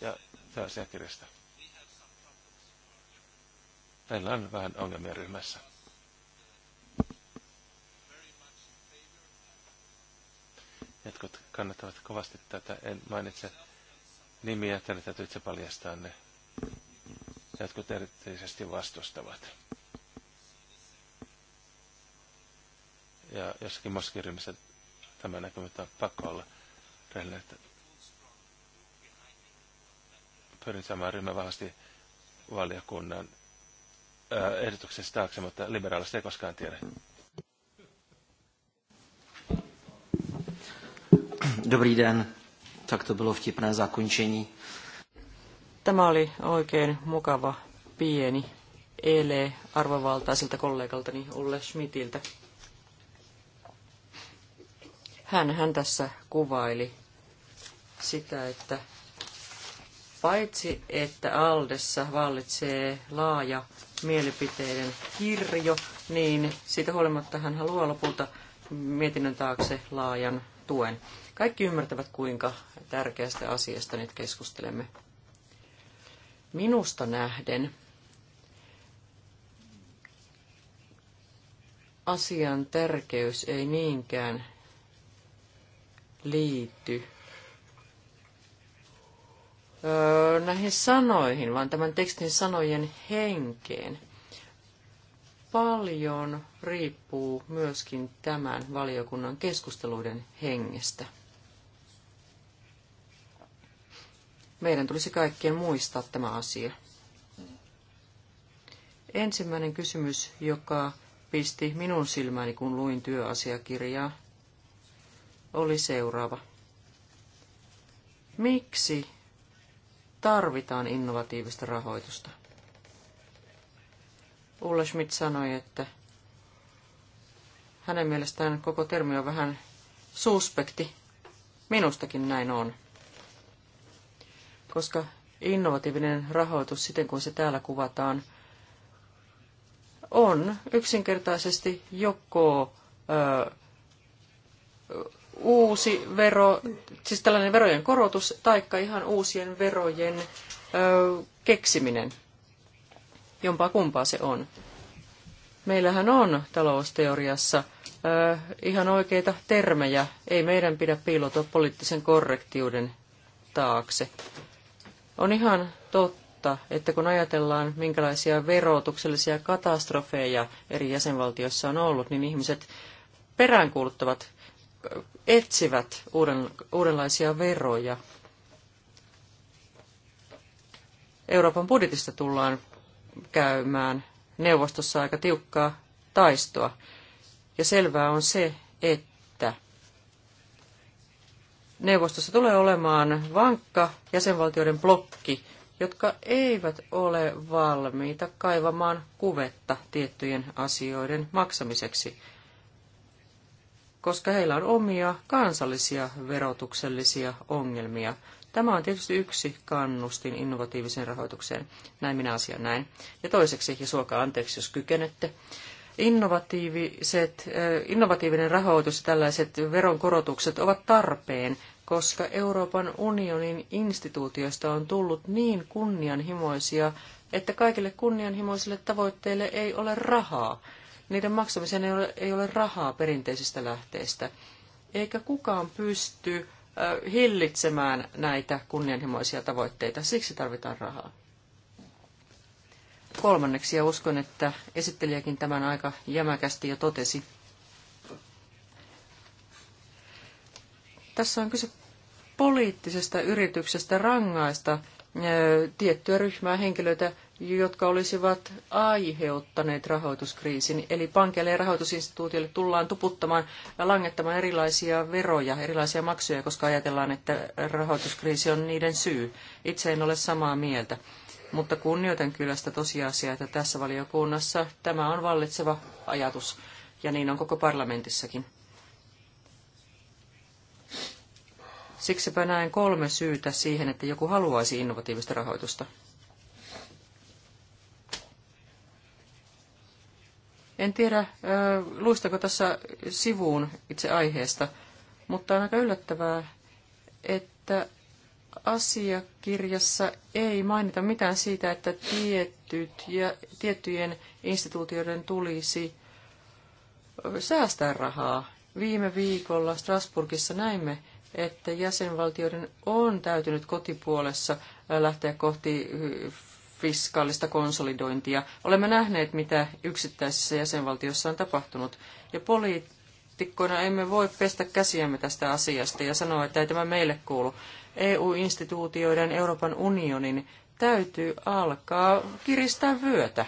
ja asiakirjasta. Meillä on vähän ongelmia ryhmässä. Jotkut kannattavat kovasti tätä. En mainitse nimiä, tänne täytyy itse paljastaa ne. Jotkut erityisesti vastustavat. ja jossakin moskiryhmässä tämä näkemys on pakko olla rehellinen, että pyrin saamaan ryhmän vahvasti valiokunnan ehdotuksesta taakse, mutta liberaalista ei koskaan tiedä. Dobrý den. Tak to bylo vtipné zakončení. Tämä oli oikein mukava pieni ele arvovaltaiselta kollegaltani Ulle Schmidtiltä. Hän, hän tässä kuvaili sitä, että paitsi että Aldessa vallitsee laaja mielipiteiden kirjo, niin siitä huolimatta hän haluaa lopulta mietinnön taakse laajan tuen. Kaikki ymmärtävät, kuinka tärkeästä asiasta nyt keskustelemme. Minusta nähden asian tärkeys ei niinkään Liitty öö, näihin sanoihin, vaan tämän tekstin sanojen henkeen. Paljon riippuu myöskin tämän valiokunnan keskusteluiden hengestä. Meidän tulisi kaikkien muistaa tämä asia. Ensimmäinen kysymys, joka pisti minun silmäni, kun luin työasiakirjaa, oli seuraava. Miksi tarvitaan innovatiivista rahoitusta? Ulla Schmidt sanoi, että hänen mielestään koko termi on vähän suspekti. Minustakin näin on. Koska innovatiivinen rahoitus, siten kuin se täällä kuvataan, on yksinkertaisesti joko ö, uusi vero, siis tällainen verojen korotus, taikka ihan uusien verojen ö, keksiminen. Jompaa kumpaa se on. Meillähän on talousteoriassa ö, ihan oikeita termejä. Ei meidän pidä piilotua poliittisen korrektiuden taakse. On ihan totta, että kun ajatellaan, minkälaisia verotuksellisia katastrofeja eri jäsenvaltioissa on ollut, niin ihmiset peräänkuuluttavat etsivät uuden, uudenlaisia veroja. Euroopan budjetista tullaan käymään neuvostossa aika tiukkaa taistoa. Ja selvää on se, että neuvostossa tulee olemaan vankka jäsenvaltioiden blokki, jotka eivät ole valmiita kaivamaan kuvetta tiettyjen asioiden maksamiseksi koska heillä on omia kansallisia verotuksellisia ongelmia. Tämä on tietysti yksi kannustin innovatiiviseen rahoitukseen. Näin minä asian näin. Ja toiseksi, ja suokaa anteeksi, jos kykenette, innovatiiviset, innovatiivinen rahoitus ja tällaiset veronkorotukset ovat tarpeen, koska Euroopan unionin instituutioista on tullut niin kunnianhimoisia, että kaikille kunnianhimoisille tavoitteille ei ole rahaa niiden maksamiseen ei ole, ei ole rahaa perinteisistä lähteistä. Eikä kukaan pysty hillitsemään näitä kunnianhimoisia tavoitteita. Siksi tarvitaan rahaa. Kolmanneksi, ja uskon, että esittelijäkin tämän aika jämäkästi jo totesi, tässä on kyse poliittisesta yrityksestä rangaista tiettyä ryhmää henkilöitä jotka olisivat aiheuttaneet rahoituskriisin. Eli pankeille ja rahoitusinstituutioille tullaan tuputtamaan ja langettamaan erilaisia veroja, erilaisia maksuja, koska ajatellaan, että rahoituskriisi on niiden syy. Itse en ole samaa mieltä, mutta kunnioitan kyllä sitä tosiasiaa, että tässä valiokunnassa tämä on vallitseva ajatus, ja niin on koko parlamentissakin. Siksipä näen kolme syytä siihen, että joku haluaisi innovatiivista rahoitusta. En tiedä, luistako tässä sivuun itse aiheesta, mutta on aika yllättävää, että asiakirjassa ei mainita mitään siitä, että tietyt ja, tiettyjen instituutioiden tulisi säästää rahaa. Viime viikolla Strasburgissa näimme, että jäsenvaltioiden on täytynyt kotipuolessa lähteä kohti fiskaalista konsolidointia. Olemme nähneet, mitä yksittäisissä jäsenvaltioissa on tapahtunut. Ja poliitikkoina emme voi pestä käsiämme tästä asiasta ja sanoa, että ei tämä meille kuulu. EU-instituutioiden, Euroopan unionin täytyy alkaa kiristää vyötä.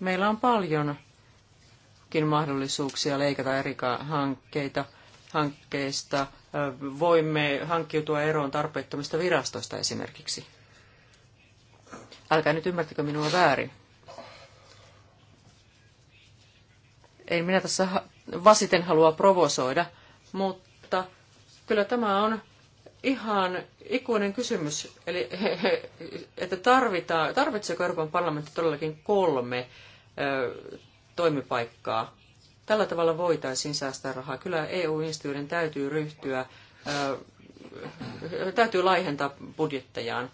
Meillä on paljonkin mahdollisuuksia leikata eri hankkeita, hankkeista, voimme hankkiutua eroon tarpeettomista virastoista esimerkiksi. Älkää nyt ymmärtäkö minua väärin. Ei minä tässä vasiten halua provosoida, mutta kyllä tämä on ihan ikuinen kysymys, eli että tarvitaan, tarvitseeko Euroopan parlamentti todellakin kolme toimipaikkaa Tällä tavalla voitaisiin säästää rahaa. Kyllä EU-instituuden täytyy ryhtyä, täytyy laihentaa budjettejaan.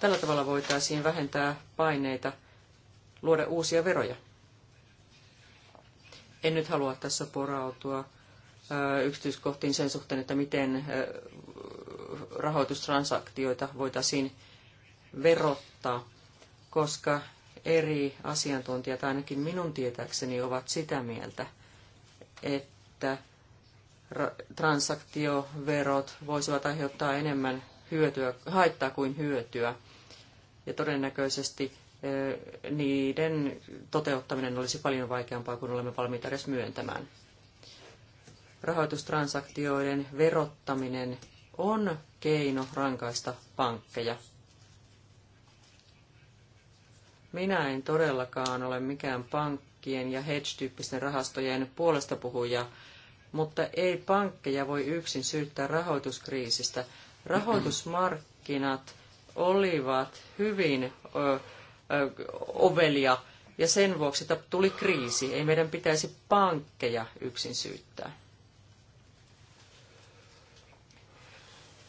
Tällä tavalla voitaisiin vähentää paineita luoda uusia veroja. En nyt halua tässä porautua yksityiskohtiin sen suhteen, että miten rahoitustransaktioita voitaisiin verottaa, koska eri asiantuntijat, ainakin minun tietääkseni, ovat sitä mieltä, että transaktioverot voisivat aiheuttaa enemmän hyötyä, haittaa kuin hyötyä. Ja todennäköisesti niiden toteuttaminen olisi paljon vaikeampaa, kun olemme valmiita edes myöntämään. Rahoitustransaktioiden verottaminen on keino rankaista pankkeja minä en todellakaan ole mikään pankkien ja hedge-tyyppisten rahastojen puolesta puhuja, mutta ei pankkeja voi yksin syyttää rahoituskriisistä. Rahoitusmarkkinat olivat hyvin ö, ö, ovelia ja sen vuoksi tuli kriisi. Ei meidän pitäisi pankkeja yksin syyttää.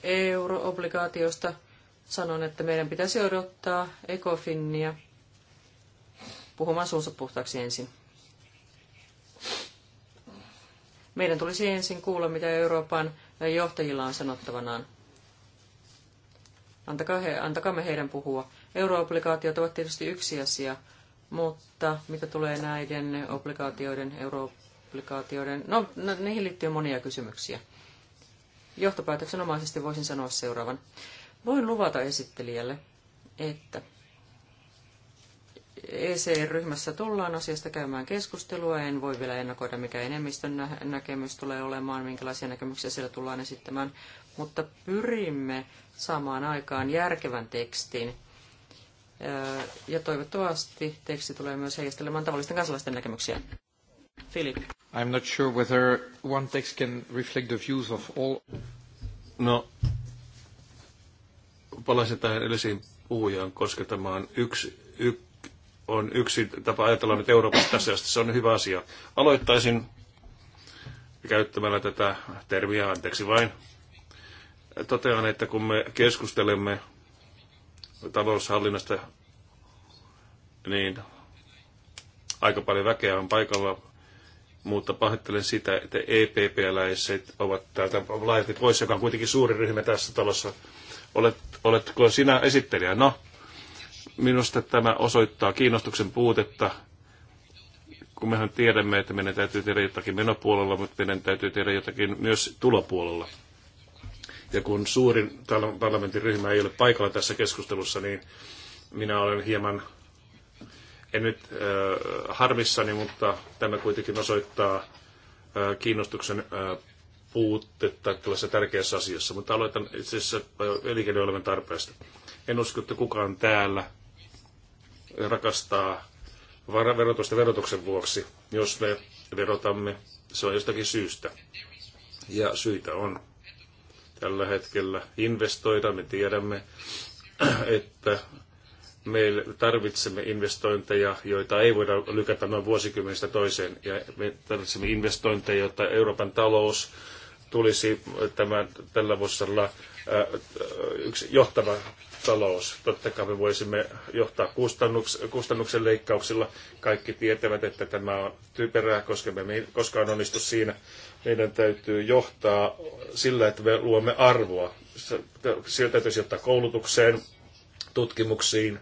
Euroobligaatiosta sanon, että meidän pitäisi odottaa ECOFINia puhumaan suunsa puhtaaksi ensin. Meidän tulisi ensin kuulla, mitä Euroopan johtajilla on sanottavanaan. Antakaa he, antakaa me heidän puhua. Euroobligaatiot ovat tietysti yksi asia, mutta mitä tulee näiden obligaatioiden, euroobligaatioiden, no, no niihin liittyy monia kysymyksiä. Johtopäätöksenomaisesti voisin sanoa seuraavan. Voin luvata esittelijälle, että ECR-ryhmässä tullaan asiasta käymään keskustelua. En voi vielä ennakoida, mikä enemmistön nä- näkemys tulee olemaan, minkälaisia näkemyksiä siellä tullaan esittämään, mutta pyrimme saamaan aikaan järkevän tekstin. Ja toivottavasti teksti tulee myös heijastelemaan tavallisten kansalaisten näkemyksiä. Philip. I'm not sure whether one text can reflect the views of all... No, palaisin tähän edellisiin puhujaan, koska tämä on yksi, yksi on yksi tapa ajatella nyt Euroopassa tässä asiassa. Se on hyvä asia. Aloittaisin käyttämällä tätä termiä, anteeksi vain. Totean, että kun me keskustelemme taloushallinnasta, niin aika paljon väkeä on paikalla, mutta pahoittelen sitä, että EPP-läiset ovat täältä laajalti pois, joka on kuitenkin suuri ryhmä tässä talossa. Olet, oletko sinä esittelijä? No, Minusta tämä osoittaa kiinnostuksen puutetta, kun mehän tiedämme, että meidän täytyy tehdä jotakin menopuolella, mutta meidän täytyy tehdä jotakin myös tulopuolella. Ja kun suurin parlamentin ryhmä ei ole paikalla tässä keskustelussa, niin minä olen hieman, en nyt äh, harmissani, mutta tämä kuitenkin osoittaa äh, kiinnostuksen äh, puutetta tällaisessa tärkeässä asiassa. Mutta aloitan itse asiassa elinkeinoelämän tarpeesta. En usko, että kukaan täällä rakastaa verotusta verotuksen vuoksi, jos me verotamme, se on jostakin syystä. Ja syitä on tällä hetkellä investoida. Me tiedämme, että me tarvitsemme investointeja, joita ei voida lykätä noin vuosikymmenestä toiseen. Ja me tarvitsemme investointeja, jotta Euroopan talous tulisi tämän, tällä vuosisadalla yksi johtava talous. Totta kai me voisimme johtaa kustannuks, kustannuksen leikkauksilla. Kaikki tietävät, että tämä on typerää, koska me ei koskaan onnistu siinä. Meidän täytyy johtaa sillä, että me luomme arvoa. Sieltä täytyisi johtaa koulutukseen, tutkimuksiin,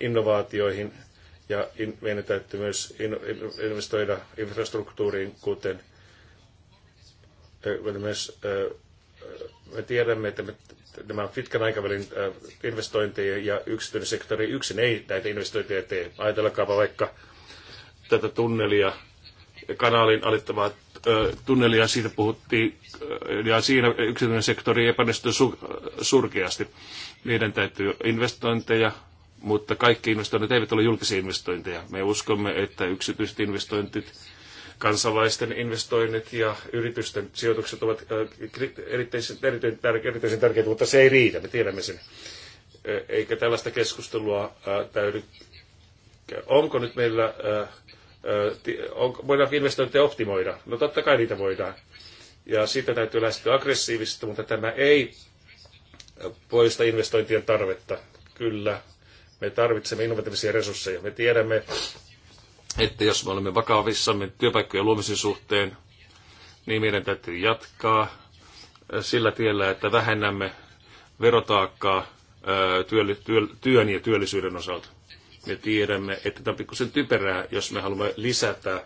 innovaatioihin ja in, meidän täytyy myös investoida infrastruktuuriin, kuten myös me tiedämme, että me, nämä pitkän aikavälin äh, investointeja ja yksityinen sektori yksin ei näitä investointeja tee. Ajatelkaapa vaikka tätä tunnelia, kanaalin alittavaa äh, tunnelia, siitä puhuttiin, äh, ja siinä yksityinen sektori epäonnistui surkeasti. Meidän täytyy investointeja, mutta kaikki investoinnit eivät ole julkisia investointeja. Me uskomme, että yksityiset investointit kansalaisten investoinnit ja yritysten sijoitukset ovat erityisen, erityisen, tärkeitä, erityisen tärkeitä, mutta se ei riitä, me tiedämme sen. Eikä tällaista keskustelua täydy. Onko nyt meillä, voidaanko investointeja optimoida? No totta kai niitä voidaan. Ja siitä täytyy lähestyä aggressiivisesti, mutta tämä ei poista investointien tarvetta. Kyllä, me tarvitsemme innovatiivisia resursseja. Me tiedämme, että jos me olemme vakavissamme työpaikkojen luomisen suhteen, niin meidän täytyy jatkaa äh, sillä tiellä, että vähennämme verotaakkaa äh, työn ja työllisyyden osalta. Me tiedämme, että tämä on pikkusen typerää, jos me haluamme lisätä äh,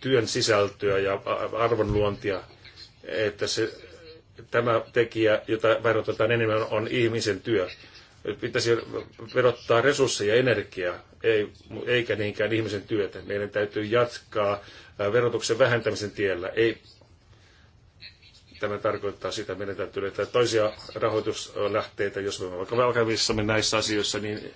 työn sisältöä ja arvonluontia, että se, tämä tekijä, jota verotetaan enemmän, on ihmisen työ. Pitäisi verottaa resursseja ja energiaa ei, eikä niinkään ihmisen työtä. Meidän täytyy jatkaa verotuksen vähentämisen tiellä. Ei, tämä tarkoittaa sitä, että meidän täytyy löytää toisia rahoituslähteitä, jos me vaikka velkavissamme näissä asioissa, niin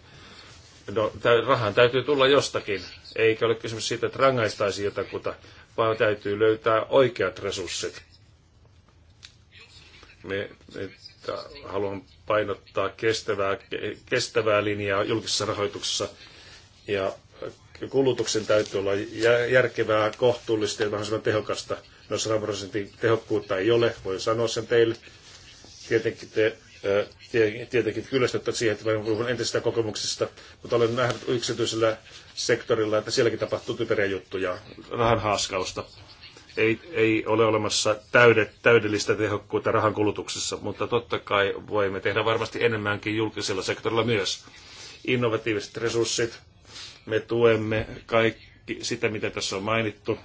no, rahan täytyy tulla jostakin. Eikä ole kysymys siitä, että rangaistaisi jotakuta, vaan täytyy löytää oikeat resurssit. Me, me haluan painottaa kestävää, kestävää linjaa julkisessa rahoituksessa. Ja kulutuksen täytyy olla järkevää, kohtuullista ja mahdollisimman tehokasta. No 100 prosentin tehokkuutta ei ole, voi sanoa sen teille. Tietenkin te tietenkin kyllästyttä siihen, että mä puhun entisistä kokemuksista, mutta olen nähnyt yksityisellä sektorilla, että sielläkin tapahtuu typeriä juttuja, rahan haaskausta. Ei, ei ole olemassa täyde, täydellistä tehokkuutta rahan kulutuksessa, mutta totta kai voimme tehdä varmasti enemmänkin julkisella sektorilla myös. Innovatiiviset resurssit, me tuemme kaikki sitä, mitä tässä on mainittu.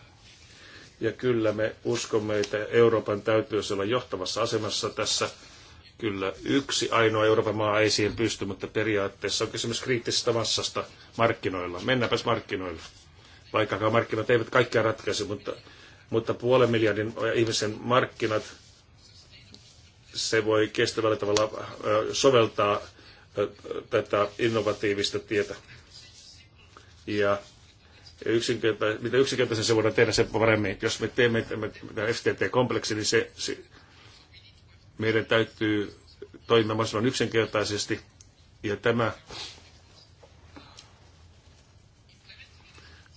Ja kyllä me uskomme, että Euroopan täytyy olla johtavassa asemassa tässä. Kyllä yksi ainoa Euroopan maa ei siihen pysty, mutta periaatteessa on kysymys kriittisestä massasta markkinoilla. Mennäpäs markkinoille. Vaikka markkinat eivät kaikkia ratkaise, mutta, mutta puolen miljardin ihmisen markkinat, se voi kestävällä tavalla soveltaa tätä innovatiivista tietä. Ja yksinkerta, mitä yksinkertaisen se voidaan tehdä, sen paremmin. Jos me teemme tämän FTT-kompleksi, niin se, se, meidän täytyy toimia mahdollisimman yksinkertaisesti. Ja tämä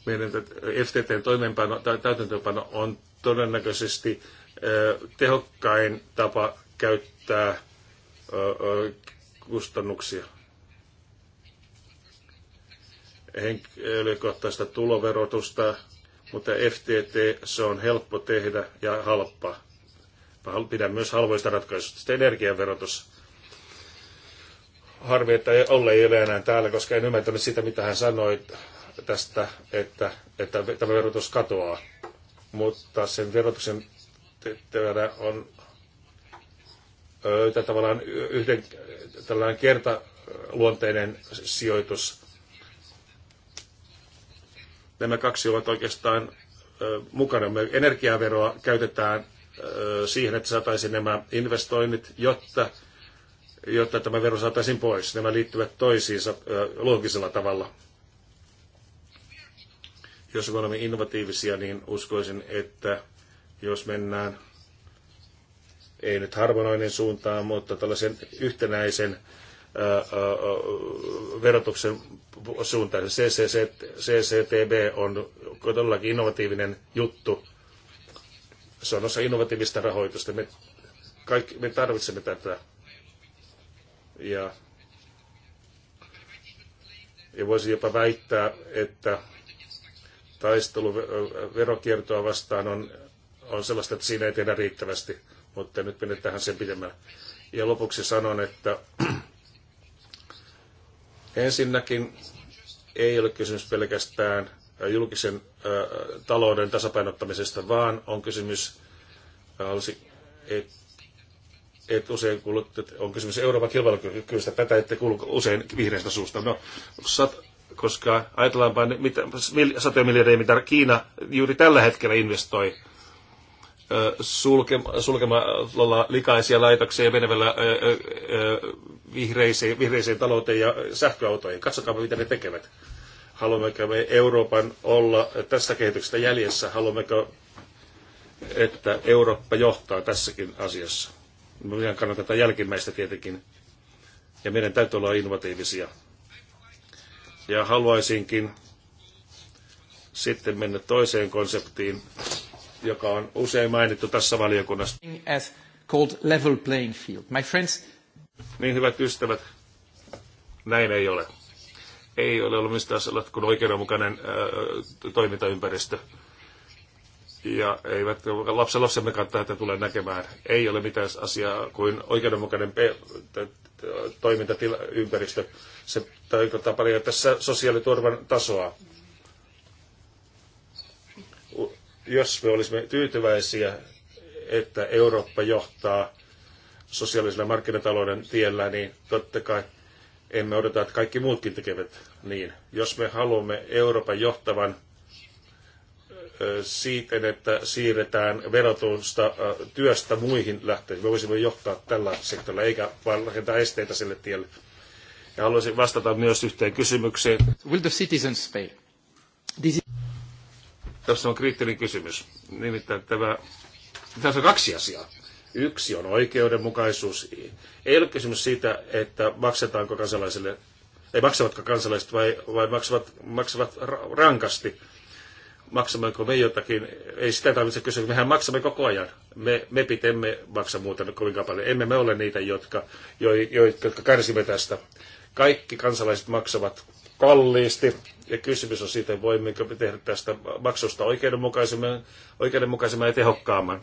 meidän ftt toimeenpano tai täytäntöönpano on todennäköisesti tehokkain tapa käyttää kustannuksia henkilökohtaista tuloverotusta, mutta FTT se on helppo tehdä ja halpa. Mä pidän myös halvoista ratkaisuista. Sitten energiaverotus. Harvi, että Olle ei ole enää täällä, koska en ymmärtänyt sitä, mitä hän sanoi tästä, että, että tämä verotus katoaa. Mutta sen verotuksen tehtävänä on tavallaan yhden tällainen kertaluonteinen sijoitus Nämä kaksi ovat oikeastaan mukana. Me energiaveroa käytetään siihen, että saataisiin nämä investoinnit, jotta, jotta tämä vero saataisiin pois. Nämä liittyvät toisiinsa loogisella tavalla. Jos me olemme innovatiivisia, niin uskoisin, että jos mennään, ei nyt harmonoinen suuntaan, mutta tällaisen yhtenäisen verotuksen suuntaan. CCC, CCTB on todellakin innovatiivinen juttu. Se on osa innovatiivista rahoitusta. Me, kaikki, me tarvitsemme tätä. Ja, ja voisi jopa väittää, että taistelu verokiertoa vastaan on, on sellaista, että siinä ei tehdä riittävästi, mutta nyt menen tähän sen pidemmälle. Ja lopuksi sanon, että Ensinnäkin ei ole kysymys pelkästään äh, julkisen äh, talouden tasapainottamisesta, vaan on kysymys, äh, että et usein kuulut, et on kysymys Euroopan kilpailukyvystä, tätä ette kuulu usein vihreästä suusta. No, sat, koska ajatellaanpa, mitä, satoja miljardeja, mitä Kiina juuri tällä hetkellä investoi sulkemalla likaisia laitoksia ja menevällä vihreisiin, vihreisiin talouteen ja sähköautoihin. Katsokaa, mitä ne tekevät. Haluammeko me Euroopan olla tässä kehityksestä jäljessä? Haluammeko, että Eurooppa johtaa tässäkin asiassa? Meidän kannattaa tätä jälkimmäistä tietenkin. Ja meidän täytyy olla innovatiivisia. Ja haluaisinkin sitten mennä toiseen konseptiin, joka on usein mainittu tässä valiokunnassa. As called level playing field. My friends... Niin hyvät ystävät, näin ei ole. Ei ole ollut mistään sellaista kuin oikeudenmukainen ää, toimintaympäristö. Ja eivät lapsen lapsemme tätä että tulee näkemään. Ei ole mitään asiaa kuin oikeudenmukainen toimintaympäristö. Se tarkoittaa paljon tässä sosiaaliturvan tasoa jos me olisimme tyytyväisiä, että Eurooppa johtaa sosiaalisella markkinatalouden tiellä, niin totta kai emme odota, että kaikki muutkin tekevät niin. Jos me haluamme Euroopan johtavan siten, että siirretään verotusta työstä muihin lähteisiin, Me voisimme johtaa tällä sektorilla, eikä vain rakentaa esteitä sille tielle. Ja haluaisin vastata myös yhteen kysymykseen. Will the citizens pay? This is... Tässä on kriittinen kysymys. Nimittäin tämä, tässä on kaksi asiaa. Yksi on oikeudenmukaisuus. Ei ole kysymys siitä, että maksetaanko kansalaisille, ei maksavatko kansalaiset vai, vai maksavat, maksavat rankasti maksammeko me jotakin, ei sitä tarvitse kysyä, mehän maksamme koko ajan. Me, me pitemme maksa muuten kovin paljon. Emme me ole niitä, jotka, jo, jo, jotka kärsimme tästä. Kaikki kansalaiset maksavat kalliisti ja kysymys on siitä, voimmeko tehdä tästä maksusta oikeudenmukaisemman, oikeudenmukaisemman ja tehokkaamman.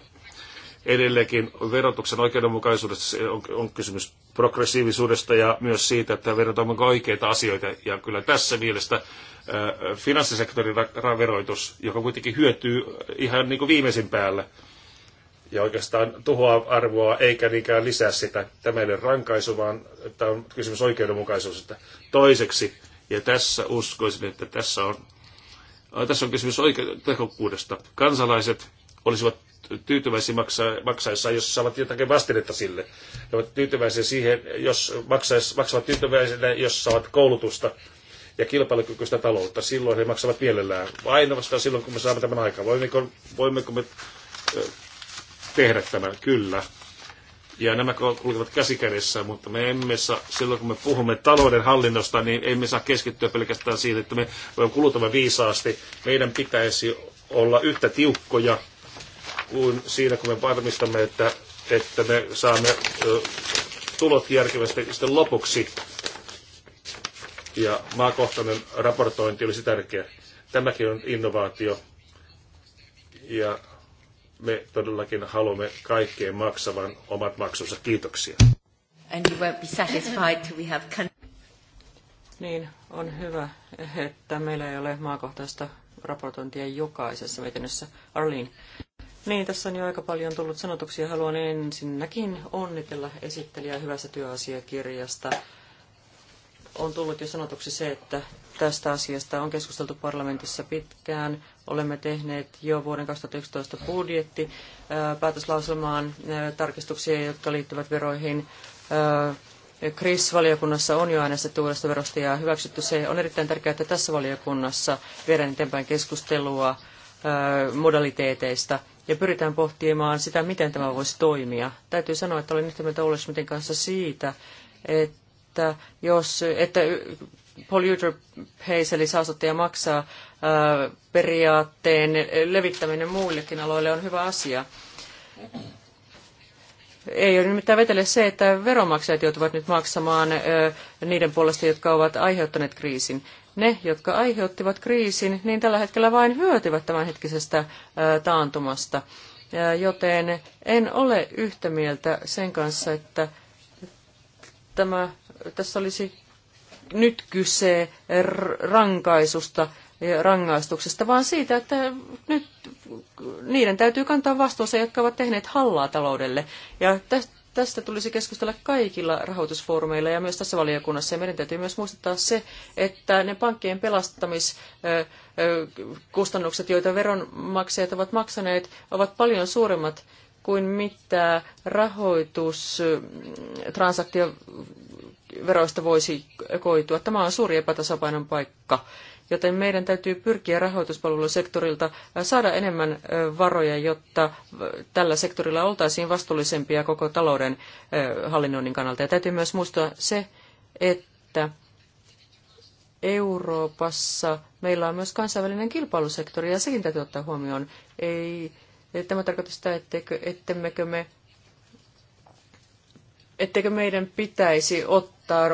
Edelleenkin verotuksen oikeudenmukaisuudesta on, on kysymys progressiivisuudesta ja myös siitä, että verotammeko oikeita asioita. Ja kyllä tässä mielestä äh, finanssisektorin verotus, joka kuitenkin hyötyy ihan niin kuin viimeisin päällä, ja oikeastaan tuhoaa arvoa eikä niinkään lisää sitä. Tämä ei ole rankaisu, vaan tämä on kysymys oikeudenmukaisuudesta. Toiseksi ja tässä uskoisin, että tässä on, äh, tässä on kysymys oikein tehokkuudesta. Kansalaiset olisivat tyytyväisiä maksa, maksaessa, jos saavat jotakin vastinetta sille. He ovat tyytyväisiä siihen, jos maksais, maksavat tyytyväisenä, jos saavat koulutusta ja kilpailukykyistä taloutta. Silloin he maksavat mielellään. Ainoastaan silloin, kun me saamme tämän aikaa. Voimmeko, voimmeko me äh, tehdä tämän? Kyllä. Ja nämä kulkevat käsikädessä, mutta me emme saa, silloin kun me puhumme talouden hallinnosta, niin emme saa keskittyä pelkästään siitä, että me kulutamme viisaasti. Meidän pitäisi olla yhtä tiukkoja kuin siinä, kun me varmistamme, että, että me saamme tulot järkevästi sitten lopuksi. Ja maakohtainen raportointi olisi tärkeä. Tämäkin on innovaatio. Ja me todellakin haluamme kaikkeen maksavan omat maksunsa. Kiitoksia. And you won't be satisfied till we have niin, on hyvä, että meillä ei ole maakohtaista raportointia jokaisessa mietinnössä. Arlene. Niin, tässä on jo aika paljon tullut sanotuksia. Haluan ensinnäkin onnitella esittelijää hyvästä työasiakirjasta on tullut jo sanotuksi se, että tästä asiasta on keskusteltu parlamentissa pitkään. Olemme tehneet jo vuoden 2011 budjetti päätöslauselmaan tarkistuksia, jotka liittyvät veroihin. Chris-valiokunnassa on jo äänestetty uudesta verosta ja hyväksytty se. On erittäin tärkeää, että tässä valiokunnassa viedään eteenpäin keskustelua modaliteeteista ja pyritään pohtimaan sitä, miten tämä voisi toimia. Täytyy sanoa, että olen yhtä mieltä Olle Smithin kanssa siitä, että että jos, että polluter pays eli saastuttaja maksaa äh, periaatteen levittäminen muillekin aloille on hyvä asia. Ei ole nimittäin vetele se, että veronmaksajat joutuvat nyt maksamaan äh, niiden puolesta, jotka ovat aiheuttaneet kriisin. Ne, jotka aiheuttivat kriisin, niin tällä hetkellä vain hyötyvät tämänhetkisestä äh, taantumasta. Joten en ole yhtä mieltä sen kanssa, että tämä tässä olisi nyt kyse rankaisusta, ja rangaistuksesta, vaan siitä, että nyt niiden täytyy kantaa vastuunsa, jotka ovat tehneet hallaa taloudelle. Ja tästä tulisi keskustella kaikilla rahoitusfoorumeilla ja myös tässä valiokunnassa. Ja meidän täytyy myös muistuttaa se, että ne pankkien pelastamiskustannukset, joita veronmaksajat ovat maksaneet, ovat paljon suuremmat kuin mitä rahoitustransaktioveroista mm, voisi koitua. Tämä on suuri epätasapainon paikka, joten meidän täytyy pyrkiä rahoituspalvelusektorilta äh, saada enemmän äh, varoja, jotta äh, tällä sektorilla oltaisiin vastuullisempia koko talouden hallinnoinnin kannalta. Ja täytyy myös muistaa se, että Euroopassa meillä on myös kansainvälinen kilpailusektori ja sekin täytyy ottaa huomioon. Ei Tämä tarkoittaa sitä, etteikö, ettemmekö me etteikö meidän pitäisi ottaa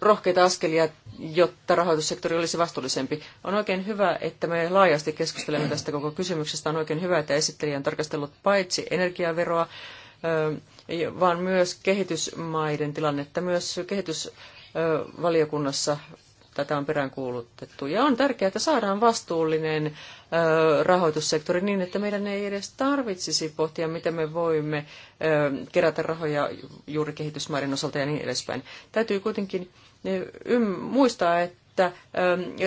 rohkeita askelia, jotta rahoitussektori olisi vastuullisempi. On oikein hyvä, että me laajasti keskustelemme tästä koko kysymyksestä. On oikein hyvä, että esittelijä on tarkastellut paitsi energiaveroa, vaan myös kehitysmaiden tilannetta. Myös kehitysvaliokunnassa tätä on peräänkuulutettu. Ja on tärkeää, että saadaan vastuullinen rahoitussektori niin, että meidän ei edes tarvitsisi pohtia, miten me voimme kerätä rahoja juuri kehitysmaiden osalta ja niin edespäin. Täytyy kuitenkin muistaa, että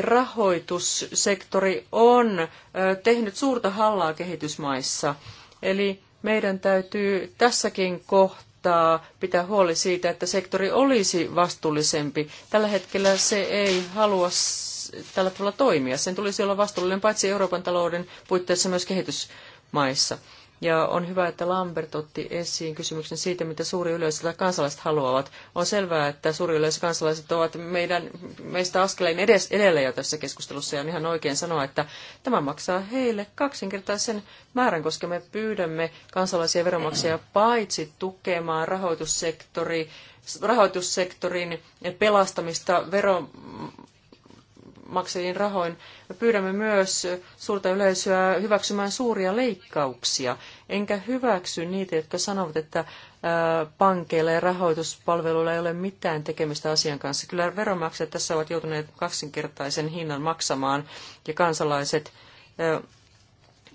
rahoitussektori on tehnyt suurta hallaa kehitysmaissa. Eli meidän täytyy tässäkin kohtaa kannattaa pitää huoli siitä, että sektori olisi vastuullisempi. Tällä hetkellä se ei halua tällä tavalla toimia. Sen tulisi olla vastuullinen paitsi Euroopan talouden puitteissa myös kehitysmaissa. Ja on hyvä, että Lambert otti esiin kysymyksen siitä, mitä suuri yleisö tai kansalaiset haluavat. On selvää, että suuri yleisö kansalaiset ovat meidän, meistä askeleen edes edellä jo tässä keskustelussa. Ja on ihan oikein sanoa, että tämä maksaa heille kaksinkertaisen määrän, koska me pyydämme kansalaisia veronmaksajia paitsi tukemaan rahoitussektori, rahoitussektorin pelastamista veron veronmaksajien rahoin. Me pyydämme myös suurta yleisöä hyväksymään suuria leikkauksia, enkä hyväksy niitä, jotka sanovat, että pankeilla ja rahoituspalveluilla ei ole mitään tekemistä asian kanssa. Kyllä veronmaksajat tässä ovat joutuneet kaksinkertaisen hinnan maksamaan ja kansalaiset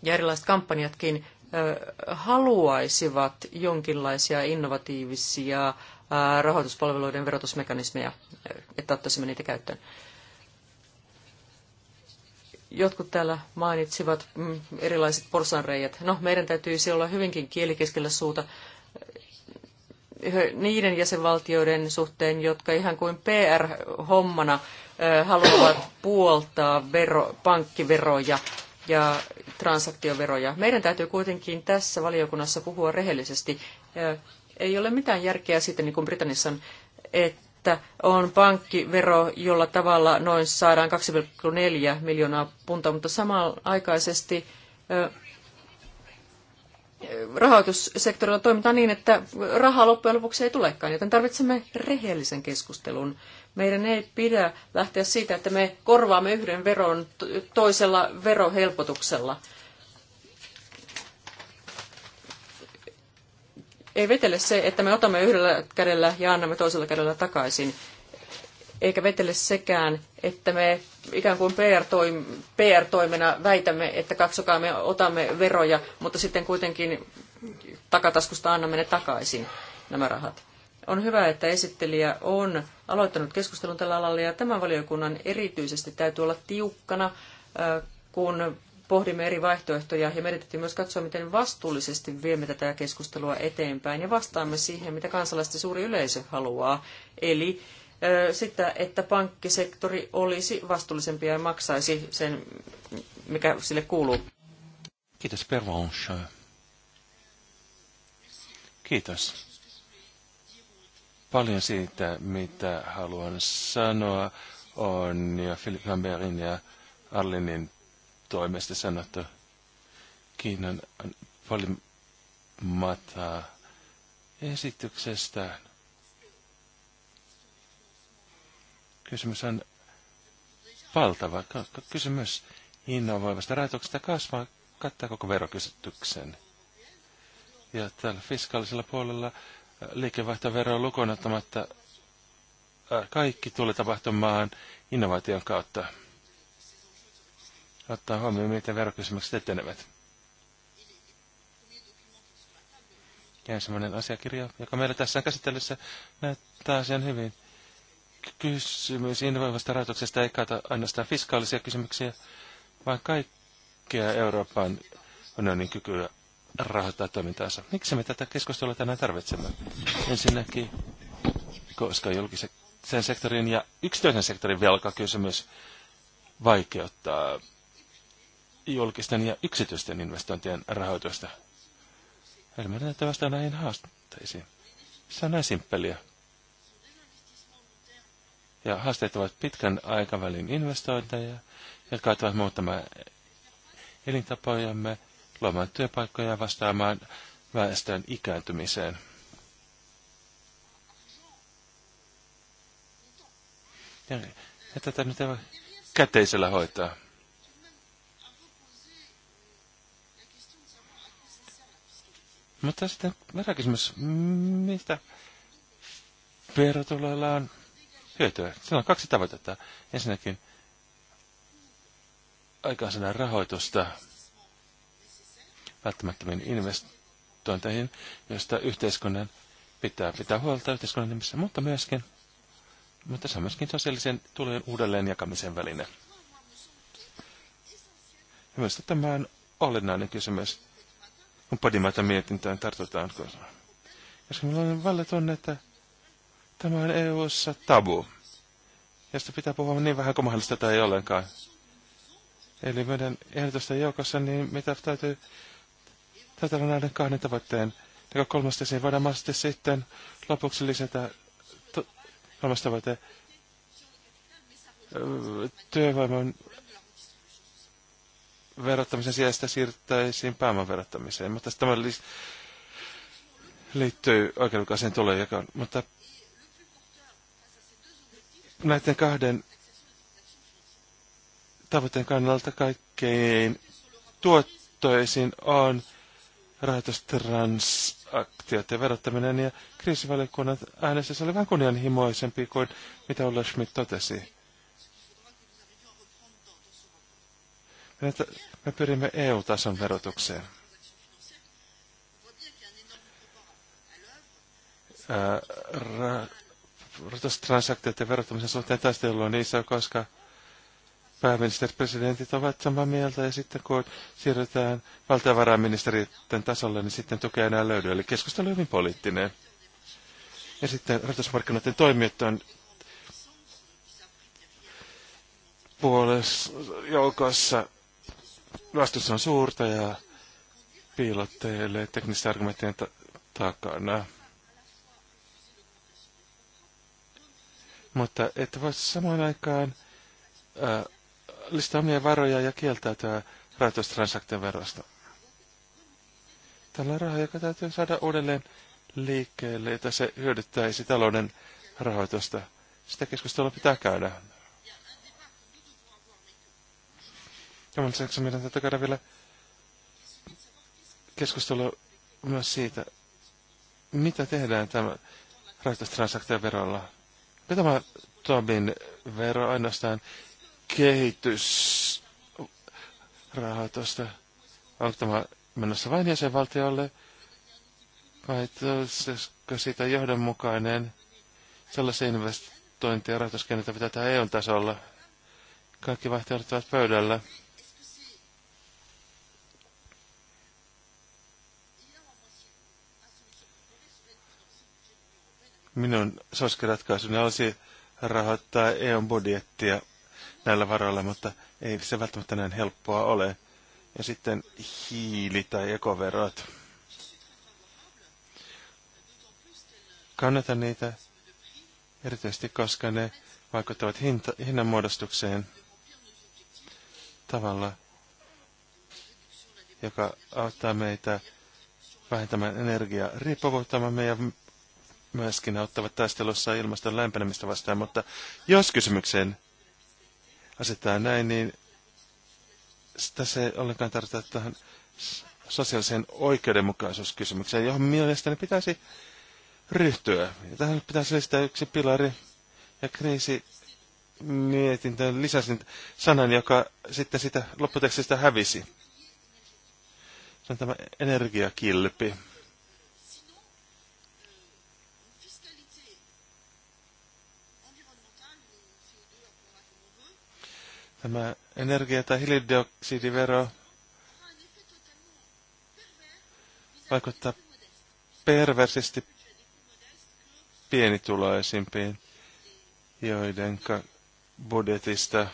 ja erilaiset kampanjatkin haluaisivat jonkinlaisia innovatiivisia rahoituspalveluiden verotusmekanismeja, että ottaisimme niitä käyttöön. Jotkut täällä mainitsivat mm, erilaiset porsanreijät. No, meidän täytyisi olla hyvinkin kielikeskellä suuta niiden jäsenvaltioiden suhteen, jotka ihan kuin PR-hommana haluavat puoltaa vero, pankkiveroja ja transaktioveroja. Meidän täytyy kuitenkin tässä valiokunnassa puhua rehellisesti. Ei ole mitään järkeä siitä, niin kuin Britanniassa on, että että on pankkivero, jolla tavalla noin saadaan 2,4 miljoonaa puntaa, mutta samanaikaisesti rahoitussektorilla toimitaan niin, että rahaa loppujen lopuksi ei tulekaan, joten tarvitsemme rehellisen keskustelun. Meidän ei pidä lähteä siitä, että me korvaamme yhden veron toisella verohelpotuksella. ei vetele se, että me otamme yhdellä kädellä ja annamme toisella kädellä takaisin. Eikä vetele sekään, että me ikään kuin PR-toimena väitämme, että katsokaa, me otamme veroja, mutta sitten kuitenkin takataskusta annamme ne takaisin, nämä rahat. On hyvä, että esittelijä on aloittanut keskustelun tällä alalla ja tämän valiokunnan erityisesti täytyy olla tiukkana, äh, kun pohdimme eri vaihtoehtoja ja meidän täytyy myös katsoa, miten vastuullisesti viemme tätä keskustelua eteenpäin ja vastaamme siihen, mitä kansalaisten suuri yleisö haluaa. Eli sitä, että pankkisektori olisi vastuullisempi ja maksaisi sen, mikä sille kuuluu. Kiitos, Pervanche. Kiitos. Paljon siitä, mitä haluan sanoa, on ja Philip Gamberin ja Arlinin toimesta sanottu. Kiinan paljon mataa esityksestään. Kysymys on valtava. Kysymys innovoivasta rajoituksesta kasvaa, kattaa koko verokysytyksen. Ja tällä fiskaalisella puolella liikevaihtovero lukuun ottamatta kaikki tulee tapahtumaan innovaation kautta ottaa huomioon, miten verokysymykset etenevät. Ja semmoinen asiakirja, joka meillä tässä on käsittelyssä, näyttää asian hyvin. Kysymys innovoivasta rahoituksesta ei kata ainoastaan fiskaalisia kysymyksiä, vaan kaikkea Euroopan unionin kykyä rahoittaa toimintaansa. Miksi me tätä keskustelua tänään tarvitsemme? Ensinnäkin, koska julkisen sektorin ja yksityisen sektorin velkakysymys vaikeuttaa julkisten ja yksityisten investointien rahoitusta. Eli me täytyy vasta näihin haasteisiin. Se on näin simppeliä. Ja haasteet ovat pitkän aikavälin investointeja, jotka ovat muuttamaan elintapojamme, luomaan työpaikkoja vastaamaan väestön ikääntymiseen. Ja, ja tätä nyt ei voi käteisellä hoitaa. Mutta sitten herää kysymys, mistä verotuloilla on hyötyä? Siinä on kaksi tavoitetta. Ensinnäkin aikaisena rahoitusta välttämättömiin investointeihin, joista yhteiskunnan pitää pitää huolta yhteiskunnan nimissä, mutta myöskin, mutta se on myöskin sosiaalisen tulojen uudelleen jakamisen väline. Mielestäni tämä on olennainen kysymys Mun Podimata mietintään tartutaan. Koska meillä on valle on, että tämä on EU-ssa tabu. Ja sitä pitää puhua niin vähän kuin mahdollista tai ei ollenkaan. Eli meidän ehdotusten joukossa, niin mitä täytyy täytyy näiden kahden tavoitteen kolmasta Siinä voidaan mahdollisesti sitten lopuksi lisätä kolmas tavoite työvoiman verottamisen sijasta siirryttäisiin pääoman verottamiseen, mutta tämä liittyy oikeudenmukaiseen tulojakoon. Mutta näiden kahden tavoitteen kannalta kaikkein tuottoisin on ja verottaminen ja kriisivaliokunnan äänestys oli vähän kunnianhimoisempi kuin mitä Ulla Schmidt totesi. että me pyrimme EU-tason verotukseen. ja verottamisen suhteen ei ollut iso, koska pääministerit, presidentit ovat samaa mieltä, ja sitten kun siirrytään valtiovarainministeriön tasolle, niin sitten tukea enää löydy. Eli keskustelu on hyvin poliittinen. Ja sitten rahoitusmarkkinoiden toimijat on puolessa joukossa vastus on suurta ja piilotteille teknisten argumenttien ta- takana. Mutta että voisi samaan aikaan äh, listaa omia varoja ja kieltäytyä rahoitustransaktion verosta. Tällä on raha, joka täytyy saada uudelleen liikkeelle, että se hyödyttäisi talouden rahoitusta. Sitä keskustelua pitää käydä. Tämän lisäksi meidän täytyy käydä vielä keskustelua myös siitä, mitä tehdään tämän rahoitustransaktioverolla. Mitä tämä Tobin vero ainoastaan kehitysrahoitusta. Onko tämä menossa vain jäsenvaltiolle? Vai olisiko siitä johdonmukainen sellaisia investointeja ja rahoituskennettä, mitä tämä EU-tasolla? Kaikki vaihtoehdot ovat pöydällä. Minun soskiratkaisuni olisi rahoittaa EUn budjettia näillä varoilla, mutta ei se välttämättä näin helppoa ole. Ja sitten hiili- tai ekoverot. Kannatan niitä erityisesti, koska ne vaikuttavat hinta, muodostukseen tavalla, joka auttaa meitä vähentämään energiaa riippuvuuttamme ja myöskin auttavat taistelussa ilmaston lämpenemistä vastaan, mutta jos kysymykseen asetetaan näin, niin sitä se ei ollenkaan tarvita tähän sosiaaliseen oikeudenmukaisuuskysymykseen, johon mielestäni pitäisi ryhtyä. Ja tähän pitäisi lisätä yksi pilari ja kriisi mietintöön lisäsin sanan, joka sitten sitä lopputekstistä hävisi. Se on tämä energiakilpi. Tämä energia- tai hiilidioksidivero vaikuttaa perversisti pienituloisimpiin, joiden budjetista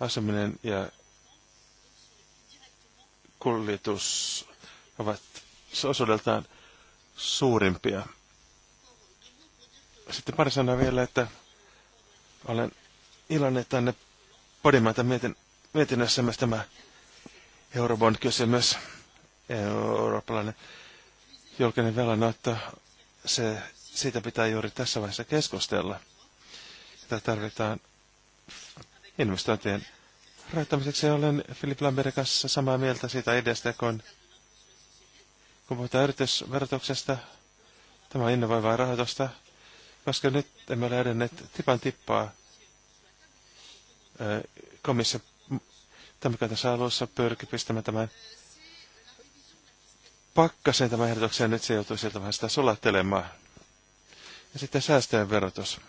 asuminen ja kuljetus ovat osuudeltaan suurimpia. Sitten pari sanaa vielä, että olen iloinen tänne Podimata mietin, mietinnössä myös tämä Eurobond-kysymys, eurooppalainen julkinen velanotto, se, siitä pitää juuri tässä vaiheessa keskustella. Tätä tarvitaan investointien rahoittamiseksi. Olen Filip Lamberin kanssa samaa mieltä siitä ideasta, kun, kun puhutaan yritysverotuksesta, tämä on innovoivaa rahoitusta, koska nyt emme ole edenneet tipan tippaa komissio tammikuun tässä alussa pyrki pistämään tämän pakkaseen tämän ehdotuksen, nyt se joutuu sieltä vähän sitä sulattelemaan. Ja sitten säästöjen verotus.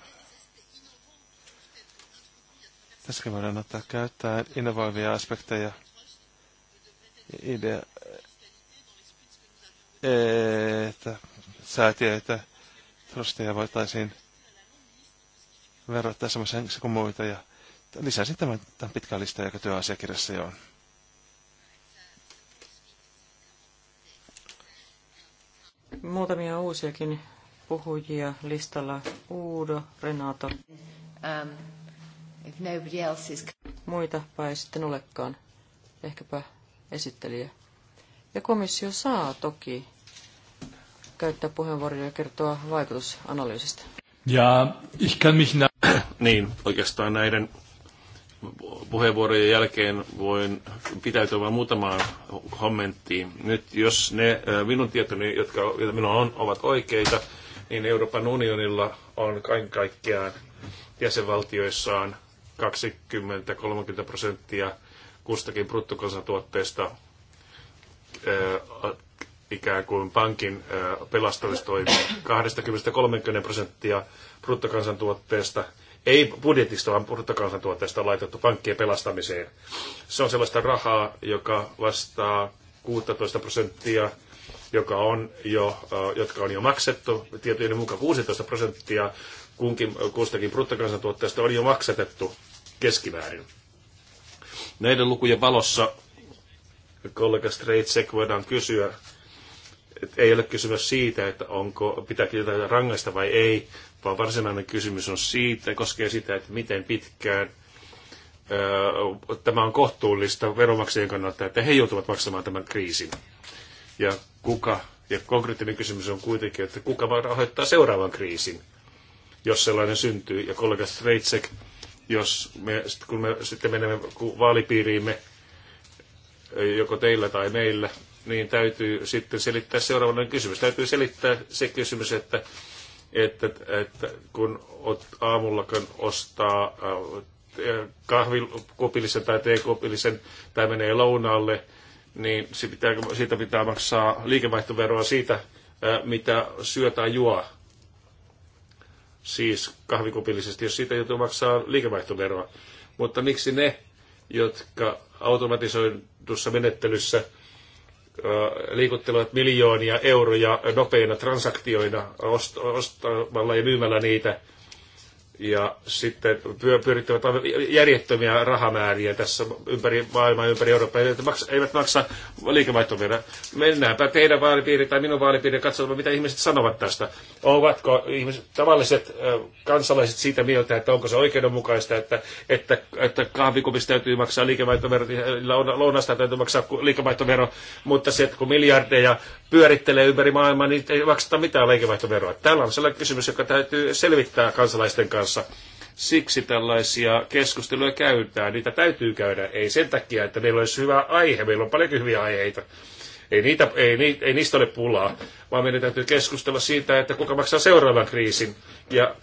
Tässäkin voidaan ottaa käyttää innovoivia aspekteja. Idea, että säätiöitä, trusteja voitaisiin verottaa semmoisen kuin muita ja lisäsin tämän, tämän pitkän listan, joka työasiakirjassa jo on. Muutamia uusiakin puhujia listalla. Uudo, Renato. Um, if nobody else is... Muitapa ei sitten olekaan. Ehkäpä esittelijä. Ja komissio saa toki käyttää puheenvuoroja ja kertoa vaikutusanalyysistä. Ja ich kann mich na- niin, oikeastaan näiden puheenvuorojen jälkeen voin pitäytyä vain muutamaan kommenttiin. Nyt jos ne minun tietoni, jotka, minulla on, ovat oikeita, niin Euroopan unionilla on kaiken kaikkiaan jäsenvaltioissaan 20-30 prosenttia kustakin bruttokansantuotteesta ikään kuin pankin pelastamistoimia. 20-30 prosenttia bruttokansantuotteesta – ei budjetista, vaan bruttokansantuotteesta on laitettu pankkien pelastamiseen. Se on sellaista rahaa, joka vastaa 16 prosenttia, joka on jo, jotka on jo maksettu, tietojen mukaan 16 prosenttia kunkin, kustakin bruttokansantuotteesta on jo maksatettu keskimäärin. Näiden lukujen valossa kollega Straitsek voidaan kysyä, että ei ole kysymys siitä, että onko, pitääkö jotain rangaista vai ei, vaan varsinainen kysymys on siitä, koskee sitä, että miten pitkään ö, tämä on kohtuullista veronmaksajien kannalta, että he joutuvat maksamaan tämän kriisin. Ja kuka, ja konkreettinen kysymys on kuitenkin, että kuka rahoittaa seuraavan kriisin, jos sellainen syntyy. Ja kollega Streitsek, jos me, kun me sitten menemme vaalipiiriimme, joko teillä tai meillä, niin täytyy sitten selittää seuraavana kysymys. Täytyy selittää se kysymys, että että, että kun aamulla kun ostaa äh, kahvikopillisen tai teekopillisen tai menee lounaalle, niin pitää, siitä pitää maksaa liikevaihtoveroa siitä, äh, mitä syö tai juo. Siis kahvikopillisesti, jos siitä joutuu maksaa liikevaihtoveroa. Mutta miksi ne, jotka automatisoidussa menettelyssä – liikuttelevat miljoonia euroja nopeina transaktioina ostamalla ja myymällä niitä ja sitten pyörittävät järjettömiä rahamääriä tässä ympäri maailmaa, ympäri Eurooppaa, eivät maksa, eivät maksa liikevaihtovera. Mennäänpä teidän vaalipiiri tai minun vaalipiiri katsomaan, mitä ihmiset sanovat tästä. Ovatko ihmiset, tavalliset kansalaiset siitä mieltä, että onko se oikeudenmukaista, että, että, että kahvikupissa täytyy maksaa liikevaihtovero, lounasta täytyy maksaa liikevaihtovero, mutta se, että kun miljardeja pyörittelee ympäri maailmaa, niin ei makseta mitään liikevaihtoveroa. Täällä on sellainen kysymys, joka täytyy selvittää kansalaisten kanssa. Siksi tällaisia keskusteluja käytetään, niitä täytyy käydä. Ei sen takia, että meillä olisi hyvä aihe, meillä on paljon hyviä aiheita. Ei, niitä, ei, ni, ei niistä ole pulaa, vaan meidän täytyy keskustella siitä, että kuka maksaa seuraavan kriisin. Ja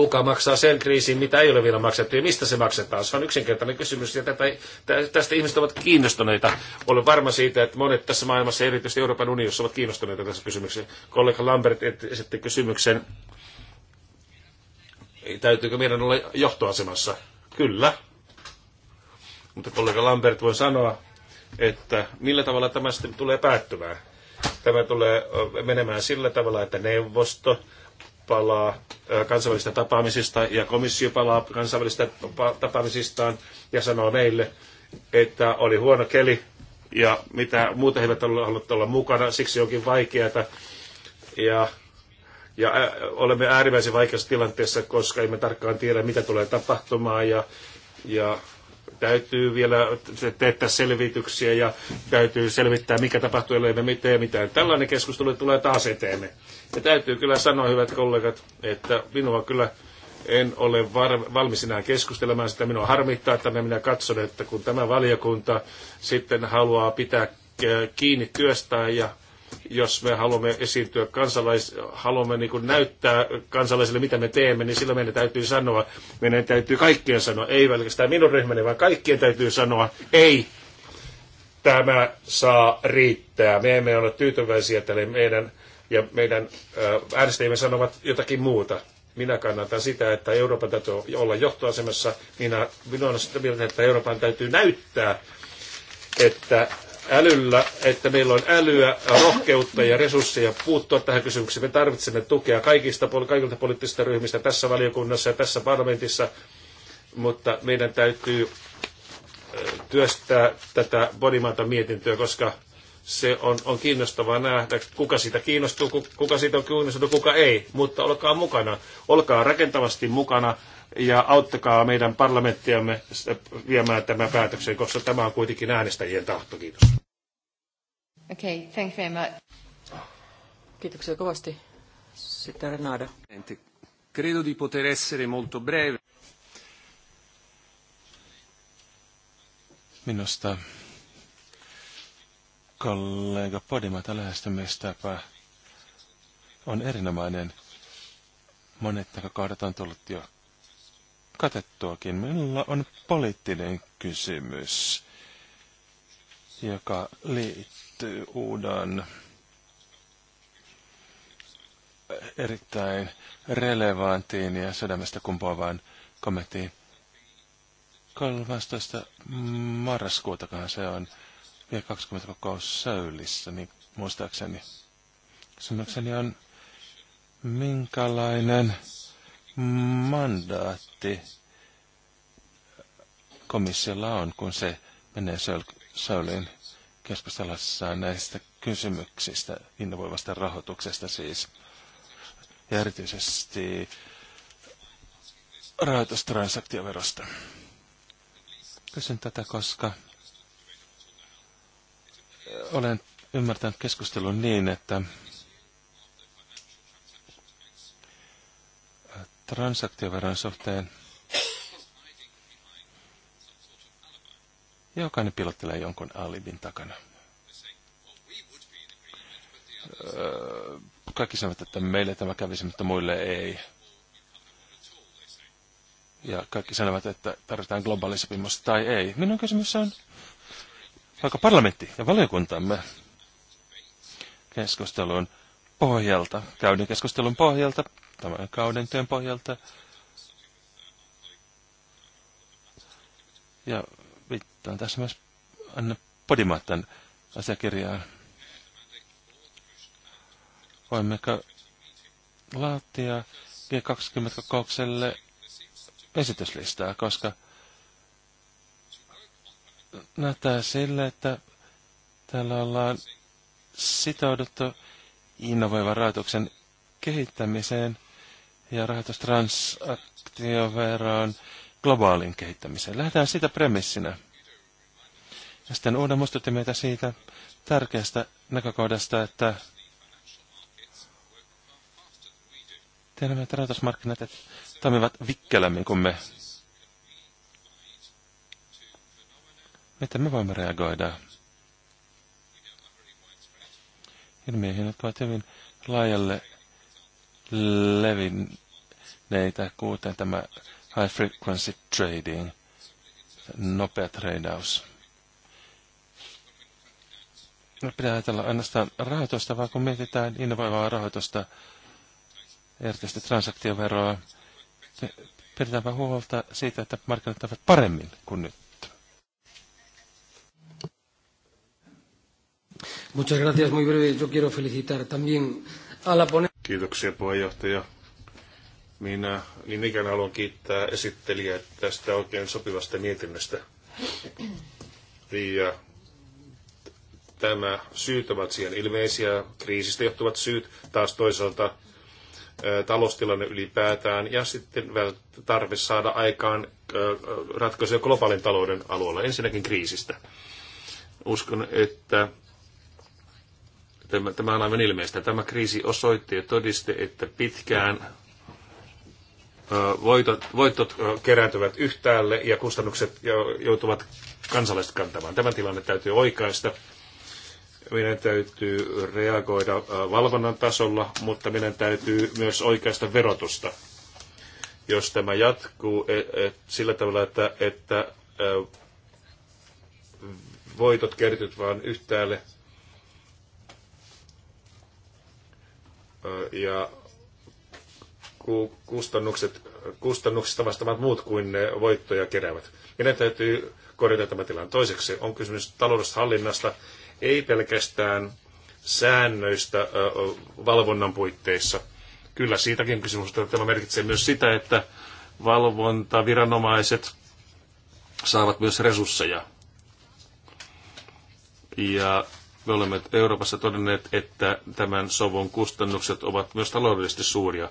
kuka maksaa sen kriisin, mitä ei ole vielä maksettu ja mistä se maksetaan. Se on yksinkertainen kysymys ja tätä, tästä ihmiset ovat kiinnostuneita. Olen varma siitä, että monet tässä maailmassa, erityisesti Euroopan unionissa, ovat kiinnostuneita tässä kysymyksessä. Kollega Lambert esitti kysymyksen, täytyykö meidän olla johtoasemassa? Kyllä. Mutta kollega Lambert voi sanoa, että millä tavalla tämä sitten tulee päättymään. Tämä tulee menemään sillä tavalla, että neuvosto palaa kansainvälisistä tapaamisista ja komissio palaa kansainvälisistä tapaamisistaan ja sanoo meille, että oli huono keli ja mitä muuta he eivät halunneet olla mukana, siksi onkin vaikeata. Ja, ja olemme äärimmäisen vaikeassa tilanteessa, koska emme tarkkaan tiedä, mitä tulee tapahtumaan ja, ja täytyy vielä teettää selvityksiä ja täytyy selvittää, mikä tapahtuu, ellei me mitään mitään. Tällainen keskustelu tulee taas eteemme. Ja täytyy kyllä sanoa, hyvät kollegat, että minua kyllä en ole var- valmis enää keskustelemaan sitä. Minua harmittaa, että minä katson, että kun tämä valiokunta sitten haluaa pitää äh, kiinni työstään ja jos me haluamme esiintyä kansalais, haluamme niin kuin näyttää kansalaisille, mitä me teemme, niin silloin meidän täytyy sanoa, meidän täytyy kaikkien sanoa, ei välkästään minun ryhmäni, vaan kaikkien täytyy sanoa, ei, tämä saa riittää. Me emme ole tyytyväisiä tälle meidän, ja meidän äh, äänestäjimme sanovat jotakin muuta. Minä kannatan sitä, että Euroopan täytyy olla johtoasemassa. Minä, minä olen sitä mieltä, että Euroopan täytyy näyttää, että älyllä, että meillä on älyä, rohkeutta ja resursseja puuttua tähän kysymykseen. Me tarvitsemme tukea kaikista, kaikilta poliittisista ryhmistä tässä valiokunnassa ja tässä parlamentissa, mutta meidän täytyy työstää tätä Bodimata mietintöä, koska se on, on kiinnostavaa nähdä, kuka siitä kiinnostuu, kuka siitä on kiinnostunut, kuka ei, mutta olkaa mukana. Olkaa rakentavasti mukana ja auttakaa meidän parlamenttiamme viemään tämä päätökseen, koska tämä on kuitenkin äänestäjien tahto. Kiitos. Okay, thank you very much. Kiitoksia kovasti. Sitten Renada. Credo di poter essere molto breve. Minusta kollega Podimata lähestymistapa on erinomainen. Monet näkökohdat on tullut jo katettuakin. Minulla on poliittinen kysymys, joka liittyy uuden erittäin relevantiin ja sydämestä kumpuavaan kommenttiin. 13. marraskuutakaan se on vielä 20 kokous Söylissä, niin muistaakseni. Kysymykseni on, minkälainen mandaatti komissiolla on, kun se menee Saulin keskustelussa näistä kysymyksistä, innovoivasta rahoituksesta siis, ja erityisesti rahoitustransaktioverosta. Kysyn tätä, koska olen ymmärtänyt keskustelun niin, että transaktioveron suhteen. Jokainen pilottelee jonkun alibin takana. Öö, kaikki sanovat, että meille tämä kävisi, mutta muille ei. Ja kaikki sanovat, että tarvitaan globaali tai ei. Minun kysymys on, vaikka parlamentti ja valiokuntamme keskustelun pohjalta, käydyn keskustelun pohjalta tämän kauden työn pohjalta. Ja viittaan tässä myös Anna Podimattan asiakirjaan. Voimme laatia G20-kokoukselle esityslistaa, koska näyttää sille, että täällä ollaan sitouduttu innovoivan rahoituksen kehittämiseen – ja transaktioveroon globaalin kehittämiseen. Lähdetään siitä premissinä. Ja sitten Uuna muistutti meitä siitä tärkeästä näkökohdasta, että tiedämme, että rahoitusmarkkinat toimivat vikkelämmin kuin me. Miten me voimme reagoida ilmiöihin, jotka ovat hyvin laajalle levinneitä, kuten tämä high frequency trading, nopea treidaus. No, pitää ajatella ainoastaan rahoitusta, vaan kun mietitään innovoivaa rahoitusta, erityisesti transaktioveroa, pidetään vain huolta siitä, että markkinat ovat paremmin kuin nyt. Muchas gracias, muy breve. Yo quiero felicitar también a la ponente. Kiitoksia puheenjohtaja. Minä niin ikään haluan kiittää esittelijää tästä oikein sopivasta mietinnöstä. Ja tämä syyt ovat siihen ilmeisiä, kriisistä johtuvat syyt, taas toisaalta taloustilanne ylipäätään ja sitten tarve saada aikaan ratkaisuja globaalin talouden alueella, ensinnäkin kriisistä. Uskon, että Tämä, tämä on aivan ilmeistä. Tämä kriisi osoitti ja todisti, että pitkään voitot, voittot kerääntyvät yhtäälle ja kustannukset joutuvat kansalaiset kantamaan. Tämä tilanne täytyy oikaista. Meidän täytyy reagoida valvonnan tasolla, mutta meidän täytyy myös oikaista verotusta. Jos tämä jatkuu e, e, sillä tavalla, että, että voitot kertyvät vain yhtäälle, ja kustannukset, kustannuksista vastaavat muut kuin ne voittoja keräävät. Meidän täytyy korjata tämä tilanne. Toiseksi on kysymys taloudellisesta hallinnasta, ei pelkästään säännöistä valvonnan puitteissa. Kyllä siitäkin kysymys, että tämä merkitsee myös sitä, että valvontaviranomaiset saavat myös resursseja. Ja me olemme Euroopassa todenneet, että tämän sovun kustannukset ovat myös taloudellisesti suuria.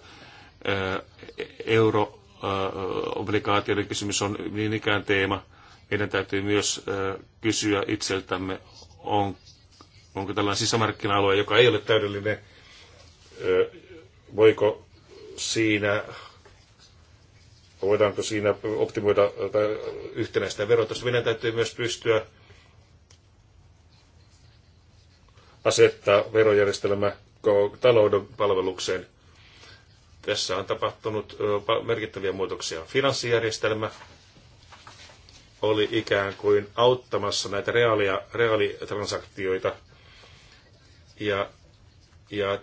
Euroobligaatioiden kysymys on niin ikään teema. Meidän täytyy myös kysyä itseltämme, on, onko tällainen sisämarkkina-alue, joka ei ole täydellinen, voiko siinä voidaanko siinä optimoida tai yhtenäistä verotusta. Meidän täytyy myös pystyä asettaa verojärjestelmä talouden palvelukseen. Tässä on tapahtunut merkittäviä muutoksia. Finanssijärjestelmä oli ikään kuin auttamassa näitä reaalia, reaalitransaktioita ja, ja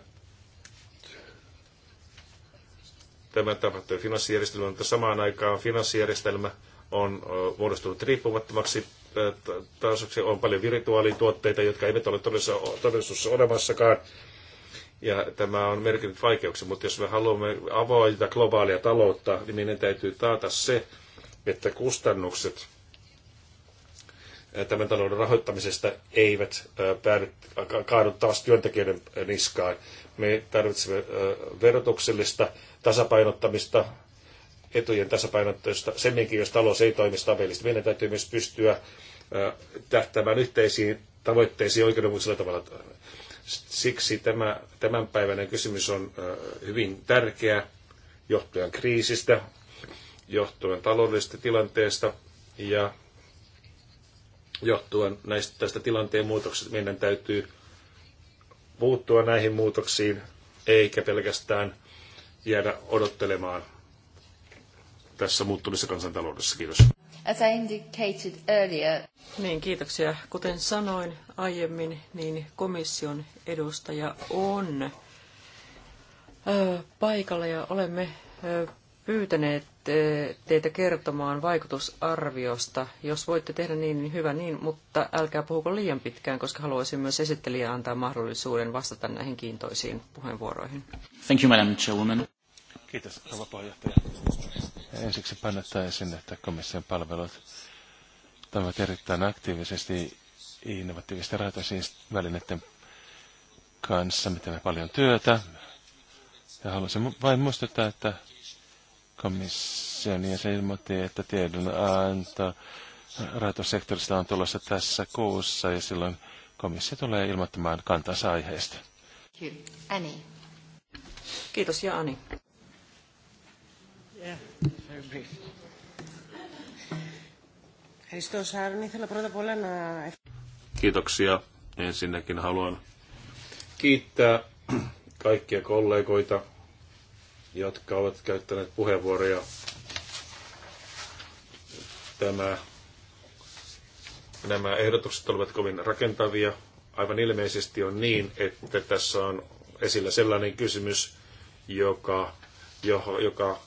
tämä tapahtui finanssijärjestelmä, mutta samaan aikaan finanssijärjestelmä on muodostunut riippumattomaksi tasoksi on paljon virtuaalituotteita, jotka eivät ole todellisuudessa olemassakaan. Ja tämä on merkinnyt vaikeuksia, mutta jos me haluamme avoita globaalia taloutta, niin meidän täytyy taata se, että kustannukset tämän talouden rahoittamisesta eivät päädy, kaadu taas työntekijöiden niskaan. Me tarvitsemme verotuksellista tasapainottamista, etujen tasapainottelusta, semminkin jos talous ei toimi stabiilisti. Meidän täytyy myös pystyä tähtämään yhteisiin tavoitteisiin oikeudenmukaisella tavalla. Siksi tämä tämänpäiväinen kysymys on hyvin tärkeä johtuen kriisistä, johtuen taloudellisesta tilanteesta ja johtuen näistä, tästä tilanteen muutoksesta. Meidän täytyy puuttua näihin muutoksiin eikä pelkästään jäädä odottelemaan tässä muuttuvissa kansantaloudessa. Kiitos. As I indicated earlier. Niin, kiitoksia. Kuten sanoin aiemmin, niin komission edustaja on ö, paikalla ja olemme ö, pyytäneet teitä kertomaan vaikutusarviosta. Jos voitte tehdä niin, niin hyvä niin, mutta älkää puhuko liian pitkään, koska haluaisin myös esittelijä antaa mahdollisuuden vastata näihin kiintoisiin puheenvuoroihin. Thank you, Madam Chairwoman. Kiitos, rouva puheenjohtaja. Ensiksi esiin, että komission palvelut toimivat erittäin aktiivisesti innovatiivisten välineiden kanssa. Me paljon työtä. Ja haluaisin vain muistuttaa, että komission jäsen ilmoitti, että tiedonanto rahoitussektorista on tulossa tässä kuussa ja silloin komissio tulee ilmoittamaan kantansa aiheesta. Kiitos ja Ani. Ευχαριστώ, Σάρων. Ήθελα πρώτα απ' όλα να... Kiitoksia. Ensinnäkin haluan kiittää kaikkia kollegoita, jotka ovat käyttäneet puheenvuoroja. Tämä, nämä ehdotukset olivat kovin rakentavia. Aivan ilmeisesti on niin, että tässä on esillä sellainen kysymys, joka, joka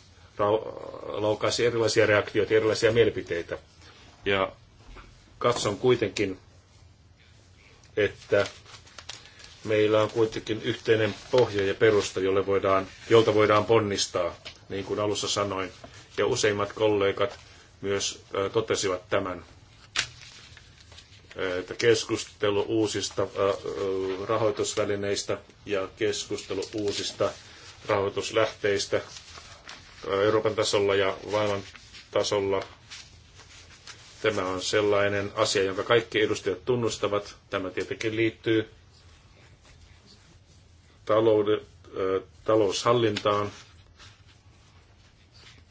laukaisi erilaisia reaktioita, erilaisia mielipiteitä. Ja katson kuitenkin, että meillä on kuitenkin yhteinen pohja ja perusta, jolle voidaan, jolta voidaan ponnistaa, niin kuin alussa sanoin. Ja useimmat kollegat myös totesivat tämän, että keskustelu uusista rahoitusvälineistä ja keskustelu uusista rahoituslähteistä Euroopan tasolla ja maailman tasolla. Tämä on sellainen asia, jonka kaikki edustajat tunnustavat. Tämä tietenkin liittyy taloude, taloushallintaan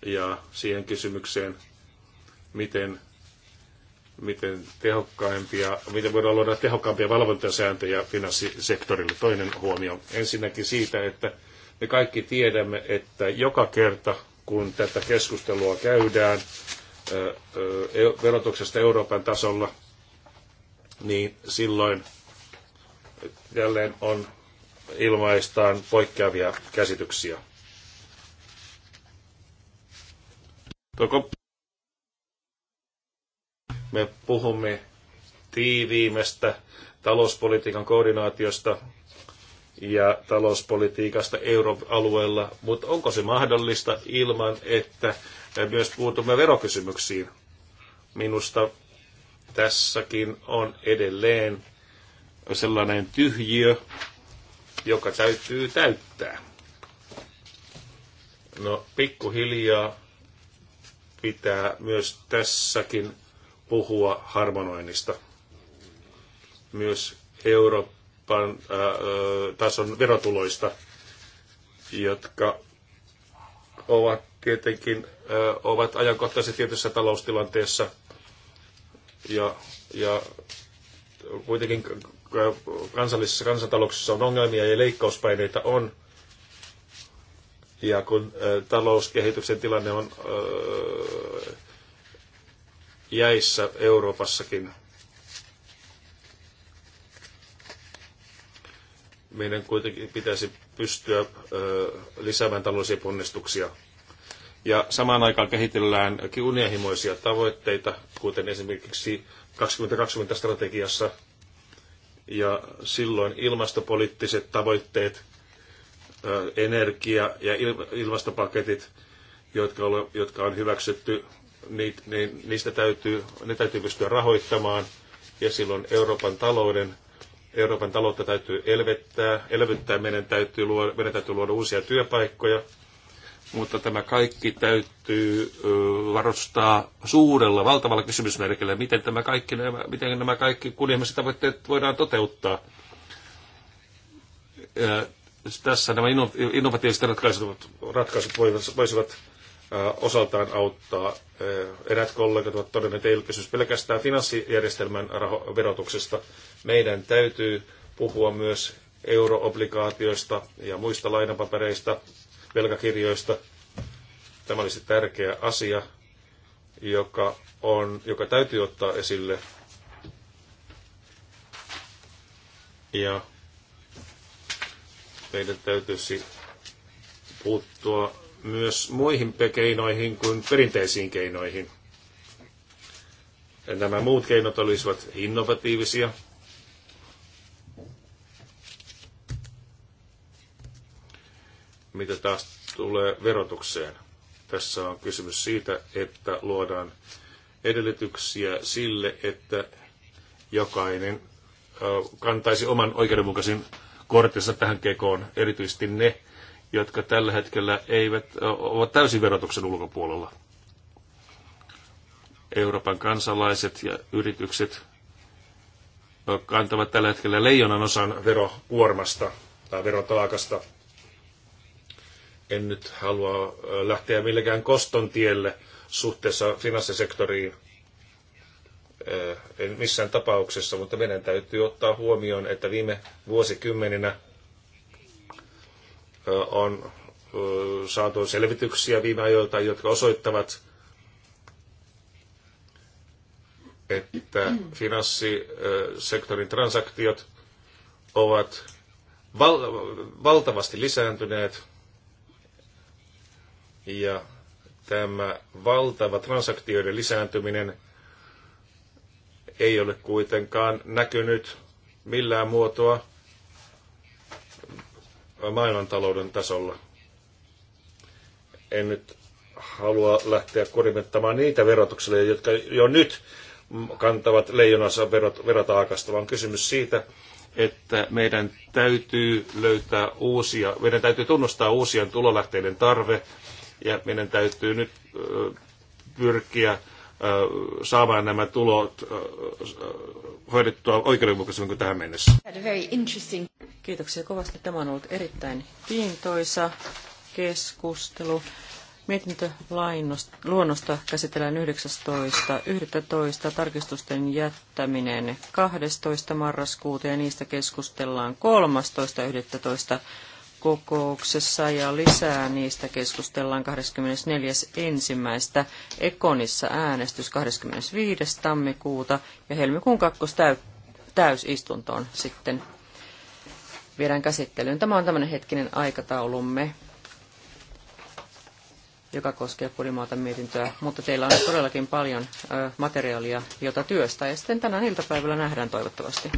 ja siihen kysymykseen, miten, miten, tehokkaimpia, miten voidaan luoda tehokkaampia valvontasääntöjä finanssisektorille. Toinen huomio ensinnäkin siitä, että me kaikki tiedämme, että joka kerta kun tätä keskustelua käydään e- verotuksesta Euroopan tasolla, niin silloin jälleen on ilmaistaan poikkeavia käsityksiä. Me puhumme tiiviimmästä talouspolitiikan koordinaatiosta ja talouspolitiikasta euroalueella, mutta onko se mahdollista ilman, että myös puutumme verokysymyksiin? Minusta tässäkin on edelleen sellainen tyhjiö, joka täytyy täyttää. No, pikkuhiljaa pitää myös tässäkin puhua harmonoinnista. Myös Euroopan Euroopan tason verotuloista, jotka ovat tietenkin ovat ajankohtaisesti tietyssä taloustilanteessa ja, ja kuitenkin kansallisissa kansantalouksissa on ongelmia ja leikkauspaineita on. Ja kun talouskehityksen tilanne on jäissä Euroopassakin, meidän kuitenkin pitäisi pystyä lisäämään taloudellisia ponnistuksia. Ja samaan aikaan kehitellään kunnianhimoisia tavoitteita, kuten esimerkiksi 2020-strategiassa. Ja silloin ilmastopoliittiset tavoitteet, energia- ja ilmastopaketit, jotka, jotka on hyväksytty, niin, niin niistä täytyy, ne täytyy pystyä rahoittamaan. Ja silloin Euroopan talouden Euroopan taloutta täytyy elvettää, elvyttää, meidän täytyy luoda, meidän täytyy luoda uusia työpaikkoja, mutta tämä kaikki täytyy varustaa suurella, valtavalla kysymysmerkillä, miten, tämä kaikki, miten nämä kaikki kunnianhimoiset tavoitteet voidaan toteuttaa. Ja tässä nämä innovatiiviset ratkaisut, ratkaisut voisivat osaltaan auttaa. Eräät kollegat ovat todenneet, että ei ole kysymys pelkästään finanssijärjestelmän verotuksesta. Meidän täytyy puhua myös euroobligaatioista ja muista lainapapereista, velkakirjoista. Tämä olisi tärkeä asia, joka, on, joka täytyy ottaa esille. Ja meidän täytyisi puuttua myös muihin keinoihin kuin perinteisiin keinoihin. Nämä muut keinot olisivat innovatiivisia. Mitä taas tulee verotukseen? Tässä on kysymys siitä, että luodaan edellytyksiä sille, että jokainen kantaisi oman oikeudenmukaisen kortensa tähän kekoon, erityisesti ne, jotka tällä hetkellä eivät, ovat täysin verotuksen ulkopuolella. Euroopan kansalaiset ja yritykset kantavat tällä hetkellä leijonan osan verokuormasta tai verotaakasta. En nyt halua lähteä millekään koston tielle suhteessa finanssisektoriin en missään tapauksessa, mutta meidän täytyy ottaa huomioon, että viime vuosikymmeninä on saatu selvityksiä viime ajoilta, jotka osoittavat, että finanssisektorin transaktiot ovat val- valtavasti lisääntyneet ja tämä valtava transaktioiden lisääntyminen ei ole kuitenkaan näkynyt millään muotoa maailmantalouden tasolla. En nyt halua lähteä kurimettamaan niitä verotukselle, jotka jo nyt kantavat leijonansa verot, verotaakasta, vaan kysymys siitä, että meidän täytyy löytää uusia, meidän täytyy tunnustaa uusien tulolähteiden tarve ja meidän täytyy nyt pyrkiä saamaan nämä tulot hoidettua oikeudenmukaisemmin kuin tähän mennessä. Kiitoksia kovasti. Tämä on ollut erittäin kiintoisa keskustelu. Mietintö luonnosta käsitellään 19.11. Tarkistusten jättäminen 12. marraskuuta ja niistä keskustellaan 13.11 kokouksessa ja lisää niistä keskustellaan 24.1. Ekonissa äänestys 25. tammikuuta ja helmikuun kakkos täysistuntoon sitten viedään käsittelyyn. Tämä on tämmöinen hetkinen aikataulumme, joka koskee Podimaata mietintöä, mutta teillä on todellakin paljon materiaalia, jota työstää ja sitten tänään iltapäivällä nähdään toivottavasti.